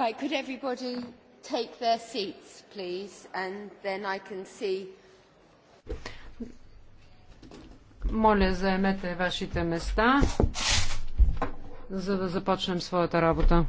Right, could everybody take their seats, please, and then I can see... Моля, заемете вашите места, за да започнем своята работа.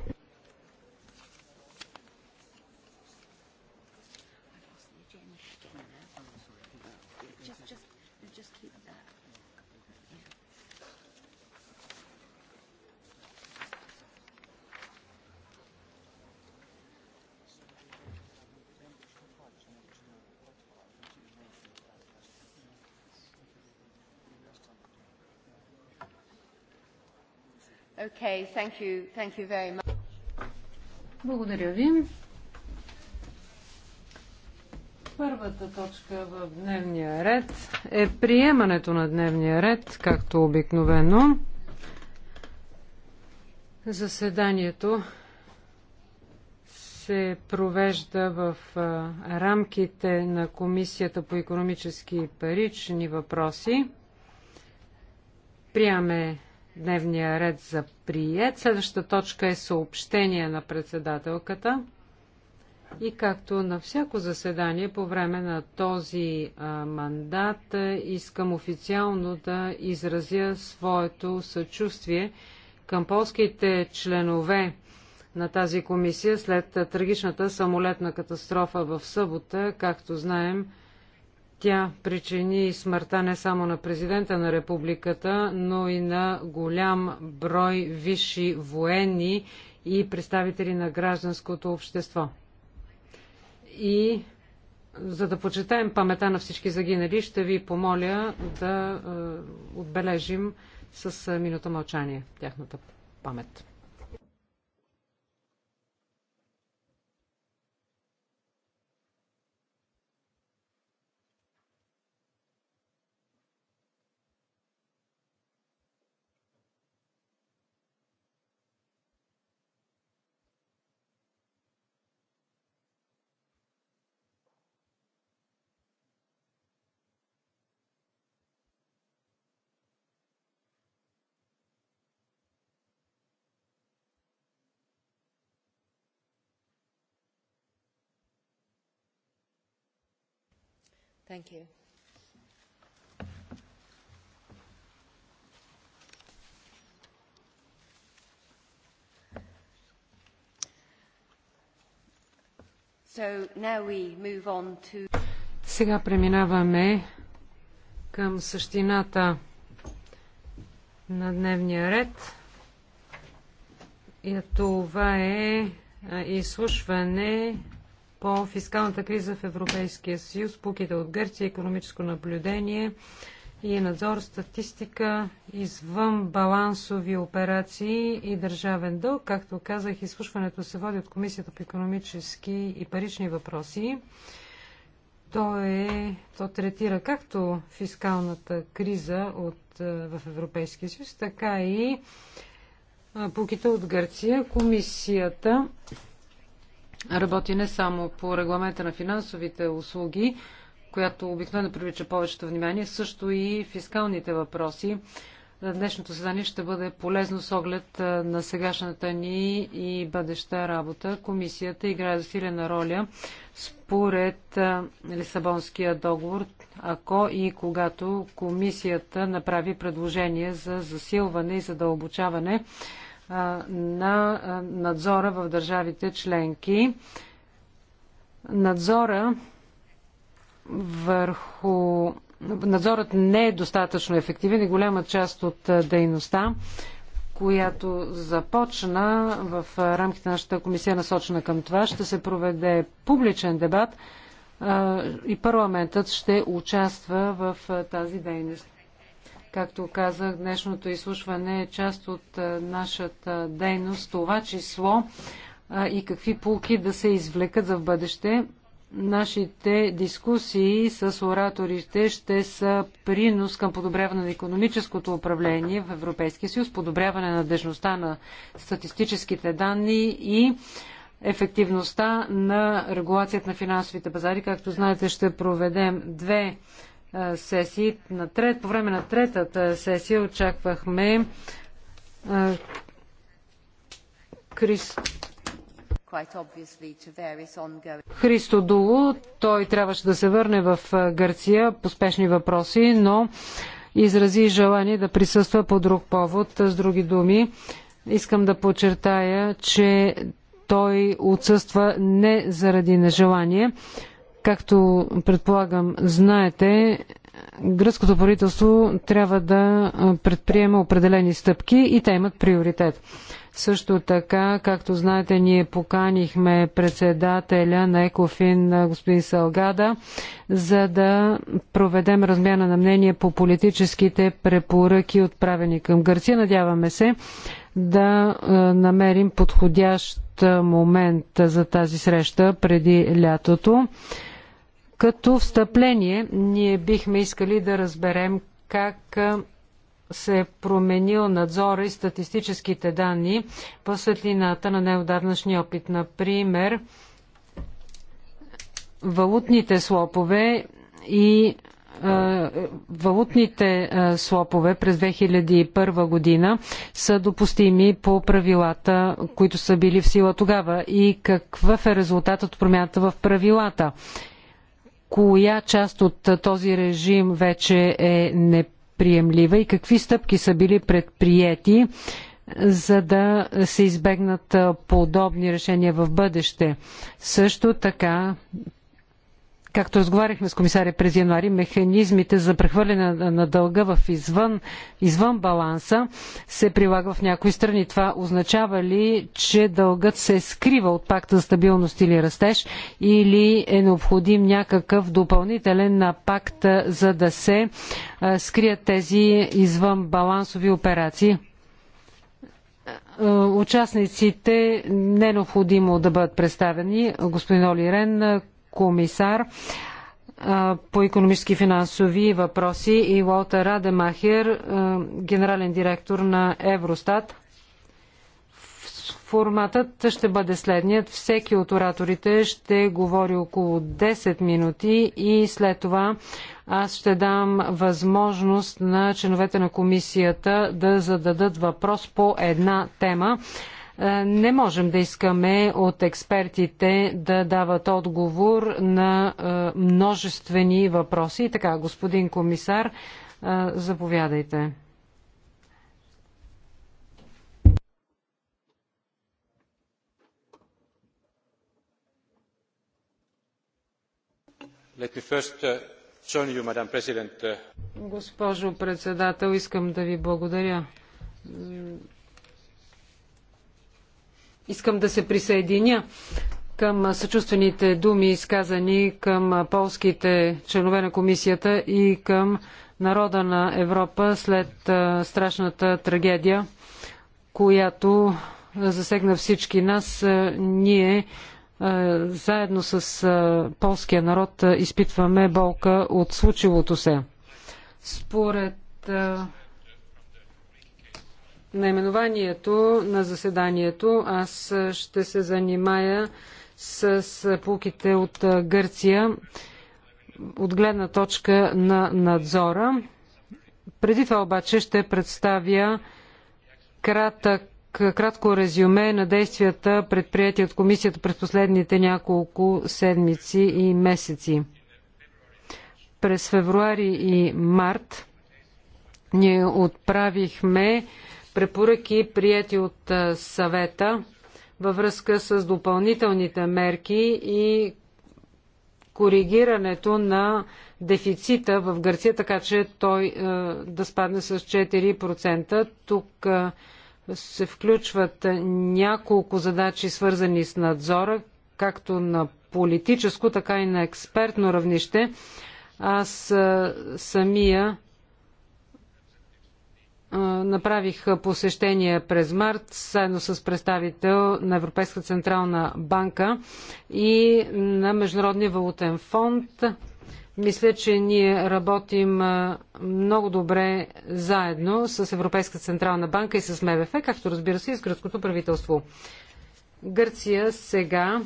Благодаря ви. Първата точка в дневния ред е приемането на дневния ред, както обикновено. Заседанието се провежда в рамките на Комисията по економически и парични въпроси. Приеме дневния ред за прият. Следващата точка е съобщение на председателката. И както на всяко заседание по време на този мандат, искам официално да изразя своето съчувствие към полските членове на тази комисия след трагичната самолетна катастрофа в събота. Както знаем, тя причини смъртта не само на президента на републиката, но и на голям брой висши военни и представители на гражданското общество. И за да почетаем памета на всички загинали, ще ви помоля да е, отбележим с е, минута мълчание тяхната памет. Thank you. So now we move on to... Сега преминаваме към същината на дневния ред. И това е изслушване по фискалната криза в Европейския съюз, пуките от Гърция, економическо наблюдение и надзор, статистика, извън балансови операции и държавен дълг. Както казах, изслушването се води от Комисията по економически и парични въпроси. То, е, то третира както фискалната криза от, е, в Европейския съюз, така и е, пуките от Гърция. Комисията работи не само по регламента на финансовите услуги, която обикновено привлича повечето внимание, също и фискалните въпроси. Днешното съзнание ще бъде полезно с оглед на сегашната ни и бъдеща работа. Комисията играе засилена роля според Лисабонския договор, ако и когато комисията направи предложение за засилване и задълбочаване на надзора в държавите членки. Надзора върху надзорът не е достатъчно ефективен и голяма част от дейността, която започна в рамките на нашата комисия насочена към това, ще се проведе публичен дебат и парламентът ще участва в тази дейност. Както казах, днешното изслушване е част от нашата дейност, това число и какви полки да се извлекат за в бъдеще. Нашите дискусии с ораторите ще са принос към подобряване на економическото управление в Европейския съюз, подобряване на дъжността на статистическите данни и ефективността на регулацията на финансовите пазари. Както знаете, ще проведем две сесии. На трет, по време на третата сесия очаквахме Христо Дулу. Той трябваше да се върне в Гърция по спешни въпроси, но изрази желание да присъства по друг повод. С други думи, искам да подчертая, че той отсъства не заради нежелание, Както предполагам, знаете, гръцкото правителство трябва да предприема определени стъпки и те имат приоритет. Също така, както знаете, ние поканихме председателя на Екофин, господин Салгада, за да проведем размяна на мнение по политическите препоръки, отправени към Гърция. Надяваме се да намерим подходящ момент за тази среща преди лятото. Като встъпление, ние бихме искали да разберем как се е променил надзора и статистическите данни в светлината на неодавнашния опит. Например, валутните слопове и валутните слопове през 2001 година са допустими по правилата, които са били в сила тогава и какъв е резултатът от промяната в правилата коя част от този режим вече е неприемлива и какви стъпки са били предприети, за да се избегнат подобни решения в бъдеще. Също така както разговаряхме с комисаря през януари, механизмите за прехвърляне на дълга в извън, извън баланса се прилага в някои страни. Това означава ли, че дългът се скрива от пакта за стабилност или растеж или е необходим някакъв допълнителен на пакт, за да се скрият тези извън балансови операции? участниците не е необходимо да бъдат представени. Господин Оли Рен, комисар по економически и финансови въпроси и Уолтер Радемахер, генерален директор на Евростат. Форматът ще бъде следният. Всеки от ораторите ще говори около 10 минути и след това аз ще дам възможност на членовете на комисията да зададат въпрос по една тема. Е, не можем да искаме от експертите да дават отговор на е, множествени въпроси. така, господин комисар, е, заповядайте. Let me first uh, you, Madam President. Uh, Госпожо председател, искам да ви благодаря Искам да се присъединя към съчувствените думи, изказани към полските членове на комисията и към народа на Европа след страшната трагедия, която засегна всички нас. Ние заедно с полския народ изпитваме болка от случилото се. Според наименованието на заседанието. Аз ще се занимая с пулките от Гърция от гледна точка на надзора. Преди това обаче ще представя кратък, кратко резюме на действията, предприяти от комисията през последните няколко седмици и месеци. През февруари и март ние отправихме препоръки, прияти от съвета във връзка с допълнителните мерки и коригирането на дефицита в Гърция, така че той да спадне с 4%. Тук се включват няколко задачи, свързани с надзора, както на политическо, така и на експертно равнище. Аз самия направих посещение през март, заедно с представител на Европейска централна банка и на Международния валутен фонд. Мисля, че ние работим много добре заедно с Европейска централна банка и с МВФ, както разбира се и с гръцкото правителство. Гърция сега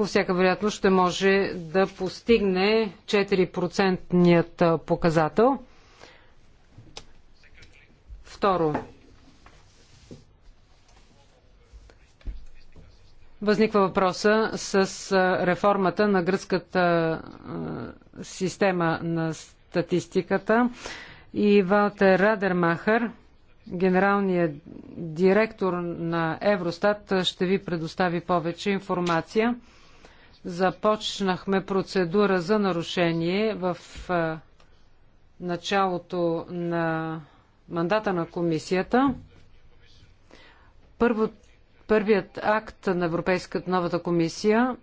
по всяка вероятност ще може да постигне 4 показател. Второ, възниква въпроса с реформата на гръцката система на статистиката и Валтер Радермахър, генералният директор на Евростат, ще ви предостави повече информация започнахме процедура за нарушение в началото на мандата на комисията. Първо, първият акт на Европейската новата комисия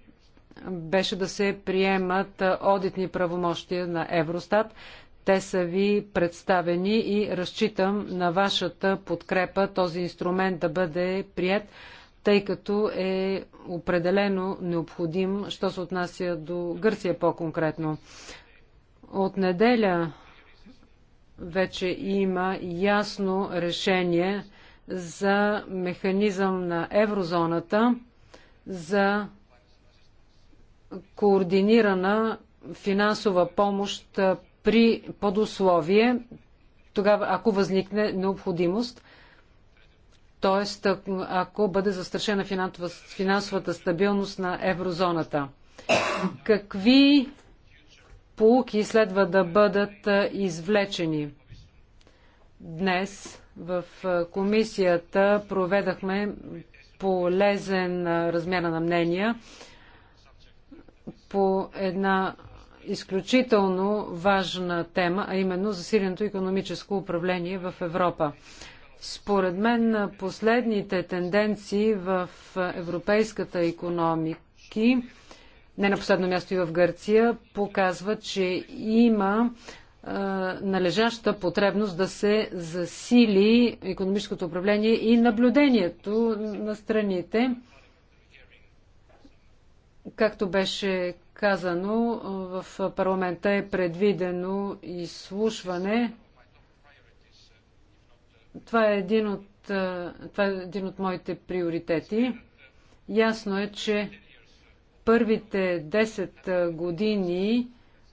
беше да се приемат одитни правомощия на Евростат. Те са ви представени и разчитам на вашата подкрепа този инструмент да бъде прият тъй като е определено необходим, що се отнася до Гърция по-конкретно. От неделя вече има ясно решение за механизъм на еврозоната за координирана финансова помощ при подусловие, тогава ако възникне необходимост т.е. ако бъде застрашена финансовата стабилност на еврозоната. Какви полуки следва да бъдат извлечени? Днес в комисията проведахме полезен размер на мнения по една изключително важна тема, а именно засиленото економическо управление в Европа. Според мен последните тенденции в европейската економики, не на последно място и в Гърция, показват, че има належаща потребност да се засили економическото управление и наблюдението на страните. Както беше казано, в парламента е предвидено изслушване това е един от, това е един от моите приоритети. Ясно е, че първите 10 години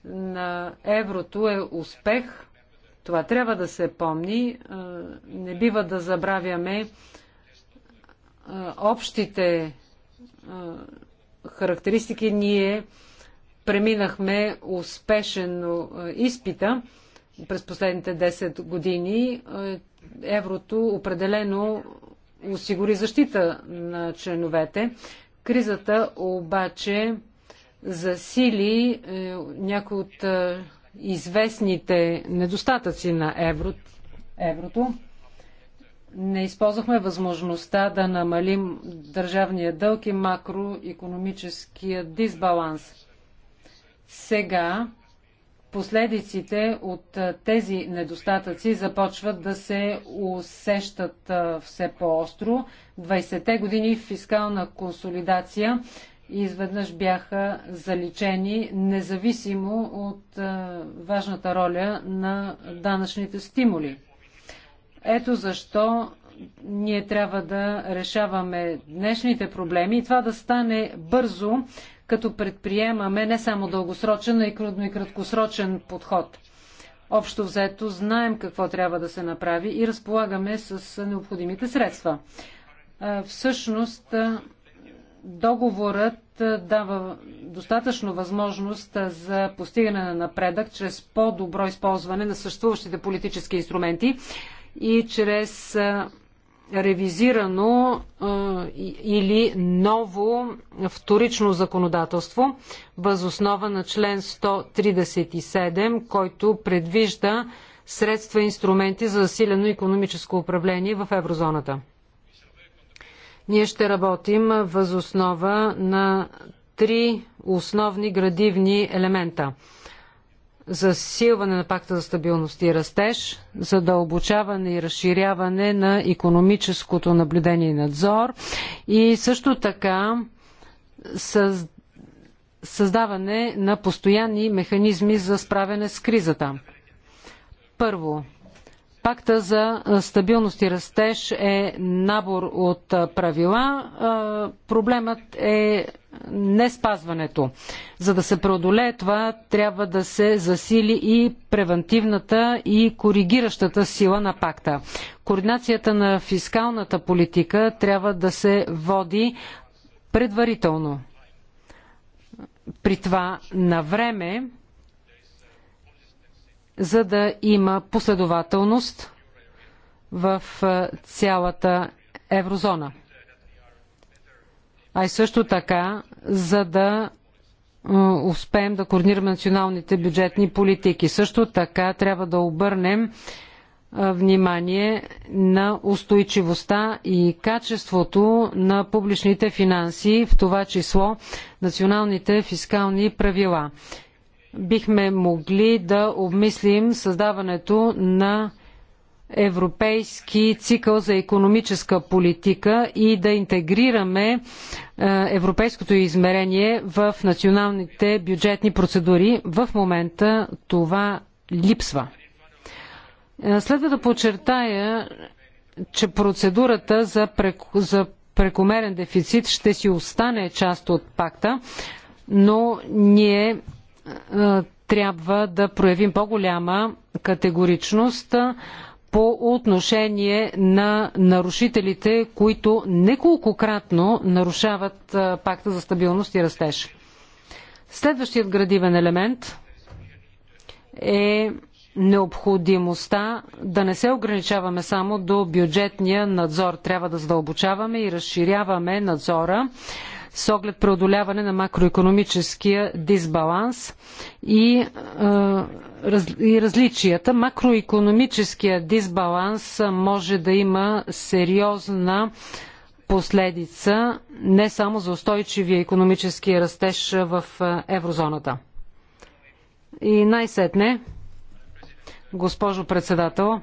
на еврото е успех. Това трябва да се помни. Не бива да забравяме общите характеристики. Ние преминахме успешен изпита през последните 10 години еврото определено осигури защита на членовете. Кризата обаче засили е, някои от е, известните недостатъци на евро, еврото. Не използвахме възможността да намалим държавния дълг и макроекономическия дисбаланс. Сега последиците от тези недостатъци започват да се усещат все по-остро. 20-те години фискална консолидация изведнъж бяха заличени, независимо от важната роля на данъчните стимули. Ето защо ние трябва да решаваме днешните проблеми и това да стане бързо като предприемаме не само дългосрочен, но и, и краткосрочен подход. Общо взето знаем какво трябва да се направи и разполагаме с необходимите средства. Всъщност, договорът дава достатъчно възможност за постигане на напредък чрез по-добро използване на съществуващите политически инструменти и чрез ревизирано или ново вторично законодателство възоснова на член 137, който предвижда средства и инструменти за засилено економическо управление в еврозоната. Ние ще работим възоснова на три основни градивни елемента – засилване на пакта за стабилност и растеж, задълбочаване и разширяване на економическото наблюдение и надзор и също така създаване на постоянни механизми за справяне с кризата. Първо, Пакта за стабилност и растеж е набор от правила. Проблемът е не спазването. За да се преодолее това, трябва да се засили и превентивната и коригиращата сила на пакта. Координацията на фискалната политика трябва да се води предварително. При това на време за да има последователност в е, цялата еврозона. А и също така, за да е, успеем да координираме националните бюджетни политики. Също така трябва да обърнем е, внимание на устойчивостта и качеството на публичните финанси, в това число националните фискални правила бихме могли да обмислим създаването на европейски цикъл за економическа политика и да интегрираме е, европейското измерение в националните бюджетни процедури. В момента това липсва. Е, следва да подчертая, че процедурата за, за прекомерен дефицит ще си остане част от пакта, но ние е, трябва да проявим по-голяма категоричност по отношение на нарушителите, които неколкократно нарушават е, пакта за стабилност и растеж. Следващият градивен елемент е необходимостта да не се ограничаваме само до бюджетния надзор. Трябва да задълбочаваме и разширяваме надзора с оглед преодоляване на макроекономическия дисбаланс и, и различията. Макроекономическия дисбаланс може да има сериозна последица не само за устойчивия економически растеж в еврозоната. И най-сетне, госпожо председател,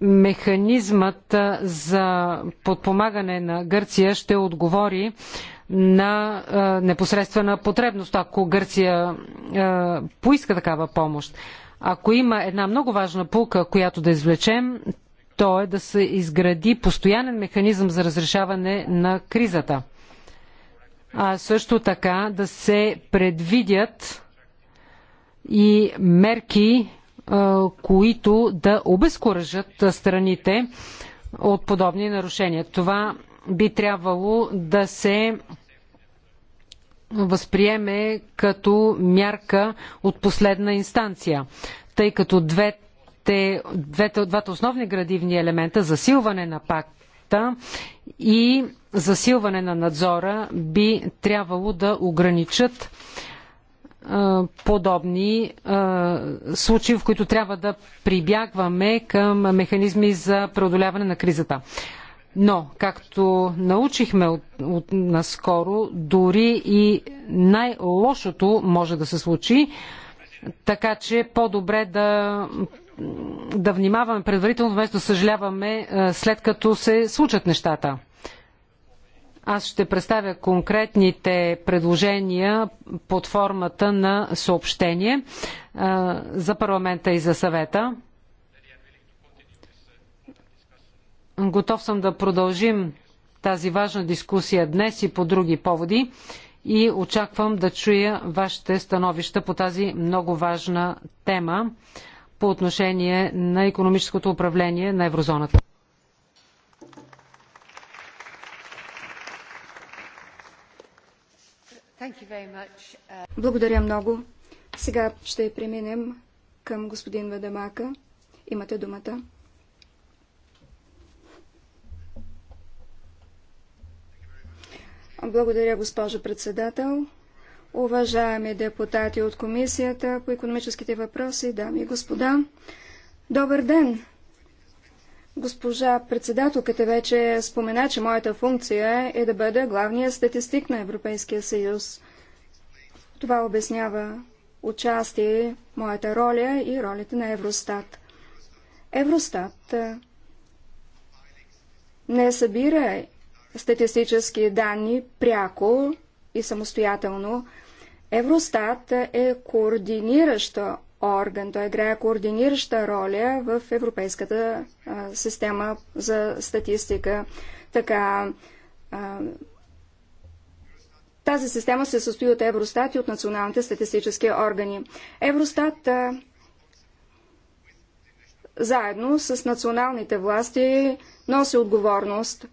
механизмът за подпомагане на Гърция ще отговори на непосредствена потребност, ако Гърция поиска такава помощ. Ако има една много важна пулка, която да извлечем, то е да се изгради постоянен механизъм за разрешаване на кризата. А също така да се предвидят и мерки които да обезкуражат страните от подобни нарушения. Това би трябвало да се възприеме като мярка от последна инстанция, тъй като двете, двете, двата основни градивни елемента засилване на пакта и засилване на надзора би трябвало да ограничат подобни случаи, в които трябва да прибягваме към механизми за преодоляване на кризата. Но, както научихме от, от наскоро, дори и най-лошото може да се случи, така че по-добре да, да внимаваме предварително, вместо да съжаляваме след като се случат нещата. Аз ще представя конкретните предложения под формата на съобщение за парламента и за съвета. Готов съм да продължим тази важна дискусия днес и по други поводи и очаквам да чуя вашите становища по тази много важна тема по отношение на економическото управление на еврозоната. Благодаря много. Сега ще преминем към господин Ведамака. Имате думата. Благодаря, госпожо председател. Уважаеми депутати от Комисията по економическите въпроси, дами и господа, добър ден! Госпожа председателката вече спомена, че моята функция е да бъда главния статистик на Европейския съюз. Това обяснява участие, моята роля и ролята на Евростат. Евростат не събира статистически данни пряко и самостоятелно. Евростат е координираща орган. Той играе координираща роля в Европейската а, система за статистика. Така, а, тази система се състои от Евростат и от националните статистически органи. Евростат а, заедно с националните власти носи отговорност.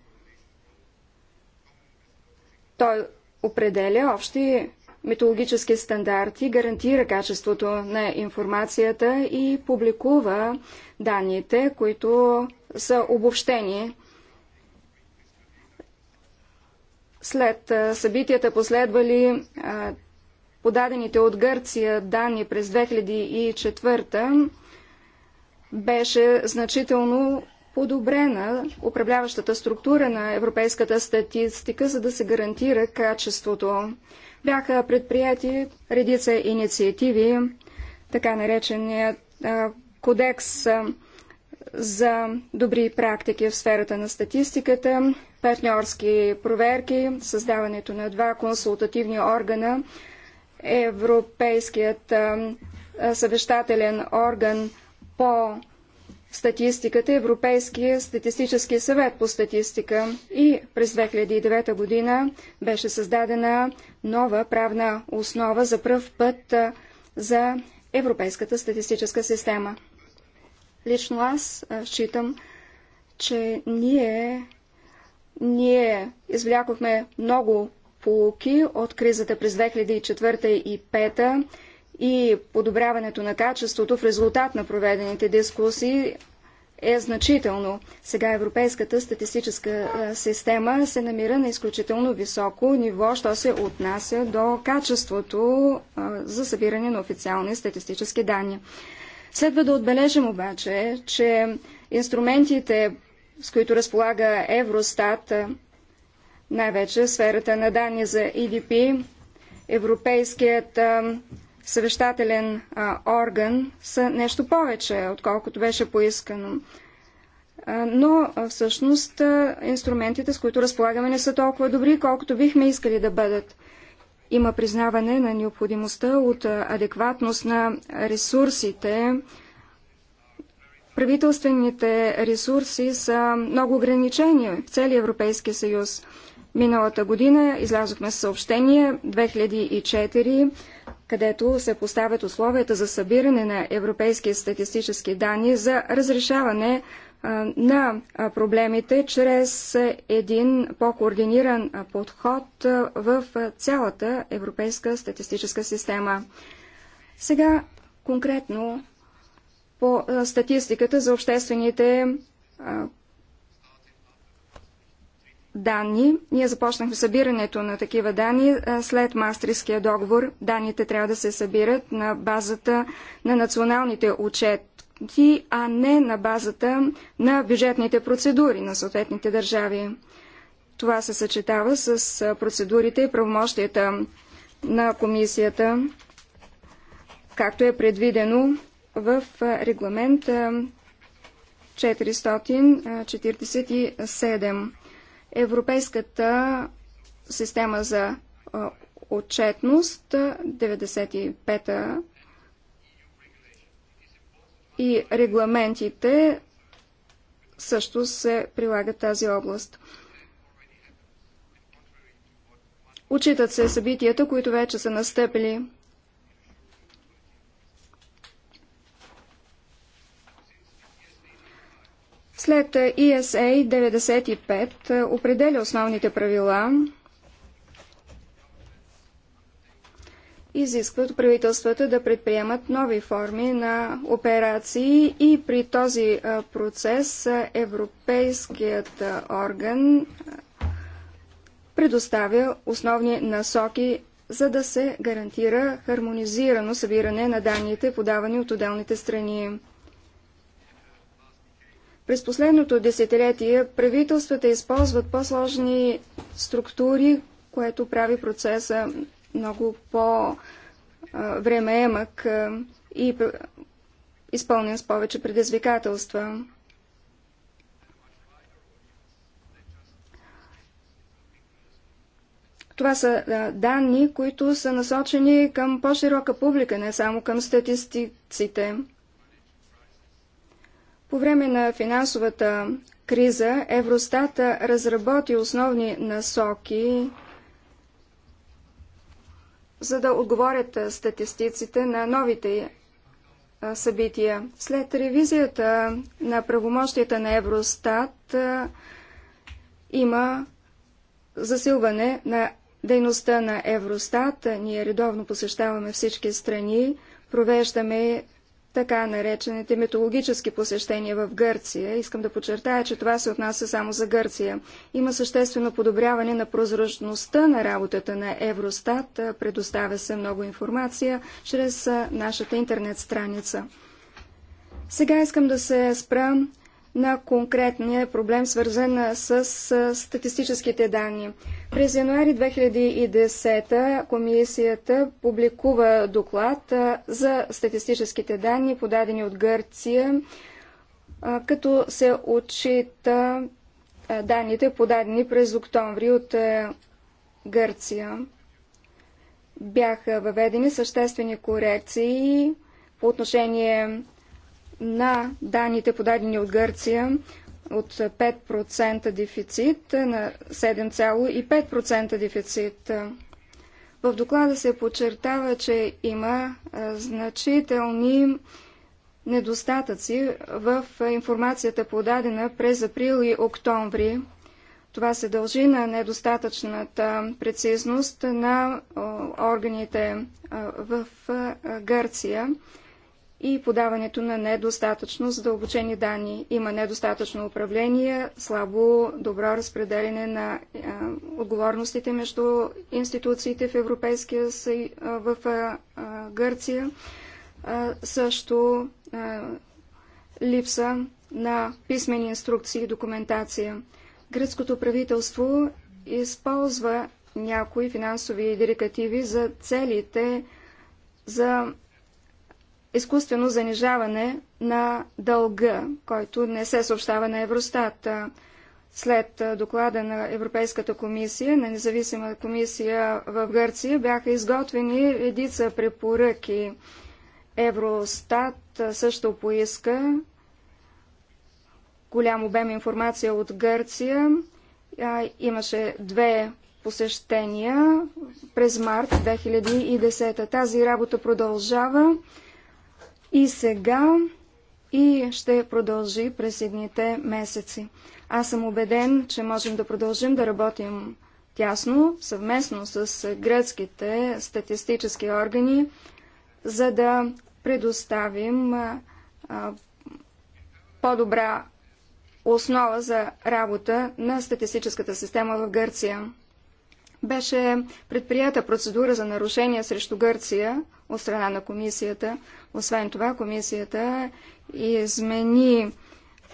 Той определя общи метологически стандарти, гарантира качеството на информацията и публикува данните, които са обобщени. След събитията последвали подадените от Гърция данни през 2004 беше значително подобрена управляващата структура на европейската статистика, за да се гарантира качеството. Бяха предприяти редица инициативи, така нареченият кодекс за добри практики в сферата на статистиката, партньорски проверки, създаването на два консултативни органа, Европейският съвещателен орган по статистиката, Европейския статистически съвет по статистика и през 2009 година беше създадена нова правна основа за пръв път за Европейската статистическа система. Лично аз считам, че ние, ние извлякохме много полуки от кризата през 2004 и 2005 и подобряването на качеството в резултат на проведените дискусии е значително. Сега европейската статистическа система се намира на изключително високо ниво, що се отнася до качеството за събиране на официални статистически данни. Следва да отбележим обаче, че инструментите, с които разполага Евростат, най-вече сферата на данни за EDP, Европейският съвещателен а, орган са нещо повече, отколкото беше поискано. А, но а, всъщност а, инструментите, с които разполагаме, не са толкова добри, колкото бихме искали да бъдат. Има признаване на необходимостта от адекватност на ресурсите. Правителствените ресурси са много ограничени в целия Европейски съюз. Миналата година излязохме съобщение 2004 където се поставят условията за събиране на европейски статистически данни за разрешаване на проблемите чрез един по-координиран подход в цялата европейска статистическа система. Сега конкретно по статистиката за обществените данни. Ние започнахме събирането на такива данни след Мастриския договор. Данните трябва да се събират на базата на националните отчети, а не на базата на бюджетните процедури на съответните държави. Това се съчетава с процедурите и правомощията на комисията, както е предвидено в регламент 447. Европейската система за отчетност 95-та и регламентите също се прилагат тази област. Учитат се събитията, които вече са настъпили. След ESA 95 е, определя основните правила, изискват правителствата да предприемат нови форми на операции и при този е, процес е, Европейският орган предоставя основни насоки, за да се гарантира хармонизирано събиране на данните, подавани от отделните страни. През последното десетилетие правителствата използват по-сложни структури, което прави процеса много по-времеемък и изпълнен с повече предизвикателства. Това са данни, които са насочени към по-широка публика, не само към статистиците. По време на финансовата криза Евростата разработи основни насоки, за да отговорят статистиците на новите събития. След ревизията на правомощията на Евростат има засилване на дейността на Евростат. Ние редовно посещаваме всички страни, провеждаме така наречените митологически посещения в Гърция. Искам да подчертая, че това се отнася само за Гърция. Има съществено подобряване на прозрачността на работата на Евростат. Предоставя се много информация чрез нашата интернет страница. Сега искам да се спра на конкретния проблем, свързан с статистическите данни. През януари 2010 комисията публикува доклад за статистическите данни, подадени от Гърция, като се отчита данните, подадени през октомври от Гърция. Бяха въведени съществени корекции по отношение на данните подадени от Гърция от 5% дефицит на 7,5% дефицит. В доклада се подчертава, че има значителни недостатъци в информацията подадена през април и октомври. Това се дължи на недостатъчната прецизност на органите в Гърция и подаването на недостатъчно задълбочени данни. Има недостатъчно управление, слабо добро разпределение на е, отговорностите между институциите в Европейския съюз, в е, Гърция, е, също липса на писмени инструкции и документация. Гръцкото правителство използва някои финансови директиви за целите за изкуствено занижаване на дълга, който не се съобщава на Евростат. След доклада на Европейската комисия, на независима комисия в Гърция, бяха изготвени редица препоръки. Евростат също поиска голям обем информация от Гърция. Имаше две посещения през март 2010. Тази работа продължава и сега, и ще продължи през едните месеци. Аз съм убеден, че можем да продължим да работим тясно, съвместно с гръцките статистически органи, за да предоставим по-добра основа за работа на статистическата система в Гърция. Беше предприята процедура за нарушение срещу Гърция от страна на комисията. Освен това, комисията измени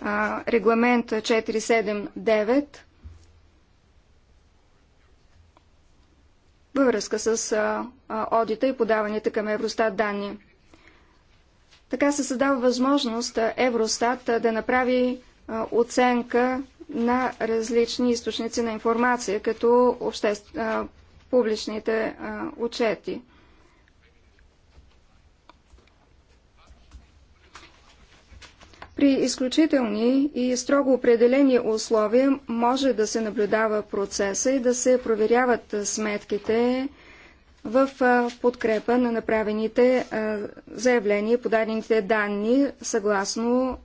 а, регламент 479 във връзка с а, а, одита и подаваните към Евростат данни. Така се създава възможност Евростат да направи оценка на различни източници на информация, като обществ... публичните отчети. При изключителни и строго определени условия може да се наблюдава процеса и да се проверяват сметките в подкрепа на направените заявления, подадените данни съгласно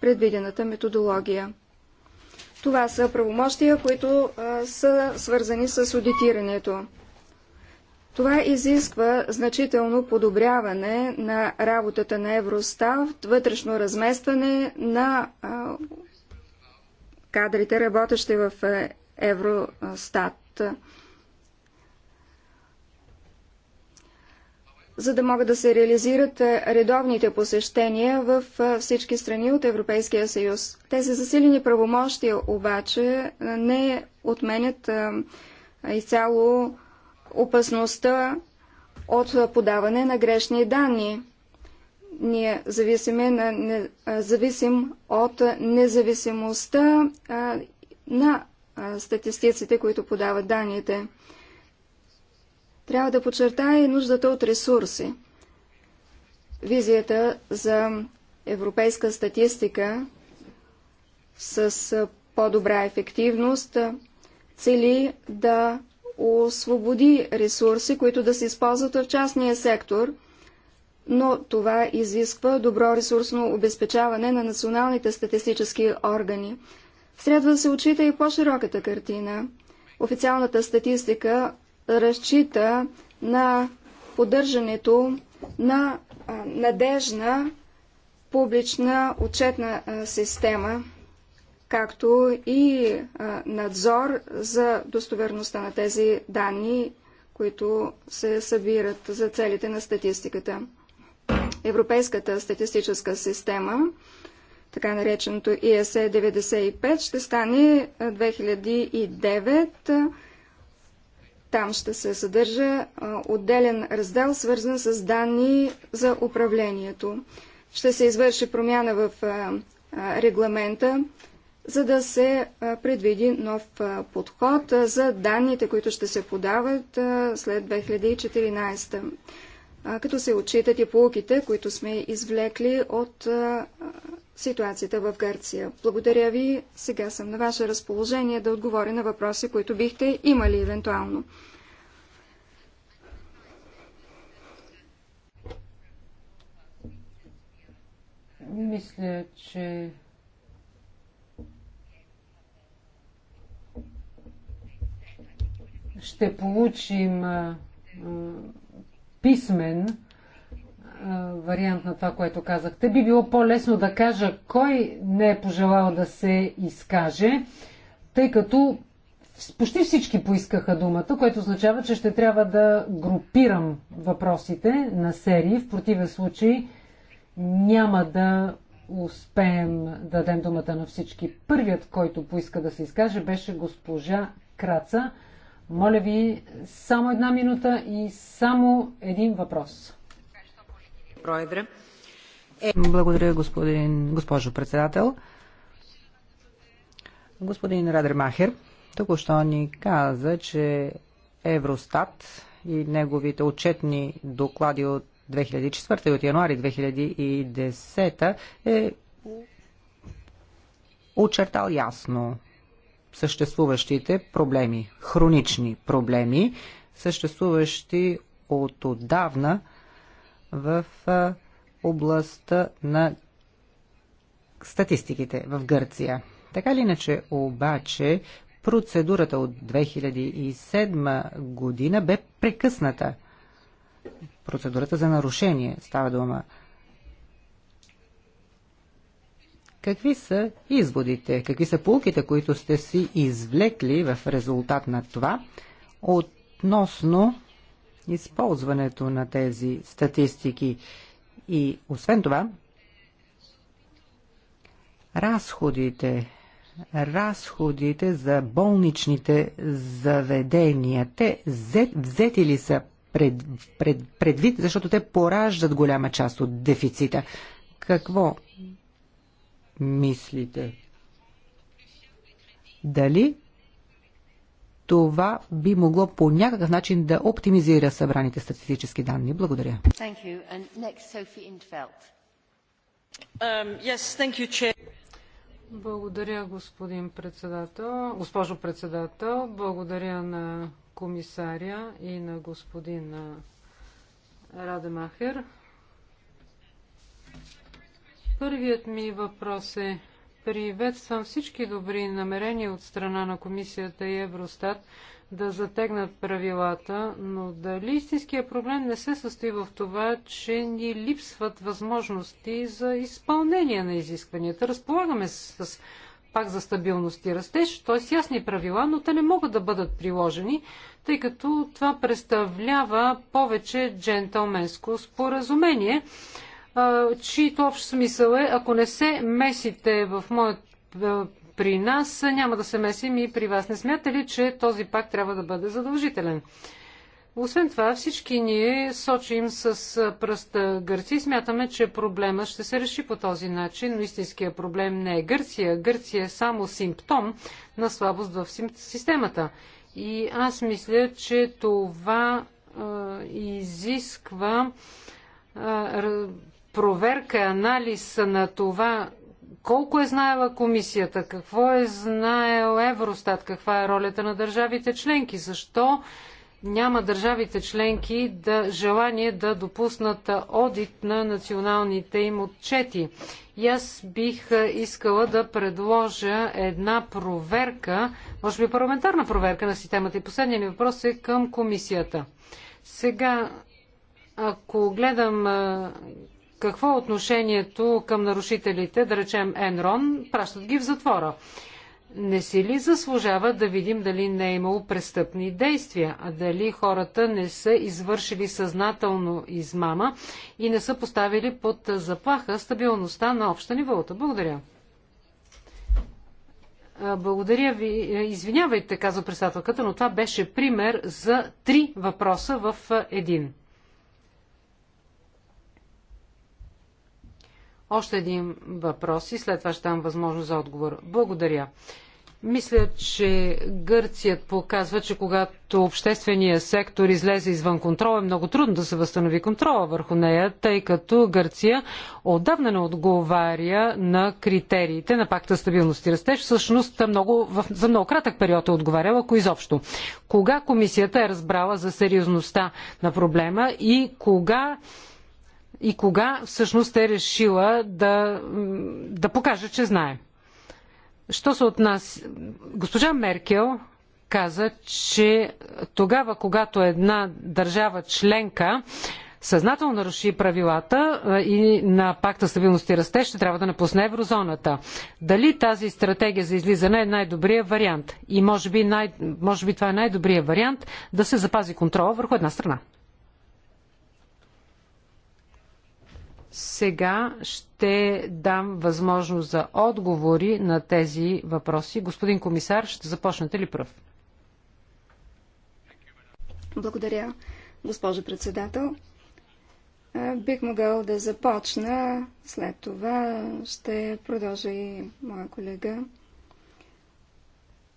предвидената методология. Това са правомощия, които а, са свързани с аудитирането. Това изисква значително подобряване на работата на Евростат, вътрешно разместване на а, кадрите, работещи в Евростат. за да могат да се реализират е, редовните посещения в е, всички страни от Европейския съюз. Тези засилени правомощия обаче е, не отменят изцяло опасността от подаване на грешни данни. Ние зависиме на, не, зависим от независимостта а, на а, статистиците, които подават данните. Трябва да подчертая и нуждата от ресурси. Визията за европейска статистика с по-добра ефективност цели да освободи ресурси, които да се използват в частния сектор, но това изисква добро ресурсно обезпечаване на националните статистически органи. Следва да се отчита и по-широката картина. Официалната статистика разчита на поддържането на надежна публична отчетна система, както и надзор за достоверността на тези данни, които се събират за целите на статистиката. Европейската статистическа система, така нареченото ИСЕ 95, ще стане 2009 там ще се съдържа отделен раздел, свързан с данни за управлението. Ще се извърши промяна в регламента, за да се предвиди нов подход за данните, които ще се подават след 2014 като се отчитат и полуките, които сме извлекли от ситуацията в Гърция. Благодаря ви. Сега съм на ваше разположение да отговоря на въпроси, които бихте имали евентуално. Мисля, че ще получим писмен вариант на това, което казахте. Би било по-лесно да кажа кой не е пожелал да се изкаже, тъй като почти всички поискаха думата, което означава, че ще трябва да групирам въпросите на серии. В противен случай няма да успеем да дадем думата на всички. Първият, който поиска да се изкаже, беше госпожа Краца. Моля ви, само една минута и само един въпрос. Е. Благодаря, госпожо председател. Господин Радермахер току-що ни каза, че Евростат и неговите отчетни доклади от 2004 и от януари 2010 е очертал ясно съществуващите проблеми, хронични проблеми, съществуващи от отдавна – в областта на статистиките в Гърция. Така ли иначе, обаче, процедурата от 2007 година бе прекъсната. Процедурата за нарушение става дума. Какви са изводите, какви са полките, които сте си извлекли в резултат на това относно използването на тези статистики. И освен това, разходите, разходите за болничните заведения, те взети ли са пред, пред, предвид, защото те пораждат голяма част от дефицита. Какво мислите? Дали това би могло по някакъв начин да оптимизира събраните статистически данни. Благодаря. Um, благодаря, господин председател. Госпожо председател, благодаря на комисаря и на господин Радемахер. Първият ми въпрос е Приветствам всички добри намерения от страна на комисията и Евростат да затегнат правилата, но дали истинския проблем не се състои в това, че ни липсват възможности за изпълнение на изискванията. Разполагаме с пак за стабилност и растеж, т.е. ясни правила, но те не могат да бъдат приложени, тъй като това представлява повече джентълменско споразумение Чийто общ смисъл е, ако не се месите в моят при нас, няма да се месим и при вас. Не смятате ли, че този пак трябва да бъде задължителен? Освен това, всички ние сочим с пръста Гърция и смятаме, че проблема ще се реши по този начин, но истинския проблем не е Гърция. Гърция е само симптом на слабост в системата. И аз мисля, че това а, изисква а, проверка, анализ на това колко е знаела комисията, какво е знаел Евростат, каква е ролята на държавите членки, защо няма държавите членки да желание да допуснат одит на националните им отчети. И аз бих искала да предложа една проверка, може би парламентарна проверка на системата. И последният ми въпрос е към комисията. Сега, ако гледам какво е отношението към нарушителите, да речем Енрон, пращат ги в затвора? Не си ли заслужава да видим дали не е имало престъпни действия, а дали хората не са извършили съзнателно измама и не са поставили под заплаха стабилността на обща нивота? Благодаря. Благодаря ви. Извинявайте, казва председателката, но това беше пример за три въпроса в един. Още един въпрос и след това ще дам възможност за отговор. Благодаря. Мисля, че Гърцият показва, че когато обществения сектор излезе извън контрол, е много трудно да се възстанови контрола върху нея, тъй като Гърция отдавна не отговаря на критериите на пакта стабилност и растеж. Всъщност много, за много кратък период е отговаряла, ако изобщо. Кога комисията е разбрала за сериозността на проблема и кога и кога всъщност е решила да, да покаже, че знае. Що се от нас? Госпожа Меркел каза, че тогава, когато една държава членка съзнателно наруши правилата и на пакта стабилност и расте, ще трябва да напусне еврозоната. Дали тази стратегия за излизане е най-добрият вариант? И може би, най- може би това е най-добрият вариант да се запази контрола върху една страна. Сега ще дам възможност за отговори на тези въпроси. Господин комисар, ще започнете ли пръв? Благодаря, госпожо председател. Бих могъл да започна, след това ще продължа и моя колега,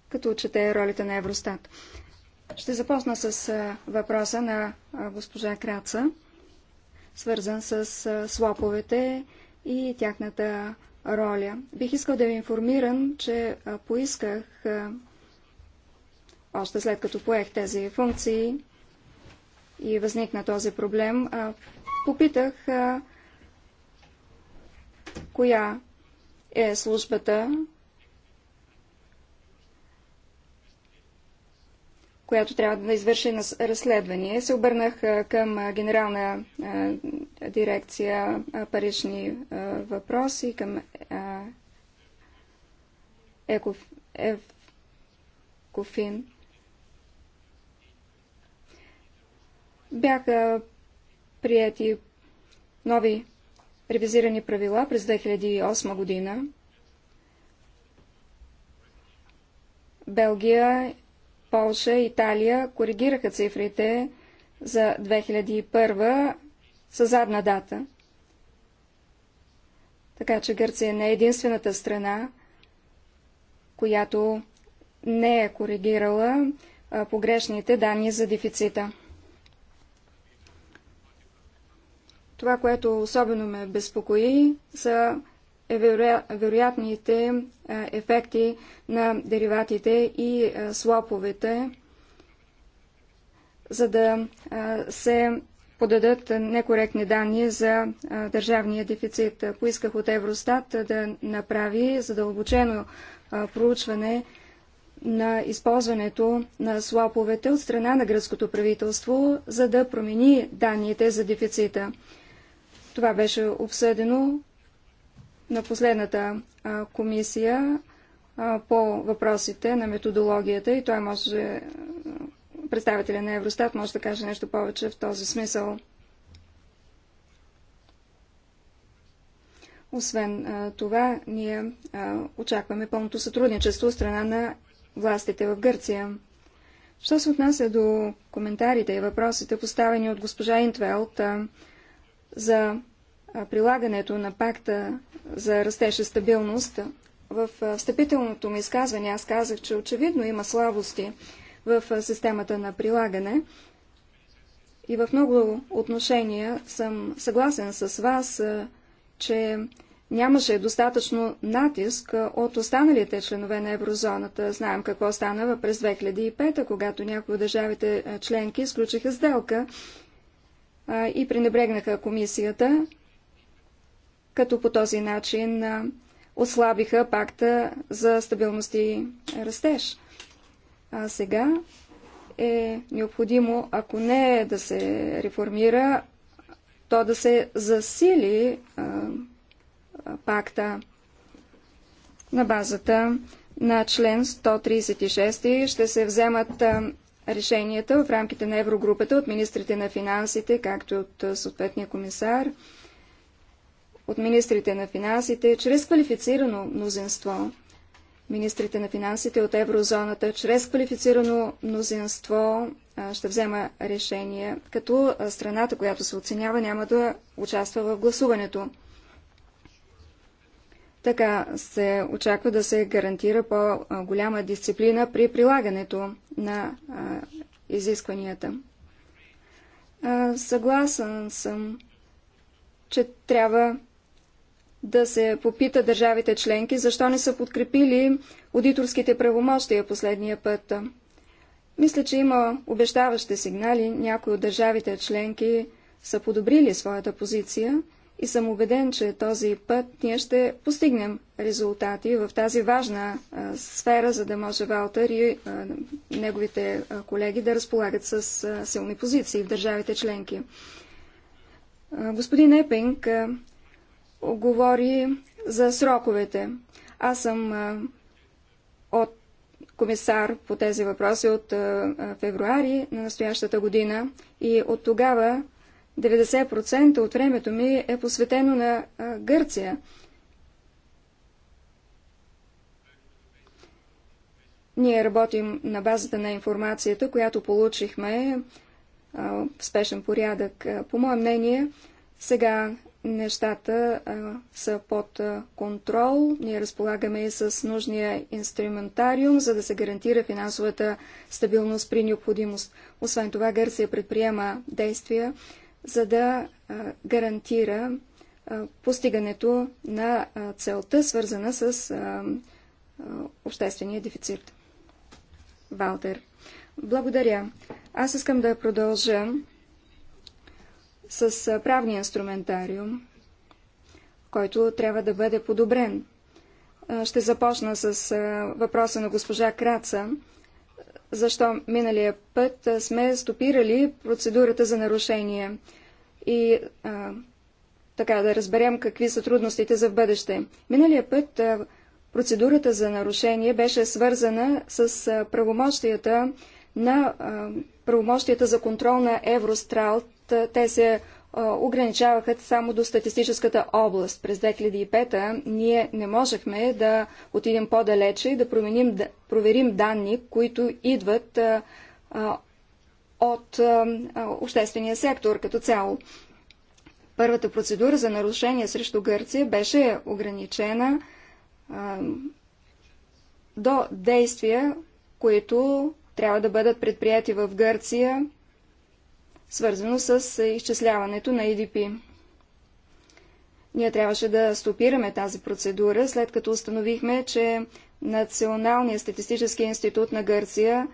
като отчете ролята на Евростат. Ще започна с въпроса на госпожа Краца свързан с слоповете и тяхната роля. Бих искал да ви информирам, че поисках още след като поех тези функции и възникна този проблем, попитах коя е службата, която трябва да извърши разследване. Се обърнах към генерална дирекция парични въпроси, към Екофин. Бяха прияти нови ревизирани правила през 2008 година. Белгия Полша и Италия коригираха цифрите за 2001 със задна дата. Така че Гърция не е единствената страна, която не е коригирала погрешните данни за дефицита. Това, което особено ме безпокои, са веро... вероятните ефекти на дериватите и слоповете, за да се подадат некоректни данни за държавния дефицит. Поисках от Евростат да направи задълбочено проучване на използването на слоповете от страна на гръцкото правителство, за да промени данните за дефицита. Това беше обсъдено на последната комисия по въпросите на методологията и той може, представителя на Евростат може да каже нещо повече в този смисъл. Освен това, ние очакваме пълното сътрудничество от страна на властите в Гърция. Що се отнася до коментарите и въпросите, поставени от госпожа Интвелт за прилагането на пакта за растеж и стабилност. В встъпителното ми изказване аз казах, че очевидно има слабости в системата на прилагане и в много отношения съм съгласен с вас, че нямаше достатъчно натиск от останалите членове на еврозоната. Знаем какво стана през 2005, когато някои от държавите членки изключиха сделка и пренебрегнаха комисията като по този начин ослабиха пакта за стабилност и растеж. А сега е необходимо, ако не да се реформира, то да се засили а, пакта на базата на член 136 ще се вземат а, решенията в рамките на Еврогрупата от министрите на финансите, както и от съответния комисар от министрите на финансите чрез квалифицирано мнозинство. Министрите на финансите от еврозоната чрез квалифицирано мнозинство ще взема решение, като страната, която се оценява, няма да участва в гласуването. Така се очаква да се гарантира по-голяма дисциплина при прилагането на изискванията. Съгласен съм, че трябва да се попита държавите членки, защо не са подкрепили аудиторските правомощия последния път. Мисля, че има обещаващи сигнали. Някои от държавите членки са подобрили своята позиция и съм убеден, че този път ние ще постигнем резултати в тази важна а, сфера, за да може Валтер и а, неговите а, колеги да разполагат с а, силни позиции в държавите членки. А, господин Епинг а, говори за сроковете. Аз съм от комисар по тези въпроси от февруари на настоящата година и от тогава 90% от времето ми е посветено на Гърция. Ние работим на базата на информацията, която получихме в спешен порядък. По мое мнение, сега нещата а, са под контрол. Ние разполагаме и с нужния инструментариум, за да се гарантира финансовата стабилност при необходимост. Освен това, Гърция предприема действия, за да а, гарантира постигането на целта, свързана с обществения дефицит. Валтер. Благодаря. Аз искам да продължа с правния инструментариум, който трябва да бъде подобрен. Ще започна с въпроса на госпожа Краца. Защо миналия път сме стопирали процедурата за нарушение и а, така да разберем какви са трудностите за в бъдеще. Миналия път процедурата за нарушение беше свързана с правомощията на правомощията за контрол на Еврострал е, те се е, ограничаваха само до статистическата област. През 2005 ние не можехме да отидем по-далече и да променим, да проверим данни, които идват е, от обществения сектор като цяло. Първата процедура за нарушение срещу Гърция беше ограничена до действия, които трябва да бъдат предприяти в Гърция свързано с изчисляването на EDP. Ние трябваше да стопираме тази процедура, след като установихме, че Националният статистически институт на Гърция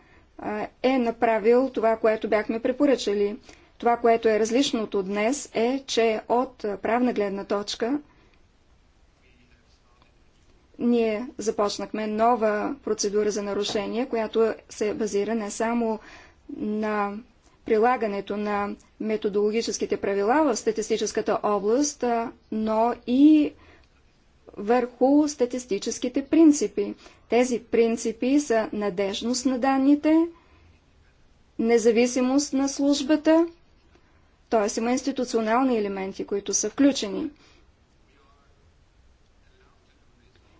е направил това, което бяхме препоръчали. Това, което е различното днес е, че от правна гледна точка ние започнахме нова процедура за нарушение, която се базира не само на прилагането на методологическите правила в статистическата област, но и върху статистическите принципи. Тези принципи са надежност на данните, независимост на службата, т.е. има институционални елементи, които са включени.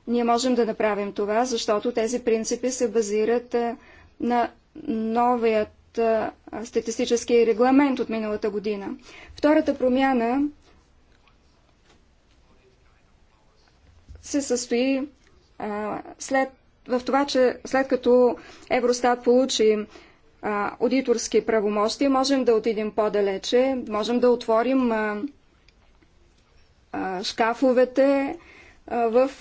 Ние можем да направим това, защото тези принципи се базират на новият от статистическия регламент от миналата година. Втората промяна се състои след, в това, че след като Евростат получи аудиторски правомощи, можем да отидем по-далече, можем да отворим а, шкафовете, в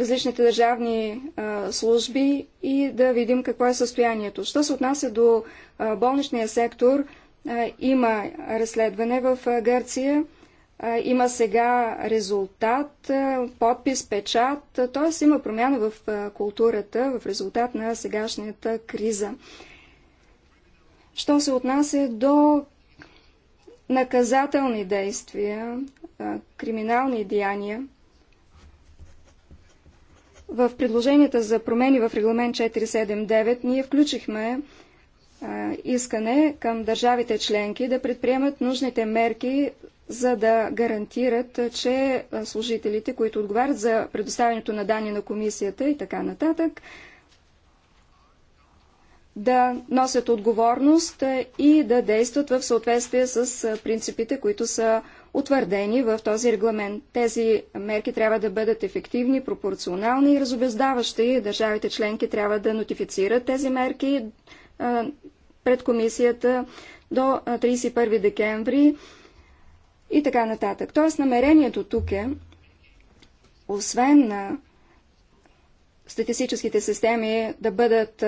различните държавни служби и да видим какво е състоянието. Що се отнася до болничния сектор, има разследване в Гърция, има сега резултат, подпис, печат, т.е. има промяна в културата в резултат на сегашната криза. Що се отнася до наказателни действия, криминални деяния, в предложенията за промени в регламент 479 ние включихме а, искане към държавите членки да предприемат нужните мерки, за да гарантират, че служителите, които отговарят за предоставянето на данни на комисията и така нататък, да носят отговорност е, и да действат в съответствие с е, принципите, които са утвърдени в този регламент. Тези мерки трябва да бъдат ефективни, пропорционални и разобездаващи. Държавите членки трябва да нотифицират тези мерки е, пред комисията до 31 декември и така нататък. Тоест намерението тук е, освен на статистическите системи да бъдат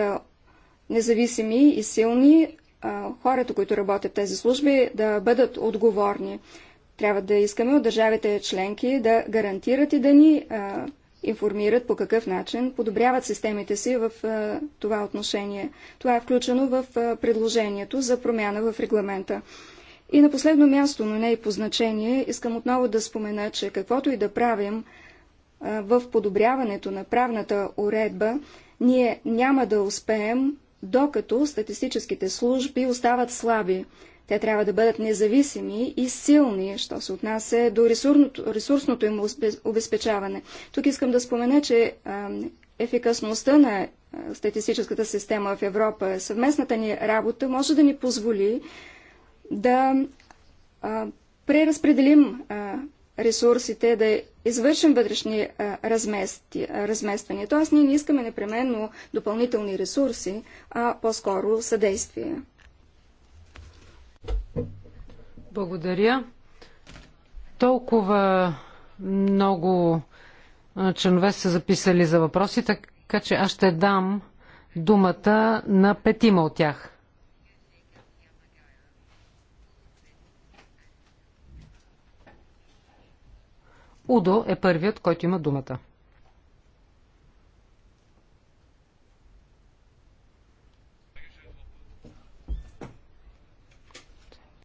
независими и силни, хората, които работят в тези служби, да бъдат отговорни. Трябва да искаме от държавите членки да гарантират и да ни информират по какъв начин подобряват системите си в това отношение. Това е включено в предложението за промяна в регламента. И на последно място, но не и по значение, искам отново да спомена, че каквото и да правим в подобряването на правната уредба, ние няма да успеем докато статистическите служби остават слаби. Те трябва да бъдат независими и силни, що се отнася до ресурсното, ресурсното им обезпечаване. Тук искам да спомена, че ефикасността на статистическата система в Европа, съвместната ни работа може да ни позволи да преразпределим ресурсите, да извършим вътрешни размествания. Тоест, ние не искаме непременно допълнителни ресурси, а по-скоро съдействие. Благодаря. Толкова много членове са записали за въпроси, така че аз ще дам думата на петима от тях. Удо е първият, който има думата.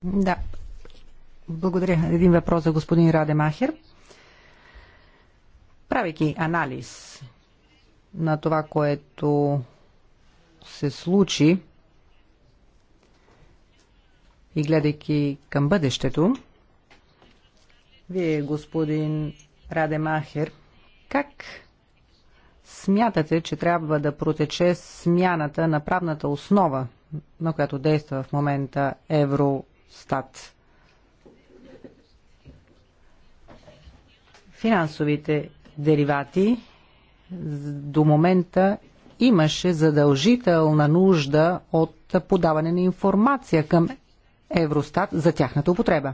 Да. Благодаря. Един въпрос за господин Радемахер. Правейки анализ на това, което се случи и гледайки към бъдещето, вие, господин Радемахер, как смятате, че трябва да протече смяната на правната основа, на която действа в момента Евростат? Финансовите деривати до момента имаше задължителна нужда от подаване на информация към Евростат за тяхната употреба.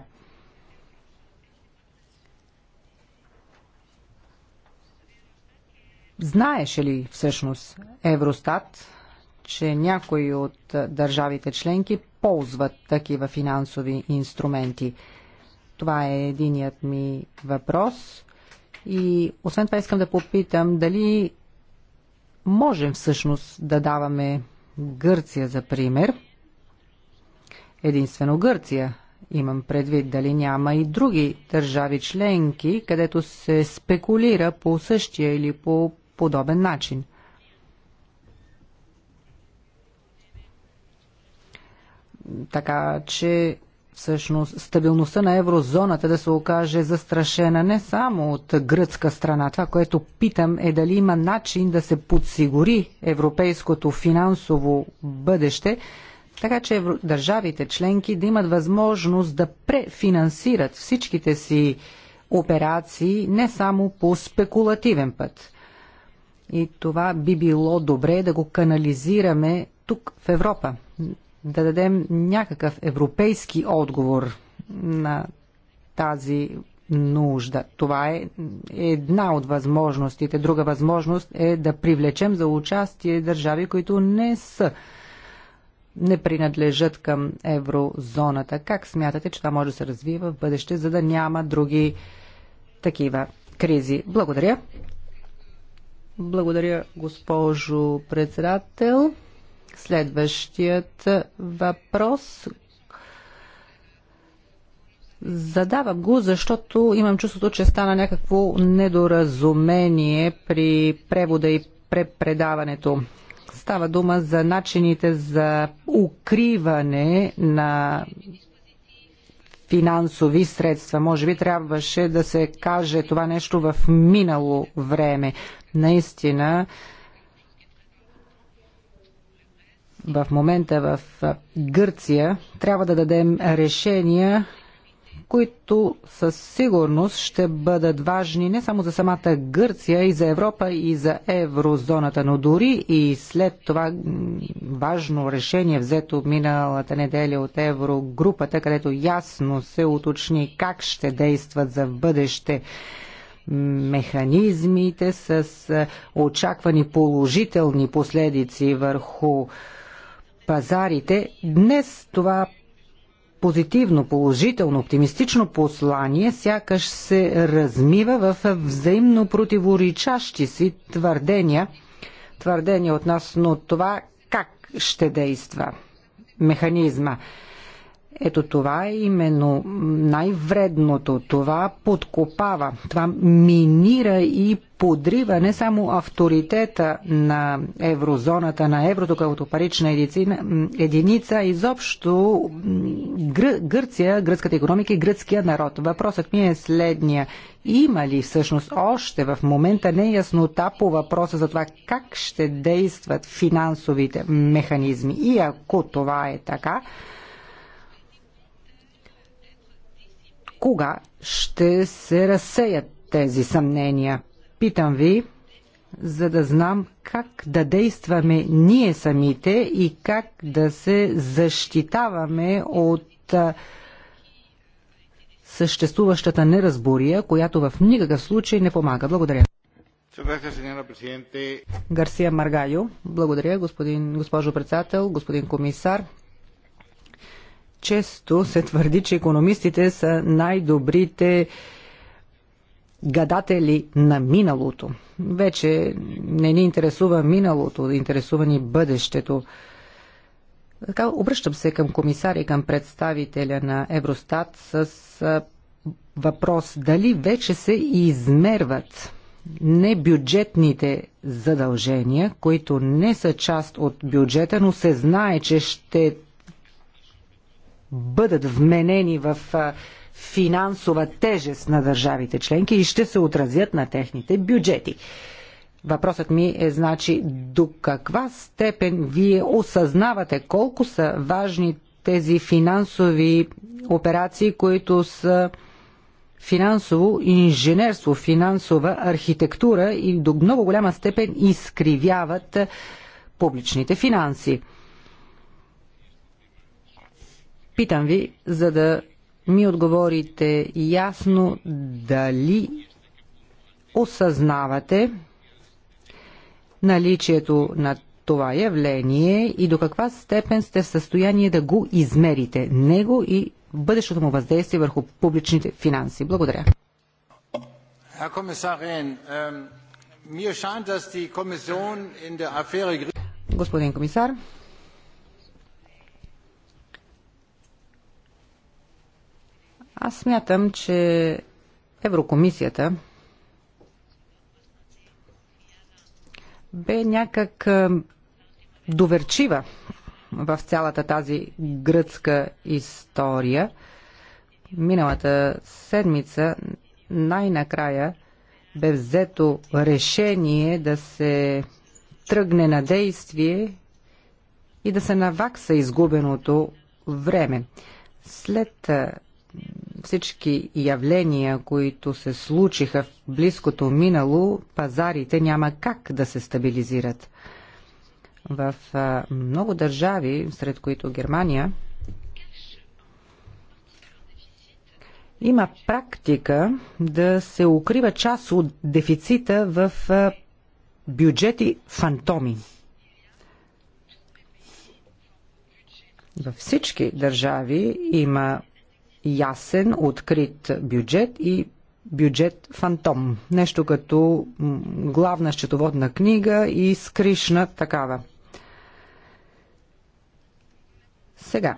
Знаеше ли всъщност Евростат, че някои от държавите членки ползват такива финансови инструменти? Това е единият ми въпрос. И освен това искам да попитам дали можем всъщност да даваме Гърция за пример. Единствено Гърция имам предвид, дали няма и други държави членки, където се спекулира по същия или по подобен начин. Така че всъщност стабилността на еврозоната да се окаже застрашена не само от гръцка страна. Това, което питам е дали има начин да се подсигури европейското финансово бъдеще, така че държавите членки да имат възможност да префинансират всичките си операции не само по спекулативен път. И това би било добре да го канализираме тук в Европа. Да дадем някакъв европейски отговор на тази нужда. Това е една от възможностите. Друга възможност е да привлечем за участие държави, които не са не принадлежат към еврозоната. Как смятате, че това може да се развива в бъдеще, за да няма други такива кризи? Благодаря. Благодаря, госпожо председател. Следващият е, въпрос. Задавам го, защото имам чувството, че стана някакво недоразумение при превода и препредаването. Става дума за начините за укриване на финансови средства. Може би трябваше да се каже това нещо в минало време. Наистина, в момента в Гърция трябва да дадем решения, които със сигурност ще бъдат важни не само за самата Гърция и за Европа и за еврозоната, но дори и след това важно решение взето миналата неделя от еврогрупата, където ясно се уточни как ще действат за бъдеще механизмите с е, очаквани положителни последици върху пазарите. Днес това позитивно, положително, оптимистично послание сякаш се размива в взаимно противоречащи си твърдения, твърдения относно това как ще действа механизма. Ето това е именно най-вредното. Това подкопава, това минира и подрива не само авторитета на еврозоната, на еврото като парична едицина, единица, изобщо Гр... Гърция, гръцката економика и гръцкия народ. Въпросът ми е следния. Има ли всъщност още в момента неяснота по въпроса за това как ще действат финансовите механизми? И ако това е така, кога ще се разсеят тези съмнения. Питам ви, за да знам как да действаме ние самите и как да се защитаваме от съществуващата неразбория, която в никакъв случай не помага. Благодаря. Гарсия Маргайо. Благодаря, господин, госпожо председател, господин комисар често се твърди, че економистите са най-добрите гадатели на миналото. Вече не ни интересува миналото, интересува ни бъдещето. Така, обръщам се към комисаря и към представителя на Евростат с въпрос дали вече се измерват небюджетните задължения, които не са част от бюджета, но се знае, че ще бъдат вменени в финансова тежест на държавите членки и ще се отразят на техните бюджети. Въпросът ми е значи до каква степен вие осъзнавате колко са важни тези финансови операции, които са финансово инженерство, финансова архитектура и до много голяма степен изкривяват публичните финанси. Питам ви, за да ми отговорите ясно дали осъзнавате наличието на това явление и до каква степен сте в състояние да го измерите, него и бъдещото му въздействие върху публичните финанси. Благодаря. Ähm, Господин комисар, Аз смятам, че Еврокомисията бе някак доверчива в цялата тази гръцка история. Миналата седмица най-накрая бе взето решение да се тръгне на действие и да се навакса изгубеното време. След всички явления, които се случиха в близкото минало, пазарите няма как да се стабилизират. В много държави, сред които Германия, има практика да се укрива част от дефицита в бюджети фантоми. Във всички държави има ясен, открит бюджет и бюджет фантом. Нещо като главна счетоводна книга и скришна такава. Сега,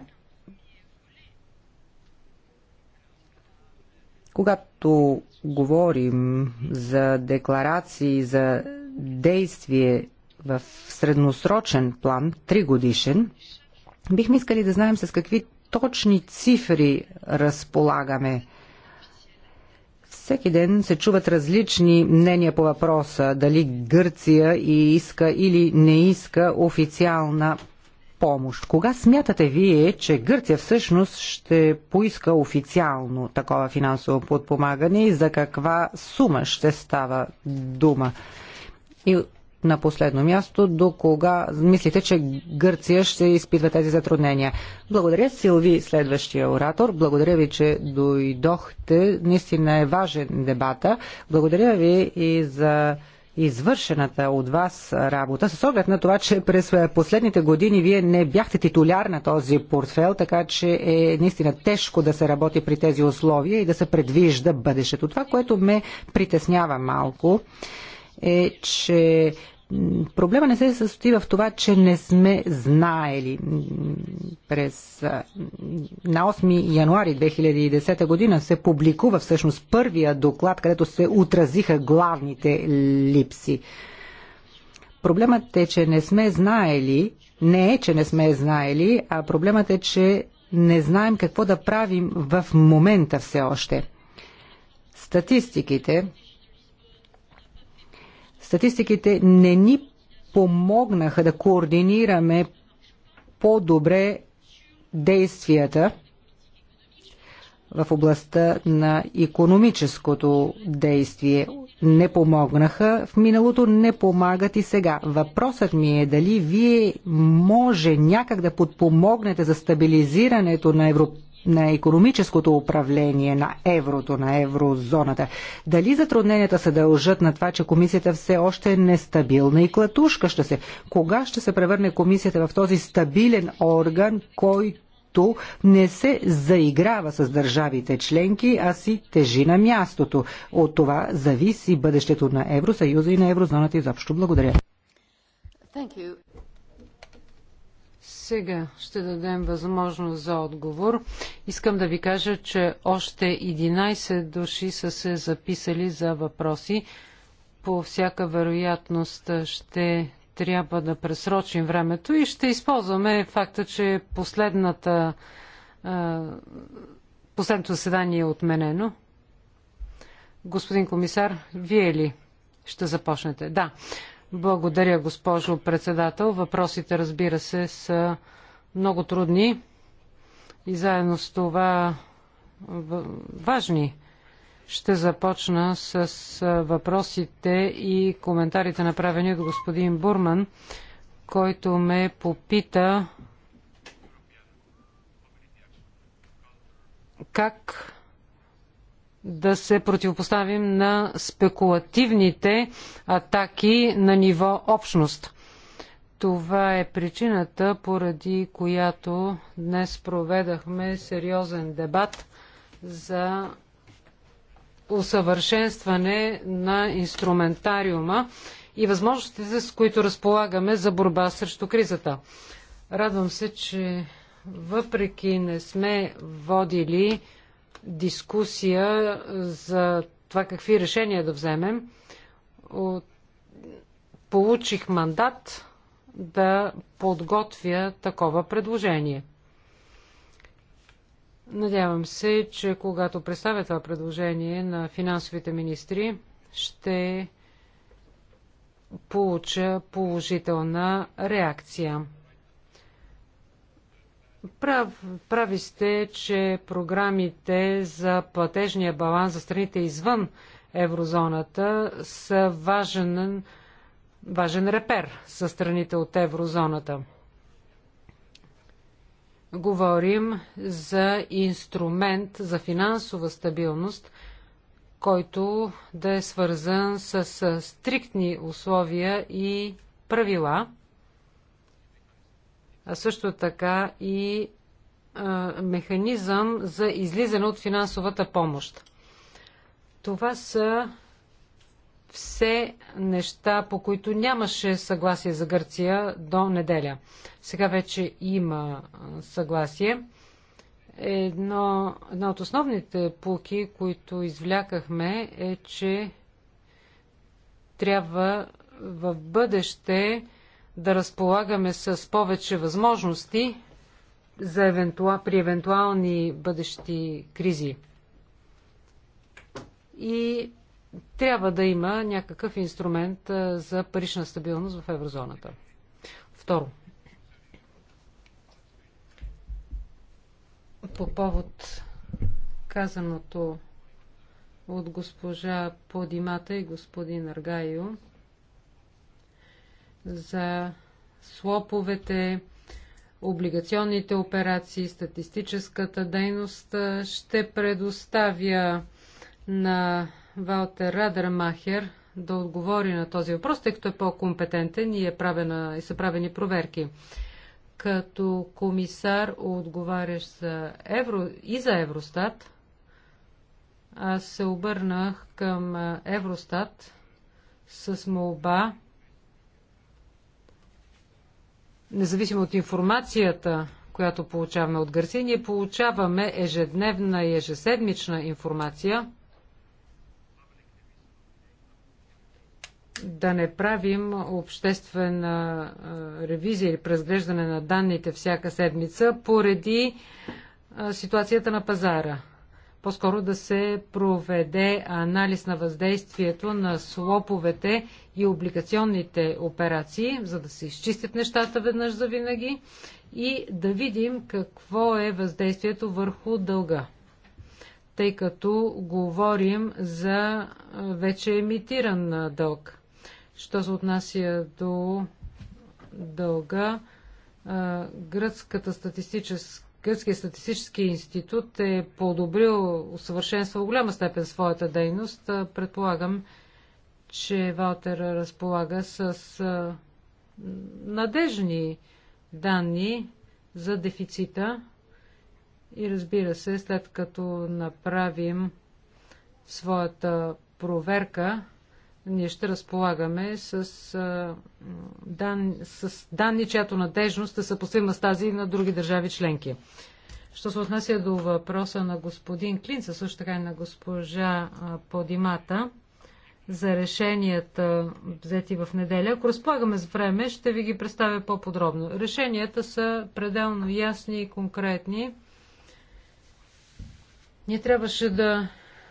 когато говорим за декларации за действие в средносрочен план, тригодишен, бихме искали да знаем с какви точни цифри разполагаме. Всеки ден се чуват различни мнения по въпроса дали Гърция и иска или не иска официална помощ. Кога смятате вие, че Гърция всъщност ще поиска официално такова финансово подпомагане и за каква сума ще става дума? И на последно място, до кога мислите, че Гърция ще изпитва тези затруднения? Благодаря, Силви, следващия оратор. Благодаря ви, че дойдохте. Наистина е важен дебата. Благодаря ви и за извършената от вас работа, с оглед на това, че през последните години вие не бяхте титуляр на този портфел, така че е наистина тежко да се работи при тези условия и да се предвижда бъдещето. Това, което ме притеснява малко, е, че Проблема не се състои в това, че не сме знаели. През, на 8 януари 2010 година се публикува всъщност първия доклад, където се отразиха главните липси. Проблемът е, че не сме знаели, не е, че не сме знаели, а проблемът е, че не знаем какво да правим в момента все още. Статистиките, Статистиките не ни помогнаха да координираме по-добре действията в областта на економическото действие. Не помогнаха в миналото, не помагат и сега. Въпросът ми е дали вие може някак да подпомогнете за стабилизирането на европейското на економическото управление на еврото, на еврозоната. Дали затрудненията се дължат на това, че комисията все още е нестабилна и клатушка ще се? Кога ще се превърне комисията в този стабилен орган, който не се заиграва с държавите членки, а си тежи на мястото. От това зависи бъдещето на Евросъюза и на еврозоната изобщо. Благодаря. Сега ще дадем възможност за отговор. Искам да ви кажа, че още 11 души са се записали за въпроси. По всяка вероятност ще трябва да пресрочим времето и ще използваме факта, че е последната, последното заседание е отменено. Господин комисар, вие ли ще започнете? Да. Благодаря, госпожо председател. Въпросите, разбира се, са много трудни и заедно с това важни. Ще започна с въпросите и коментарите направени от господин Бурман, който ме попита как да се противопоставим на спекулативните атаки на ниво общност. Това е причината, поради която днес проведахме сериозен дебат за усъвършенстване на инструментариума и възможностите, с които разполагаме за борба срещу кризата. Радвам се, че въпреки не сме водили дискусия за това какви решения да вземем. Получих мандат да подготвя такова предложение. Надявам се, че когато представя това предложение на финансовите министри, ще получа положителна реакция. Прав, прави сте, че програмите за платежния баланс за страните извън еврозоната са важен, важен репер за страните от еврозоната. Говорим за инструмент за финансова стабилност, който да е свързан с стриктни условия и правила – а също така и а, механизъм за излизане от финансовата помощ. Това са все неща, по които нямаше съгласие за Гърция до неделя. Сега вече има съгласие. Едно, една от основните пулки, които извлякахме, е, че трябва в бъдеще да разполагаме с повече възможности за евентуал, при евентуални бъдещи кризи. И трябва да има някакъв инструмент за парична стабилност в еврозоната. Второ. По повод казаното от госпожа Подимата и господин Аргайо, за слоповете, облигационните операции, статистическата дейност. Ще предоставя на Валтер Радермахер да отговори на този въпрос, тъй като е по-компетентен и, е правена, и са правени проверки. Като комисар, отговарящ за евро, и за Евростат, аз се обърнах към Евростат с молба независимо от информацията, която получаваме от Гърция, ние получаваме ежедневна и ежеседмична информация. Да не правим обществена ревизия или презглеждане на данните всяка седмица поради ситуацията на пазара по-скоро да се проведе анализ на въздействието на слоповете и облигационните операции, за да се изчистят нещата веднъж за винаги и да видим какво е въздействието върху дълга. Тъй като говорим за вече емитиран дълг. Що се отнася до дълга, гръцката статистическа Гръцкият статистически институт е подобрил, усъвършенства в голяма степен своята дейност. Предполагам, че Валтер разполага с надежни данни за дефицита и разбира се, след като направим своята проверка, ние ще разполагаме с, а, дан, с данни, чиято надежност е съпоставима с тази на други държави членки. Що се отнася до въпроса на господин Клинца, също така и на госпожа Подимата, за решенията, взети в неделя. Ако разполагаме с време, ще ви ги представя по-подробно. Решенията са пределно ясни и конкретни. Ние трябваше да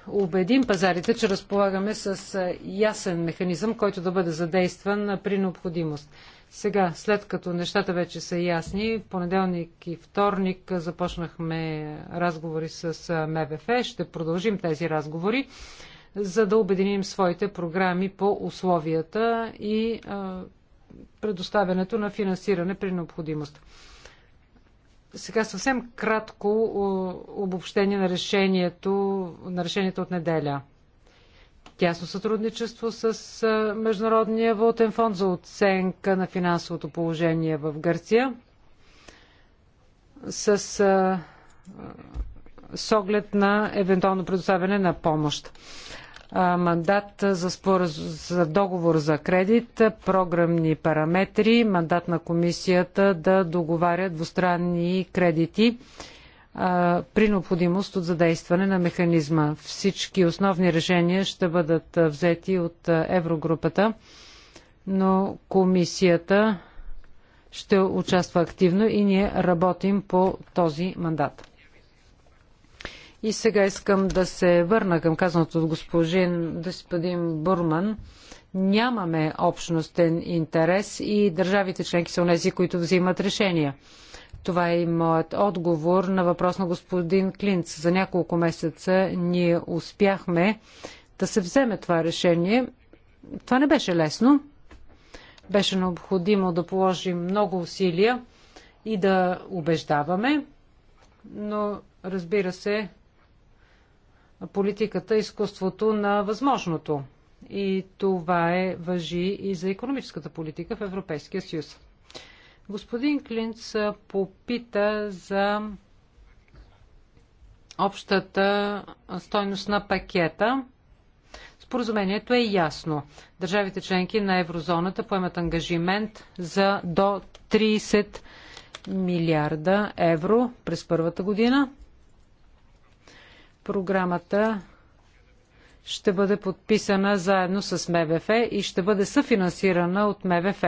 убедим пазарите, че разполагаме с ясен механизъм, който да бъде задействан при необходимост. Сега, след като нещата вече са ясни, понеделник и вторник започнахме разговори с МВФ, ще продължим тези разговори, за да обединим своите програми по условията и предоставянето на финансиране при необходимост. Сега съвсем кратко обобщение на решението, на решението от неделя. Тясно сътрудничество с Международния валутен фонд за оценка на финансовото положение в Гърция. С, с оглед на евентуално предоставяне на помощ мандат за, спор... за договор за кредит, програмни параметри, мандат на комисията да договаря двустранни кредити при необходимост от задействане на механизма. Всички основни решения ще бъдат взети от Еврогрупата, но комисията ще участва активно и ние работим по този мандат. И сега искам да се върна към казаното от господин, господин Бурман. Нямаме общностен интерес и държавите членки са унези, които взимат решения. Това е и моят отговор на въпрос на господин Клинц. За няколко месеца ние успяхме да се вземе това решение. Това не беше лесно. Беше необходимо да положим много усилия и да убеждаваме, но разбира се, политиката изкуството на възможното. И това е въжи и за економическата политика в Европейския съюз. Господин Клинц попита за общата стойност на пакета. Споразумението е ясно. Държавите членки на еврозоната поемат ангажимент за до 30 милиарда евро през първата година Програмата ще бъде подписана заедно с МВФ и ще бъде съфинансирана от МВФ,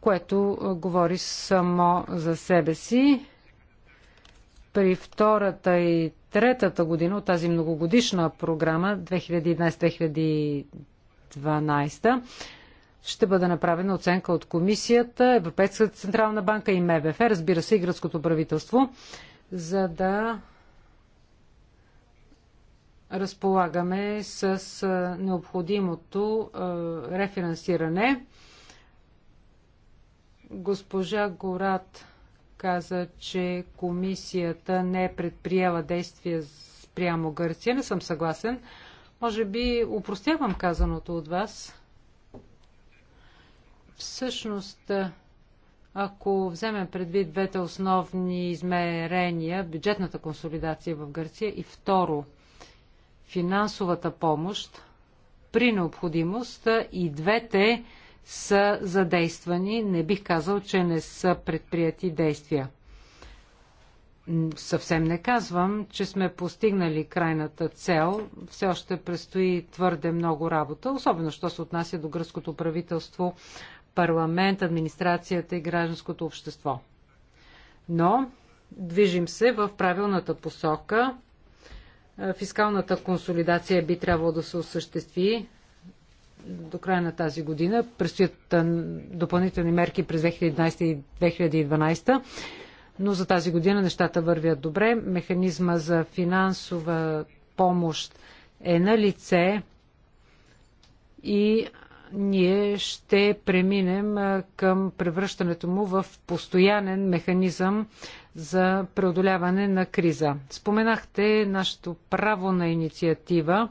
което говори само за себе си. При втората и третата година от тази многогодишна програма 2011-2012 ще бъде направена оценка от комисията, Европейската централна банка и МВФ, разбира се и гръцкото правителство, за да разполагаме с необходимото рефинансиране. Госпожа Горат каза, че комисията не е предприела действия спрямо Гърция. Не съм съгласен. Може би упростявам казаното от вас. Всъщност, ако вземем предвид двете основни измерения, бюджетната консолидация в Гърция и второ – финансовата помощ при необходимост и двете са задействани. Не бих казал, че не са предприяти действия. Съвсем не казвам, че сме постигнали крайната цел. Все още предстои твърде много работа, особено що се отнася до гръцкото правителство, парламент, администрацията и гражданското общество. Но движим се в правилната посока Фискалната консолидация би трябвало да се осъществи до края на тази година. Предстоят допълнителни мерки през 2011 и 2012, но за тази година нещата вървят добре. Механизма за финансова помощ е на лице и ние ще преминем към превръщането му в постоянен механизъм за преодоляване на криза. Споменахте нашето право на инициатива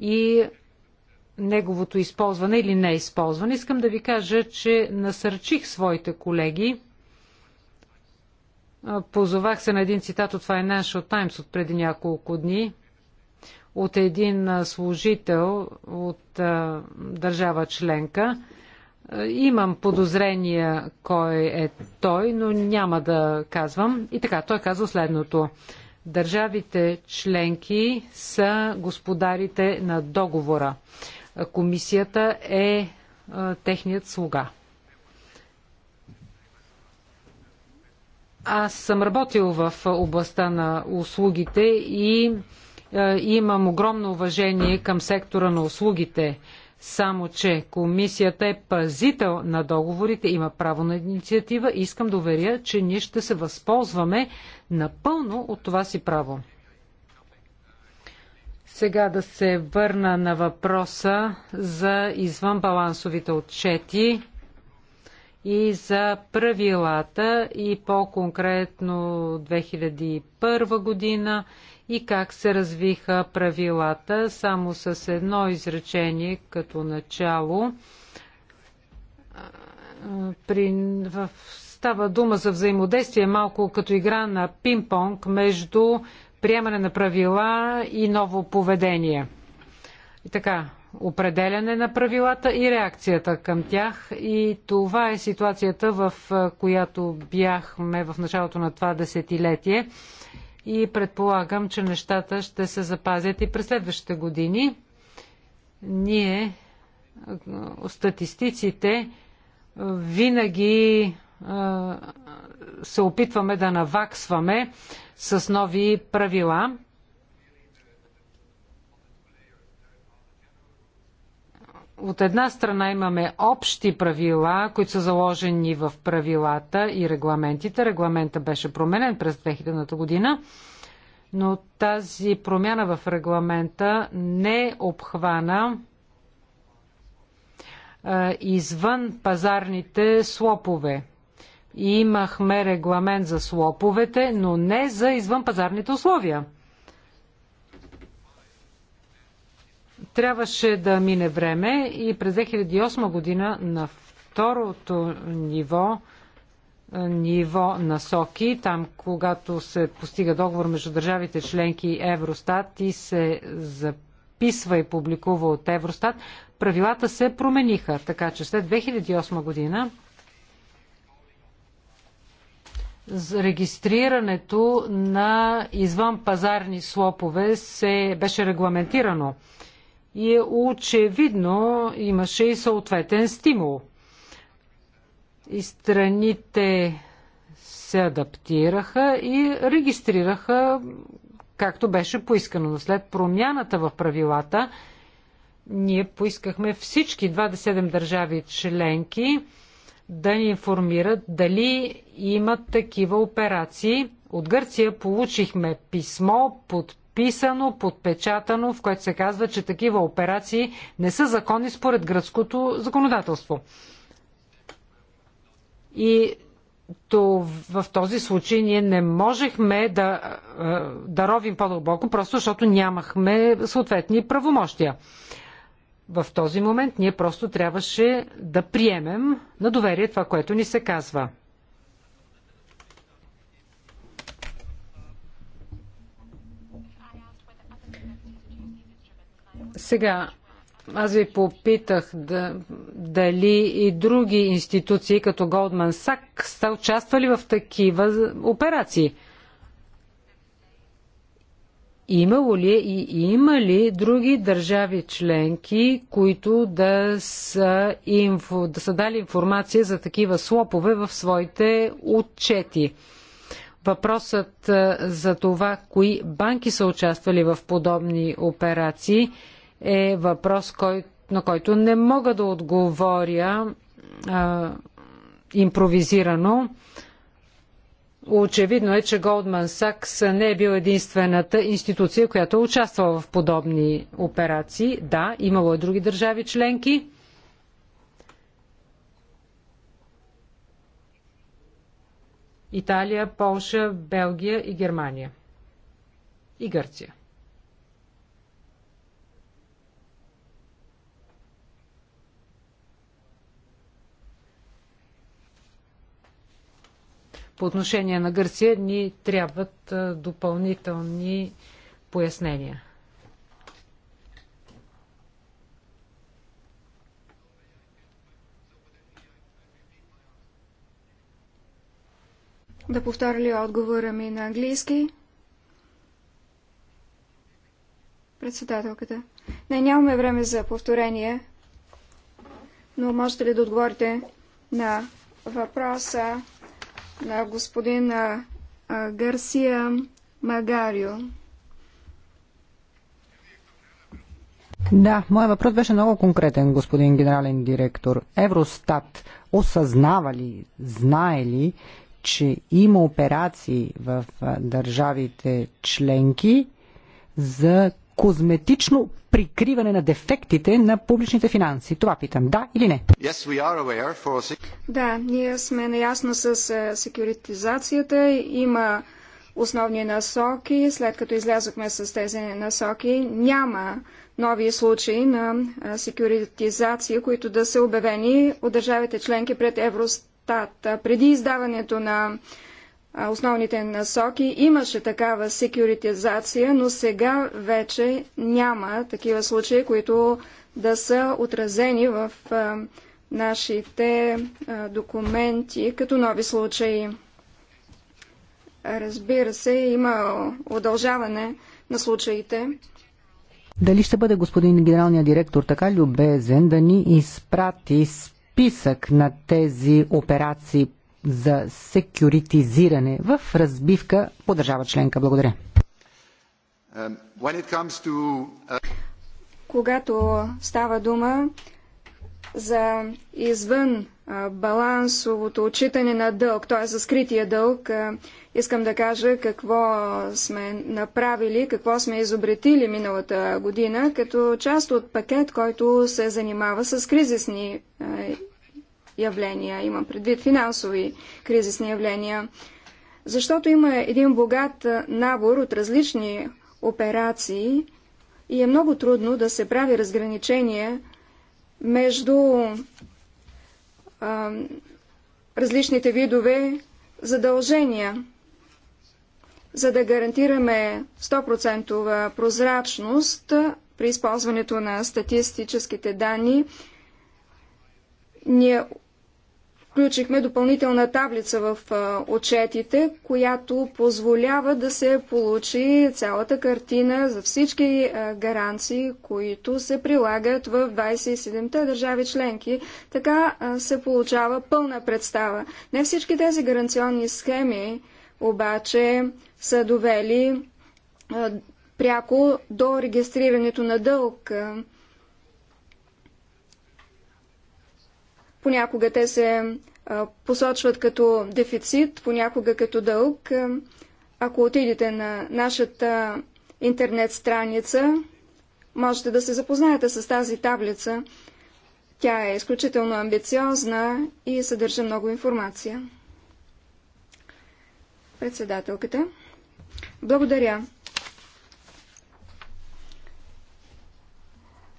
и неговото използване или неизползване. Искам да ви кажа, че насърчих своите колеги. Позовах се на един цитат от Financial Times от преди няколко дни, от един служител от държава членка. Имам подозрения кой е той, но няма да казвам. И така, той казва следното. Държавите членки са господарите на договора. Комисията е техният слуга. Аз съм работил в областта на услугите и е, имам огромно уважение към сектора на услугите, само че комисията е пазител на договорите, има право на инициатива и искам да уверя, че ние ще се възползваме напълно от това си право. Сега да се върна на въпроса за извънбалансовите отчети и за правилата и по-конкретно 2001 година и как се развиха правилата. Само с едно изречение като начало. При, в, става дума за взаимодействие малко като игра на пинг-понг между приемане на правила и ново поведение. И така, определяне на правилата и реакцията към тях. И това е ситуацията, в която бяхме в началото на това десетилетие и предполагам, че нещата ще се запазят и през следващите години. Ние, статистиците, винаги се опитваме да наваксваме с нови правила. от една страна имаме общи правила, които са заложени в правилата и регламентите. Регламента беше променен през 2000 година, но тази промяна в регламента не обхвана е, извън пазарните слопове. И имахме регламент за слоповете, но не за извън пазарните условия. Трябваше да мине време и през 2008 година на второто ниво е, ниво насоки, там когато се постига договор между държавите членки и Евростат и се записва и публикува от Евростат, правилата се промениха. Така че след 2008 година регистрирането на извънпазарни слопове се беше регламентирано и е очевидно имаше и съответен стимул. И страните се адаптираха и регистрираха както беше поискано. Но след промяната в правилата, ние поискахме всички 27 държави членки да ни информират дали имат такива операции. От Гърция получихме писмо, под подписано, подпечатано, в което се казва, че такива операции не са закони според гръцкото законодателство. И то в този случай ние не можехме да, да ровим по-дълбоко, просто защото нямахме съответни правомощия. В този момент ние просто трябваше да приемем на доверие това, което ни се казва. Сега, аз ви попитах да, дали и други институции, като Голдман Сак са участвали в такива операции. Имало ли е и има ли други държави членки, които да са, инфо, да са дали информация за такива слопове в своите отчети? Въпросът за това, кои банки са участвали в подобни операции – е въпрос, кой, на който не мога да отговоря а, импровизирано. Очевидно е, че Голдман Сакс не е бил единствената институция, която е участвала в подобни операции. Да, имало е други държави членки. Италия, Полша, Белгия и Германия. И Гърция. по отношение на Гърция ни трябват допълнителни пояснения. Да повторя ли отговора ми на английски? Председателката. Не, нямаме време за повторение, но можете ли да отговорите на въпроса на господин Гарсия Магарио. Да, моят въпрос беше много конкретен, господин генерален директор. Евростат осъзнава ли, знае ли, че има операции в държавите членки за козметично прикриване на дефектите на публичните финанси? Това питам. Да или не? Yes, for... Да, ние сме наясно с е, секюритизацията. Има основни насоки. След като излязохме с тези насоки, няма нови случаи на е, секюритизация, които да са обявени от държавите членки пред Евростат. Преди издаването на основните насоки. Имаше такава секюритизация, но сега вече няма такива случаи, които да са отразени в нашите документи като нови случаи. Разбира се, има удължаване на случаите. Дали ще бъде господин генералният директор така любезен да ни изпрати списък на тези операции за секюритизиране в разбивка по държава членка. Благодаря. Uh, Когато става дума за извън балансовото отчитане на дълг, т.е. за скрития дълг, искам да кажа какво сме направили, какво сме изобретили миналата година, като част от пакет, който се занимава с кризисни явления, имам предвид финансови кризисни явления, защото има един богат набор от различни операции и е много трудно да се прави разграничение между а, различните видове задължения. За да гарантираме 100% прозрачност при използването на статистическите данни, ние включихме допълнителна таблица в отчетите, която позволява да се получи цялата картина за всички гаранции, които се прилагат в 27-те държави членки. Така се получава пълна представа. Не всички тези гаранционни схеми обаче са довели пряко до регистрирането на дълг. Понякога те се посочват като дефицит, понякога като дълг. Ако отидете на нашата интернет страница, можете да се запознаете с тази таблица. Тя е изключително амбициозна и съдържа много информация. Председателката. Благодаря.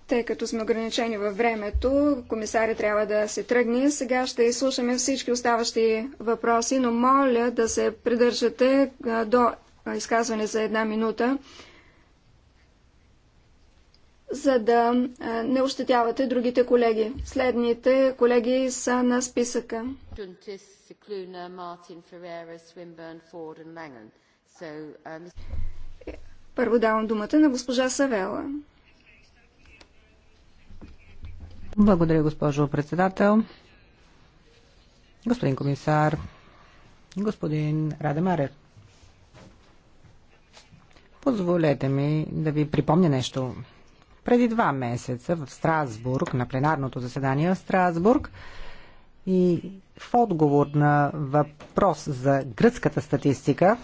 Тъй като сме ограничени във времето, комисаря трябва да се тръгне. Сега ще изслушаме всички оставащи въпроси, но моля да се придържате до изказване за една минута, за да не ощетявате другите колеги. Следните колеги са на списъка. Първо давам думата на госпожа Савела. Благодаря, госпожо председател. Господин комисар, господин Радемарев. Позволете ми да ви припомня нещо. Преди два месеца в Страсбург, на пленарното заседание в Страсбург, и в отговор на въпрос за гръцката статистика,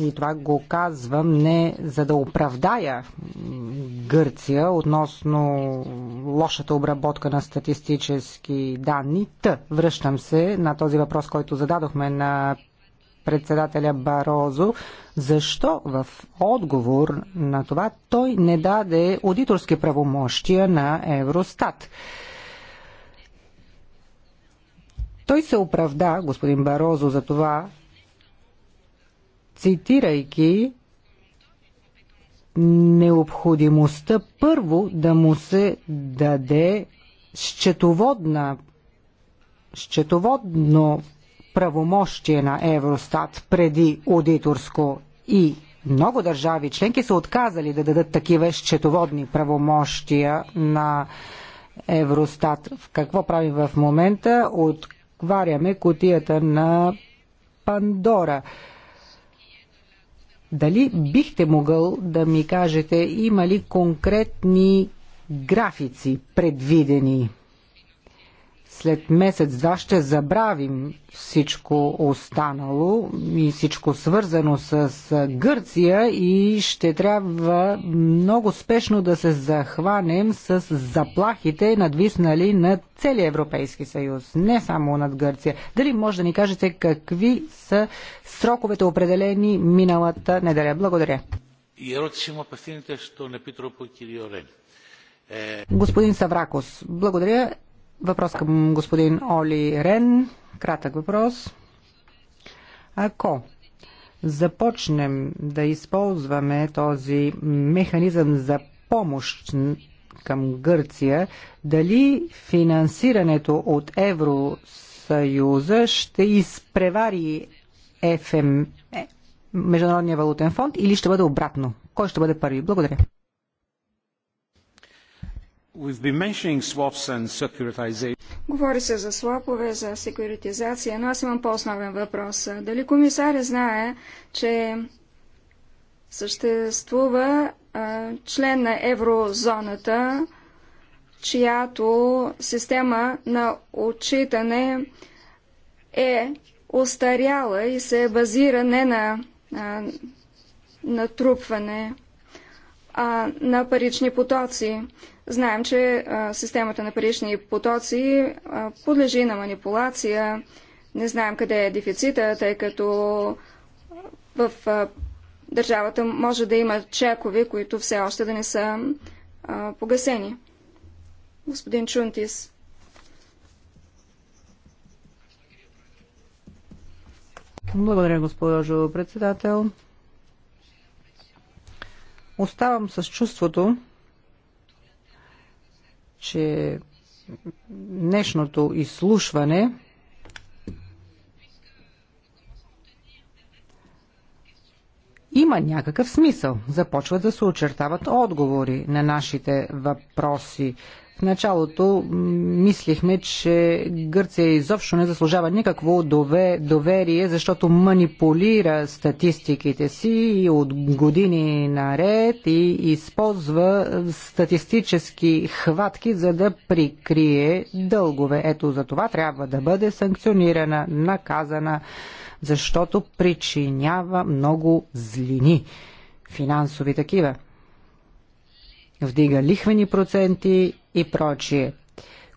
и това го казвам не за да оправдая Гърция относно лошата обработка на статистически данни. Та, връщам се на този въпрос, който зададохме на председателя Барозо, защо в отговор на това той не даде аудиторски правомощия на Евростат. Той се оправда, господин Барозо, за това, цитирайки необходимостта първо да му се даде счетоводна, счетоводно правомощие на Евростат преди аудиторско и много държави членки са отказали да дадат такива счетоводни правомощия на Евростат. В Какво правим в момента? Отваряме котията на Пандора. Дали бихте могъл да ми кажете има ли конкретни графици предвидени? след месец-два ще забравим всичко останало и всичко свързано с Гърция и ще трябва много спешно да се захванем с заплахите надвиснали на целия Европейски съюз, не само над Гърция. Дали може да ни кажете какви са сроковете определени миналата неделя? Благодаря. Е, Господин Савракос, благодаря Въпрос към господин Оли Рен. Кратък въпрос. Ако започнем да използваме този механизъм за помощ към Гърция, дали финансирането от Евросъюза ще изпревари ФМ, Международния валутен фонд или ще бъде обратно? Кой ще бъде първи? Благодаря. Говори се за слапове, за секюритизация, но аз имам по-основен въпрос. Дали комисаря знае, че съществува а, член на еврозоната, чиято система на отчитане е устаряла и се базира не на а, натрупване а, на парични потоци. Знаем, че а, системата на парични потоци а, подлежи на манипулация. Не знаем къде е дефицита, тъй като в а, държавата може да има чекове, които все още да не са а, погасени. Господин Чунтис. Благодаря, госпожо председател оставам с чувството, че днешното изслушване има някакъв смисъл. Започват да се очертават отговори на нашите въпроси. В началото мислихме, че Гърция изобщо не заслужава никакво доверие, защото манипулира статистиките си и от години наред и използва статистически хватки, за да прикрие дългове. Ето за това трябва да бъде санкционирана, наказана, защото причинява много злини, финансови такива вдига лихвени проценти и прочие.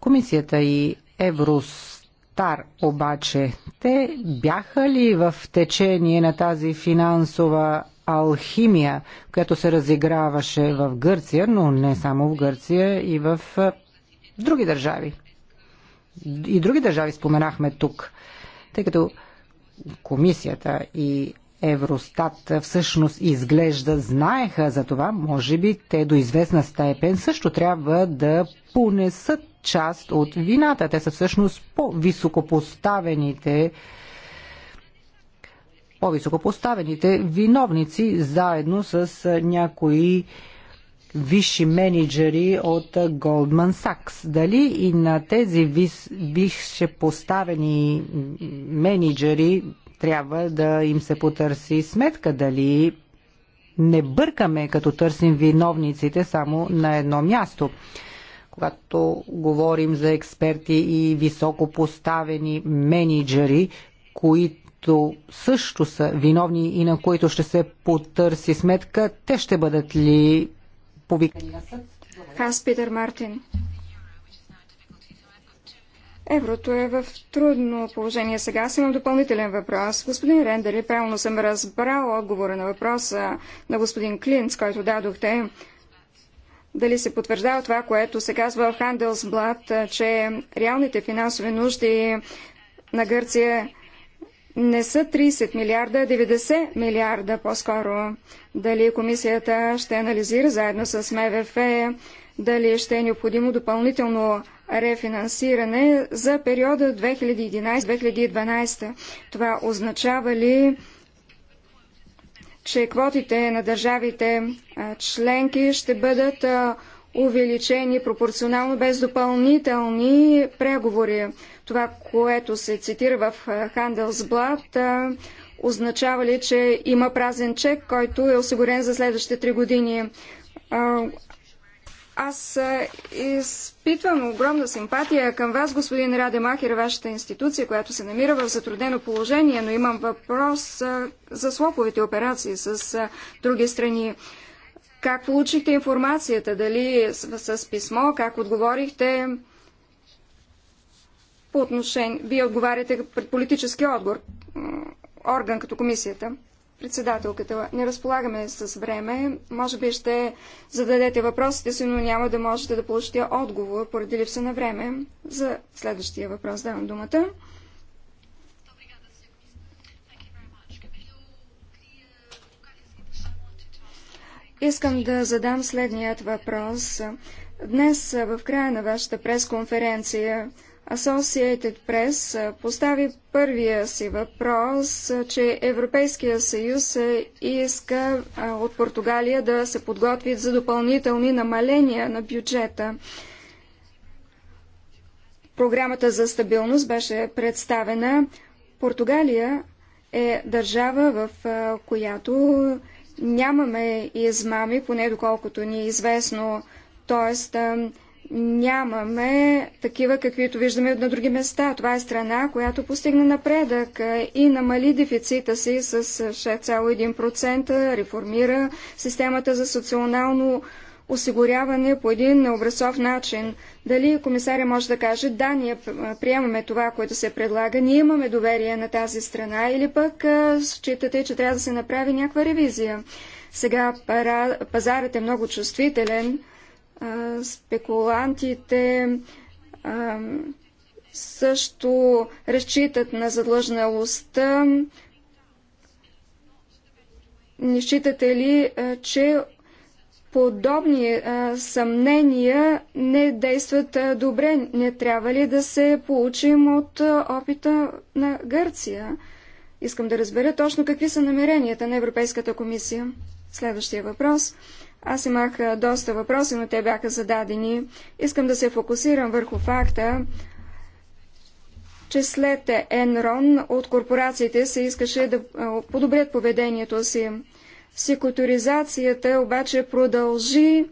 Комисията и Евростар обаче, те бяха ли в течение на тази финансова алхимия, която се разиграваше в Гърция, но не само в Гърция, и в други държави? И други държави споменахме тук, тъй като комисията и Евростат всъщност изглежда знаеха за това, може би те до известна степен също трябва да понесат част от вината. Те са всъщност по-високопоставените по-високопоставените виновници заедно с някои висши менеджери от Goldman Sachs. Дали и на тези висше поставени менеджери трябва да им се потърси сметка дали не бъркаме, като търсим виновниците само на едно място. Когато говорим за експерти и високо поставени менеджери, които също са виновни и на които ще се потърси сметка, те ще бъдат ли повикани на съд? Аз Питер Мартин. Еврото е в трудно положение сега. Аз имам допълнителен въпрос. Господин Рендер, и правилно съм разбрал отговора на въпроса на господин Клинц, който дадохте? Дали се потвърждава това, което се казва в Хандelsблад, че реалните финансови нужди на Гърция не са 30 милиарда, а 90 милиарда по-скоро. Дали комисията ще анализира заедно с МВФ, дали ще е необходимо допълнително рефинансиране за периода 2011-2012. Това означава ли, че квотите на държавите членки ще бъдат увеличени пропорционално без допълнителни преговори. Това, което се цитира в Handelsblad, означава ли, че има празен чек, който е осигурен за следващите три години. Аз изпитвам огромна симпатия към вас, господин Махер, вашата институция, която се намира в затруднено положение, но имам въпрос за слоповите операции с други страни. Как получихте информацията? Дали с, с писмо? Как отговорихте? По отношение... Вие отговаряте пред политически отбор, орган като комисията. Председателката, не разполагаме с време. Може би ще зададете въпросите си, но няма да можете да получите отговор поради липса на време. За следващия въпрос давам думата. Искам да задам следният въпрос. Днес в края на вашата пресконференция Associated Press постави първия си въпрос, че Европейския съюз иска от Португалия да се подготви за допълнителни намаления на бюджета. Програмата за стабилност беше представена. Португалия е държава, в която нямаме измами, поне доколкото ни е известно. Тоест, нямаме такива, каквито виждаме на други места. Това е страна, която постигна напредък е, и намали дефицита си с 6,1%, реформира системата за социално осигуряване по един необразов начин. Дали комисаря може да каже, да, ние приемаме това, което се предлага, ние имаме доверие на тази страна, или пък считате, че трябва да се направи някаква ревизия. Сега пара, пазарът е много чувствителен спекулантите също разчитат на задлъжналостта. Не считате ли, че подобни съмнения не действат добре? Не трябва ли да се получим от опита на Гърция? Искам да разбера точно какви са намеренията на Европейската комисия. Следващия въпрос. Аз имах доста въпроси, но те бяха зададени. Искам да се фокусирам върху факта, че след Енрон от корпорациите се искаше да подобрят поведението си. Секутуризацията обаче продължи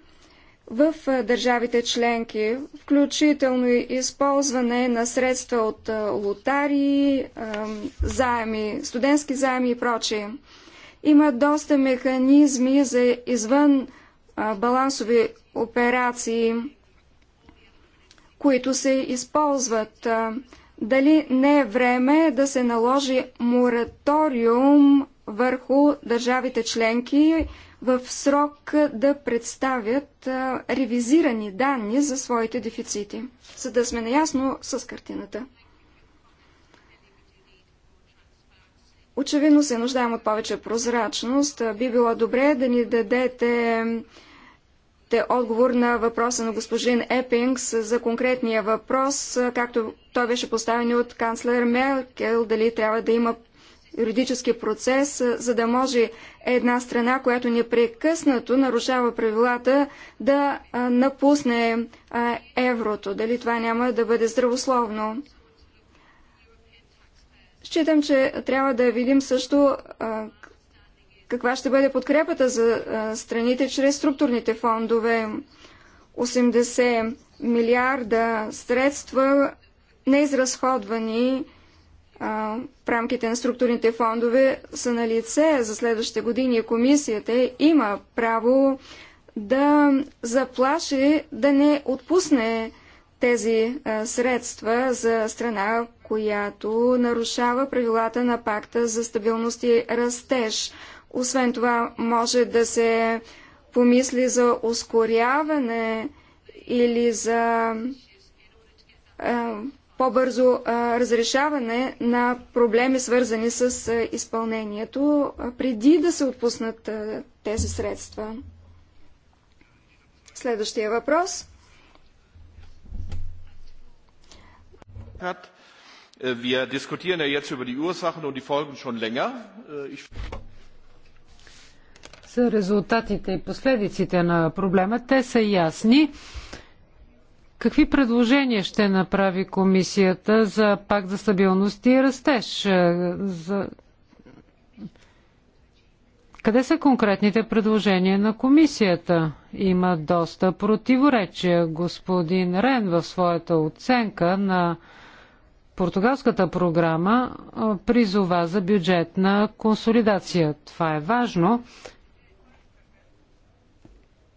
в държавите членки, включително и използване на средства от лотари, заеми, студентски заеми и прочие. Има доста механизми за извън балансови операции, които се използват. Дали не е време да се наложи мораториум върху държавите членки в срок да представят ревизирани данни за своите дефицити, за да сме наясно с картината. Очевидно се нуждаем от повече прозрачност. Е, би било добре да ни дадете те отговор на въпроса на господин Епингс за конкретния въпрос, е, както той беше поставен от канцлер Меркел, дали трябва да има юридически процес, е, за да може една страна, която непрекъснато нарушава правилата, да напусне еврото. Дали това няма да бъде здравословно? Считам, че трябва да видим също каква ще бъде подкрепата за страните чрез структурните фондове. 80 милиарда средства неизразходвани в рамките на структурните фондове са на лице за следващите години. Комисията има право да заплаши да не отпусне тези е, средства за страна, която нарушава правилата на пакта за стабилност и растеж. Освен това, може да се помисли за ускоряване или за е, по-бързо е, разрешаване на проблеми, свързани с изпълнението, преди да се отпуснат тези средства. Следващия въпрос – hat. Äh, wir diskutieren ja jetzt über die Ursachen und die Folgen schon länger. Äh, ich за резултатите и последиците на проблема. Те са ясни. Какви предложения ще направи комисията за пак за стабилност и растеж? Е, за... Къде са конкретните предложения на комисията? Има доста противоречия. Господин Рен в своята оценка на Португалската програма призова за бюджетна консолидация. Това е важно.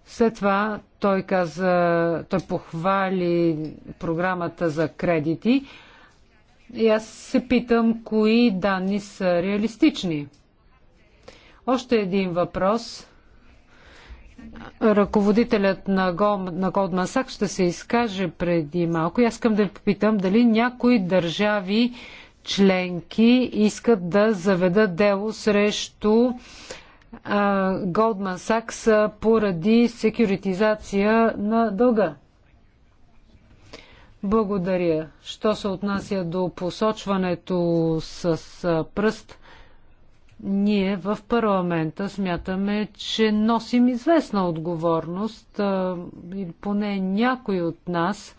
След това той каза, той похвали програмата за кредити. И аз се питам, кои данни са реалистични. Още един въпрос ръководителят на, Гол, на Goldman Sachs ще се изкаже преди малко. И аз искам да ви попитам дали някои държави членки искат да заведат дело срещу а, Goldman Sachs поради секюритизация на дълга. Благодаря. Що се отнася до посочването с пръст, ние в парламента смятаме, че носим известна отговорност, или поне някой от нас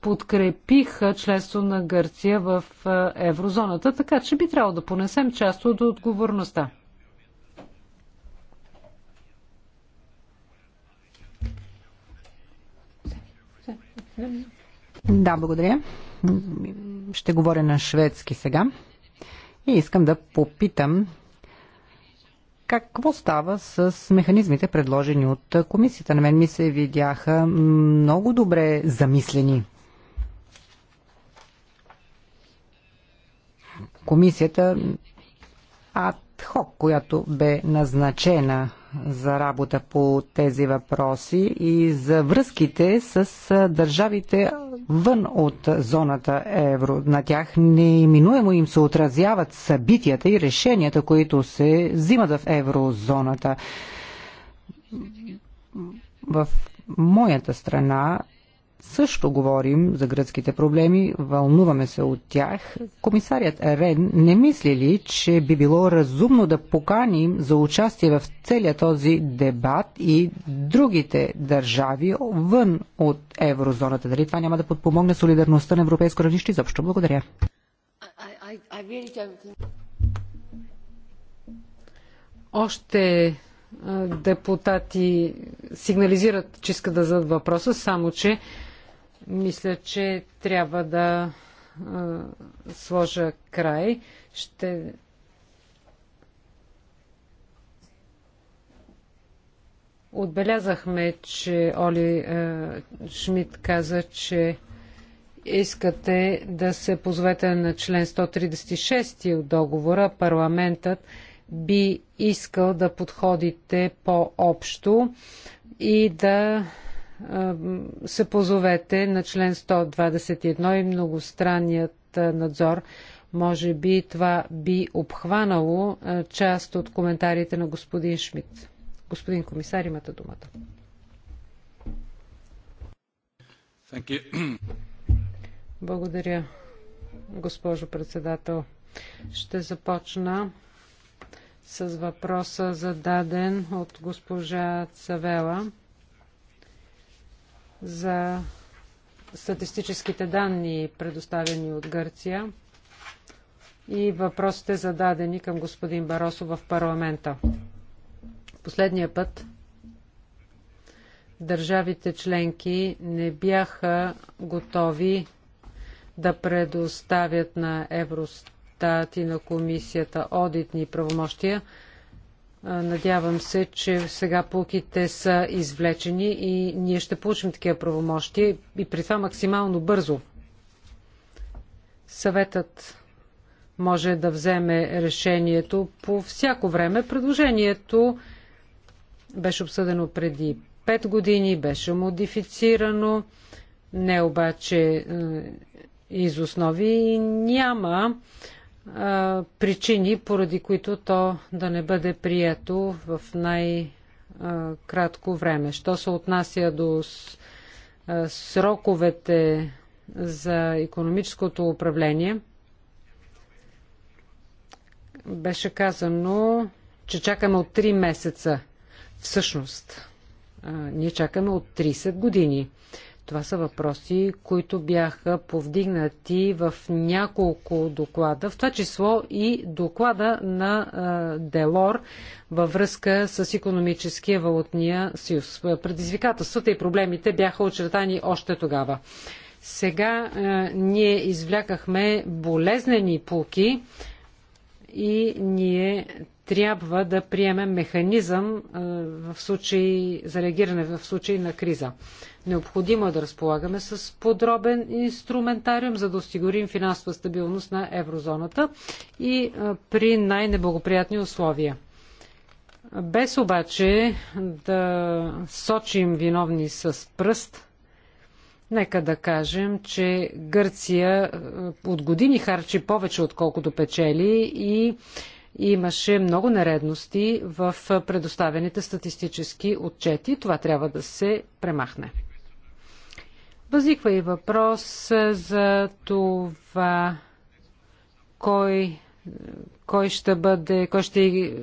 подкрепиха членство на Гърция в еврозоната, така че би трябвало да понесем част от отговорността. Да, благодаря. Ще говоря на шведски сега. И искам да попитам какво става с механизмите, предложени от комисията? На мен ми се видяха много добре замислени. Комисията адхок, която бе назначена за работа по тези въпроси и за връзките с държавите вън от зоната евро. На тях неиминуемо им се отразяват събитията и решенията, които се взимат в еврозоната. В моята страна също говорим за гръцките проблеми, вълнуваме се от тях. Комисарият Рен не мисли ли, че би било разумно да поканим за участие в целия този дебат и другите държави вън от еврозоната? Дали това няма да подпомогне солидарността на европейско равнище? изобщо. благодаря. Още депутати сигнализират, че искат да зададат въпроса, само че мисля, че трябва да а, сложа край. Ще. Отбелязахме, че Оли а, Шмидт каза, че искате да се позовете на член 136 от договора, парламентът би искал да подходите по-общо и да се позовете на член 121 и многостранният надзор. Може би това би обхванало част от коментарите на господин Шмидт. Господин комисар, имате думата. Благодаря, госпожо председател. Ще започна с въпроса зададен от госпожа Цавела за статистическите данни, предоставени от Гърция и въпросите зададени към господин Баросо в парламента. Последния път държавите членки не бяха готови да предоставят на Евростат и на комисията одитни правомощия, Надявам се, че сега полките са извлечени и ние ще получим такива правомощи и при това максимално бързо. Съветът може да вземе решението по всяко време. Предложението беше обсъдено преди 5 години, беше модифицирано, не обаче е, из основи и няма причини, поради които то да не бъде прието в най-кратко време. Що се отнася до сроковете за економическото управление, беше казано, че чакаме от 3 месеца. Всъщност, ние чакаме от 30 години. Това са въпроси, които бяха повдигнати в няколко доклада, в това число и доклада на Делор във връзка с економическия валутния съюз. Предизвикателствата и проблемите бяха очертани още тогава. Сега е, ние извлякахме болезнени пуки и ние трябва да приемем механизъм е, в случай, за реагиране в случай на криза. Необходимо е да разполагаме с подробен инструментариум, за да осигурим финансова стабилност на еврозоната и е, при най-неблагоприятни условия. Без обаче да сочим виновни с пръст, нека да кажем, че Гърция е, от години харчи повече отколкото печели и Имаше много нередности в предоставените статистически отчети. Това трябва да се премахне. Възниква и въпрос за това кой, кой ще бъде, кой ще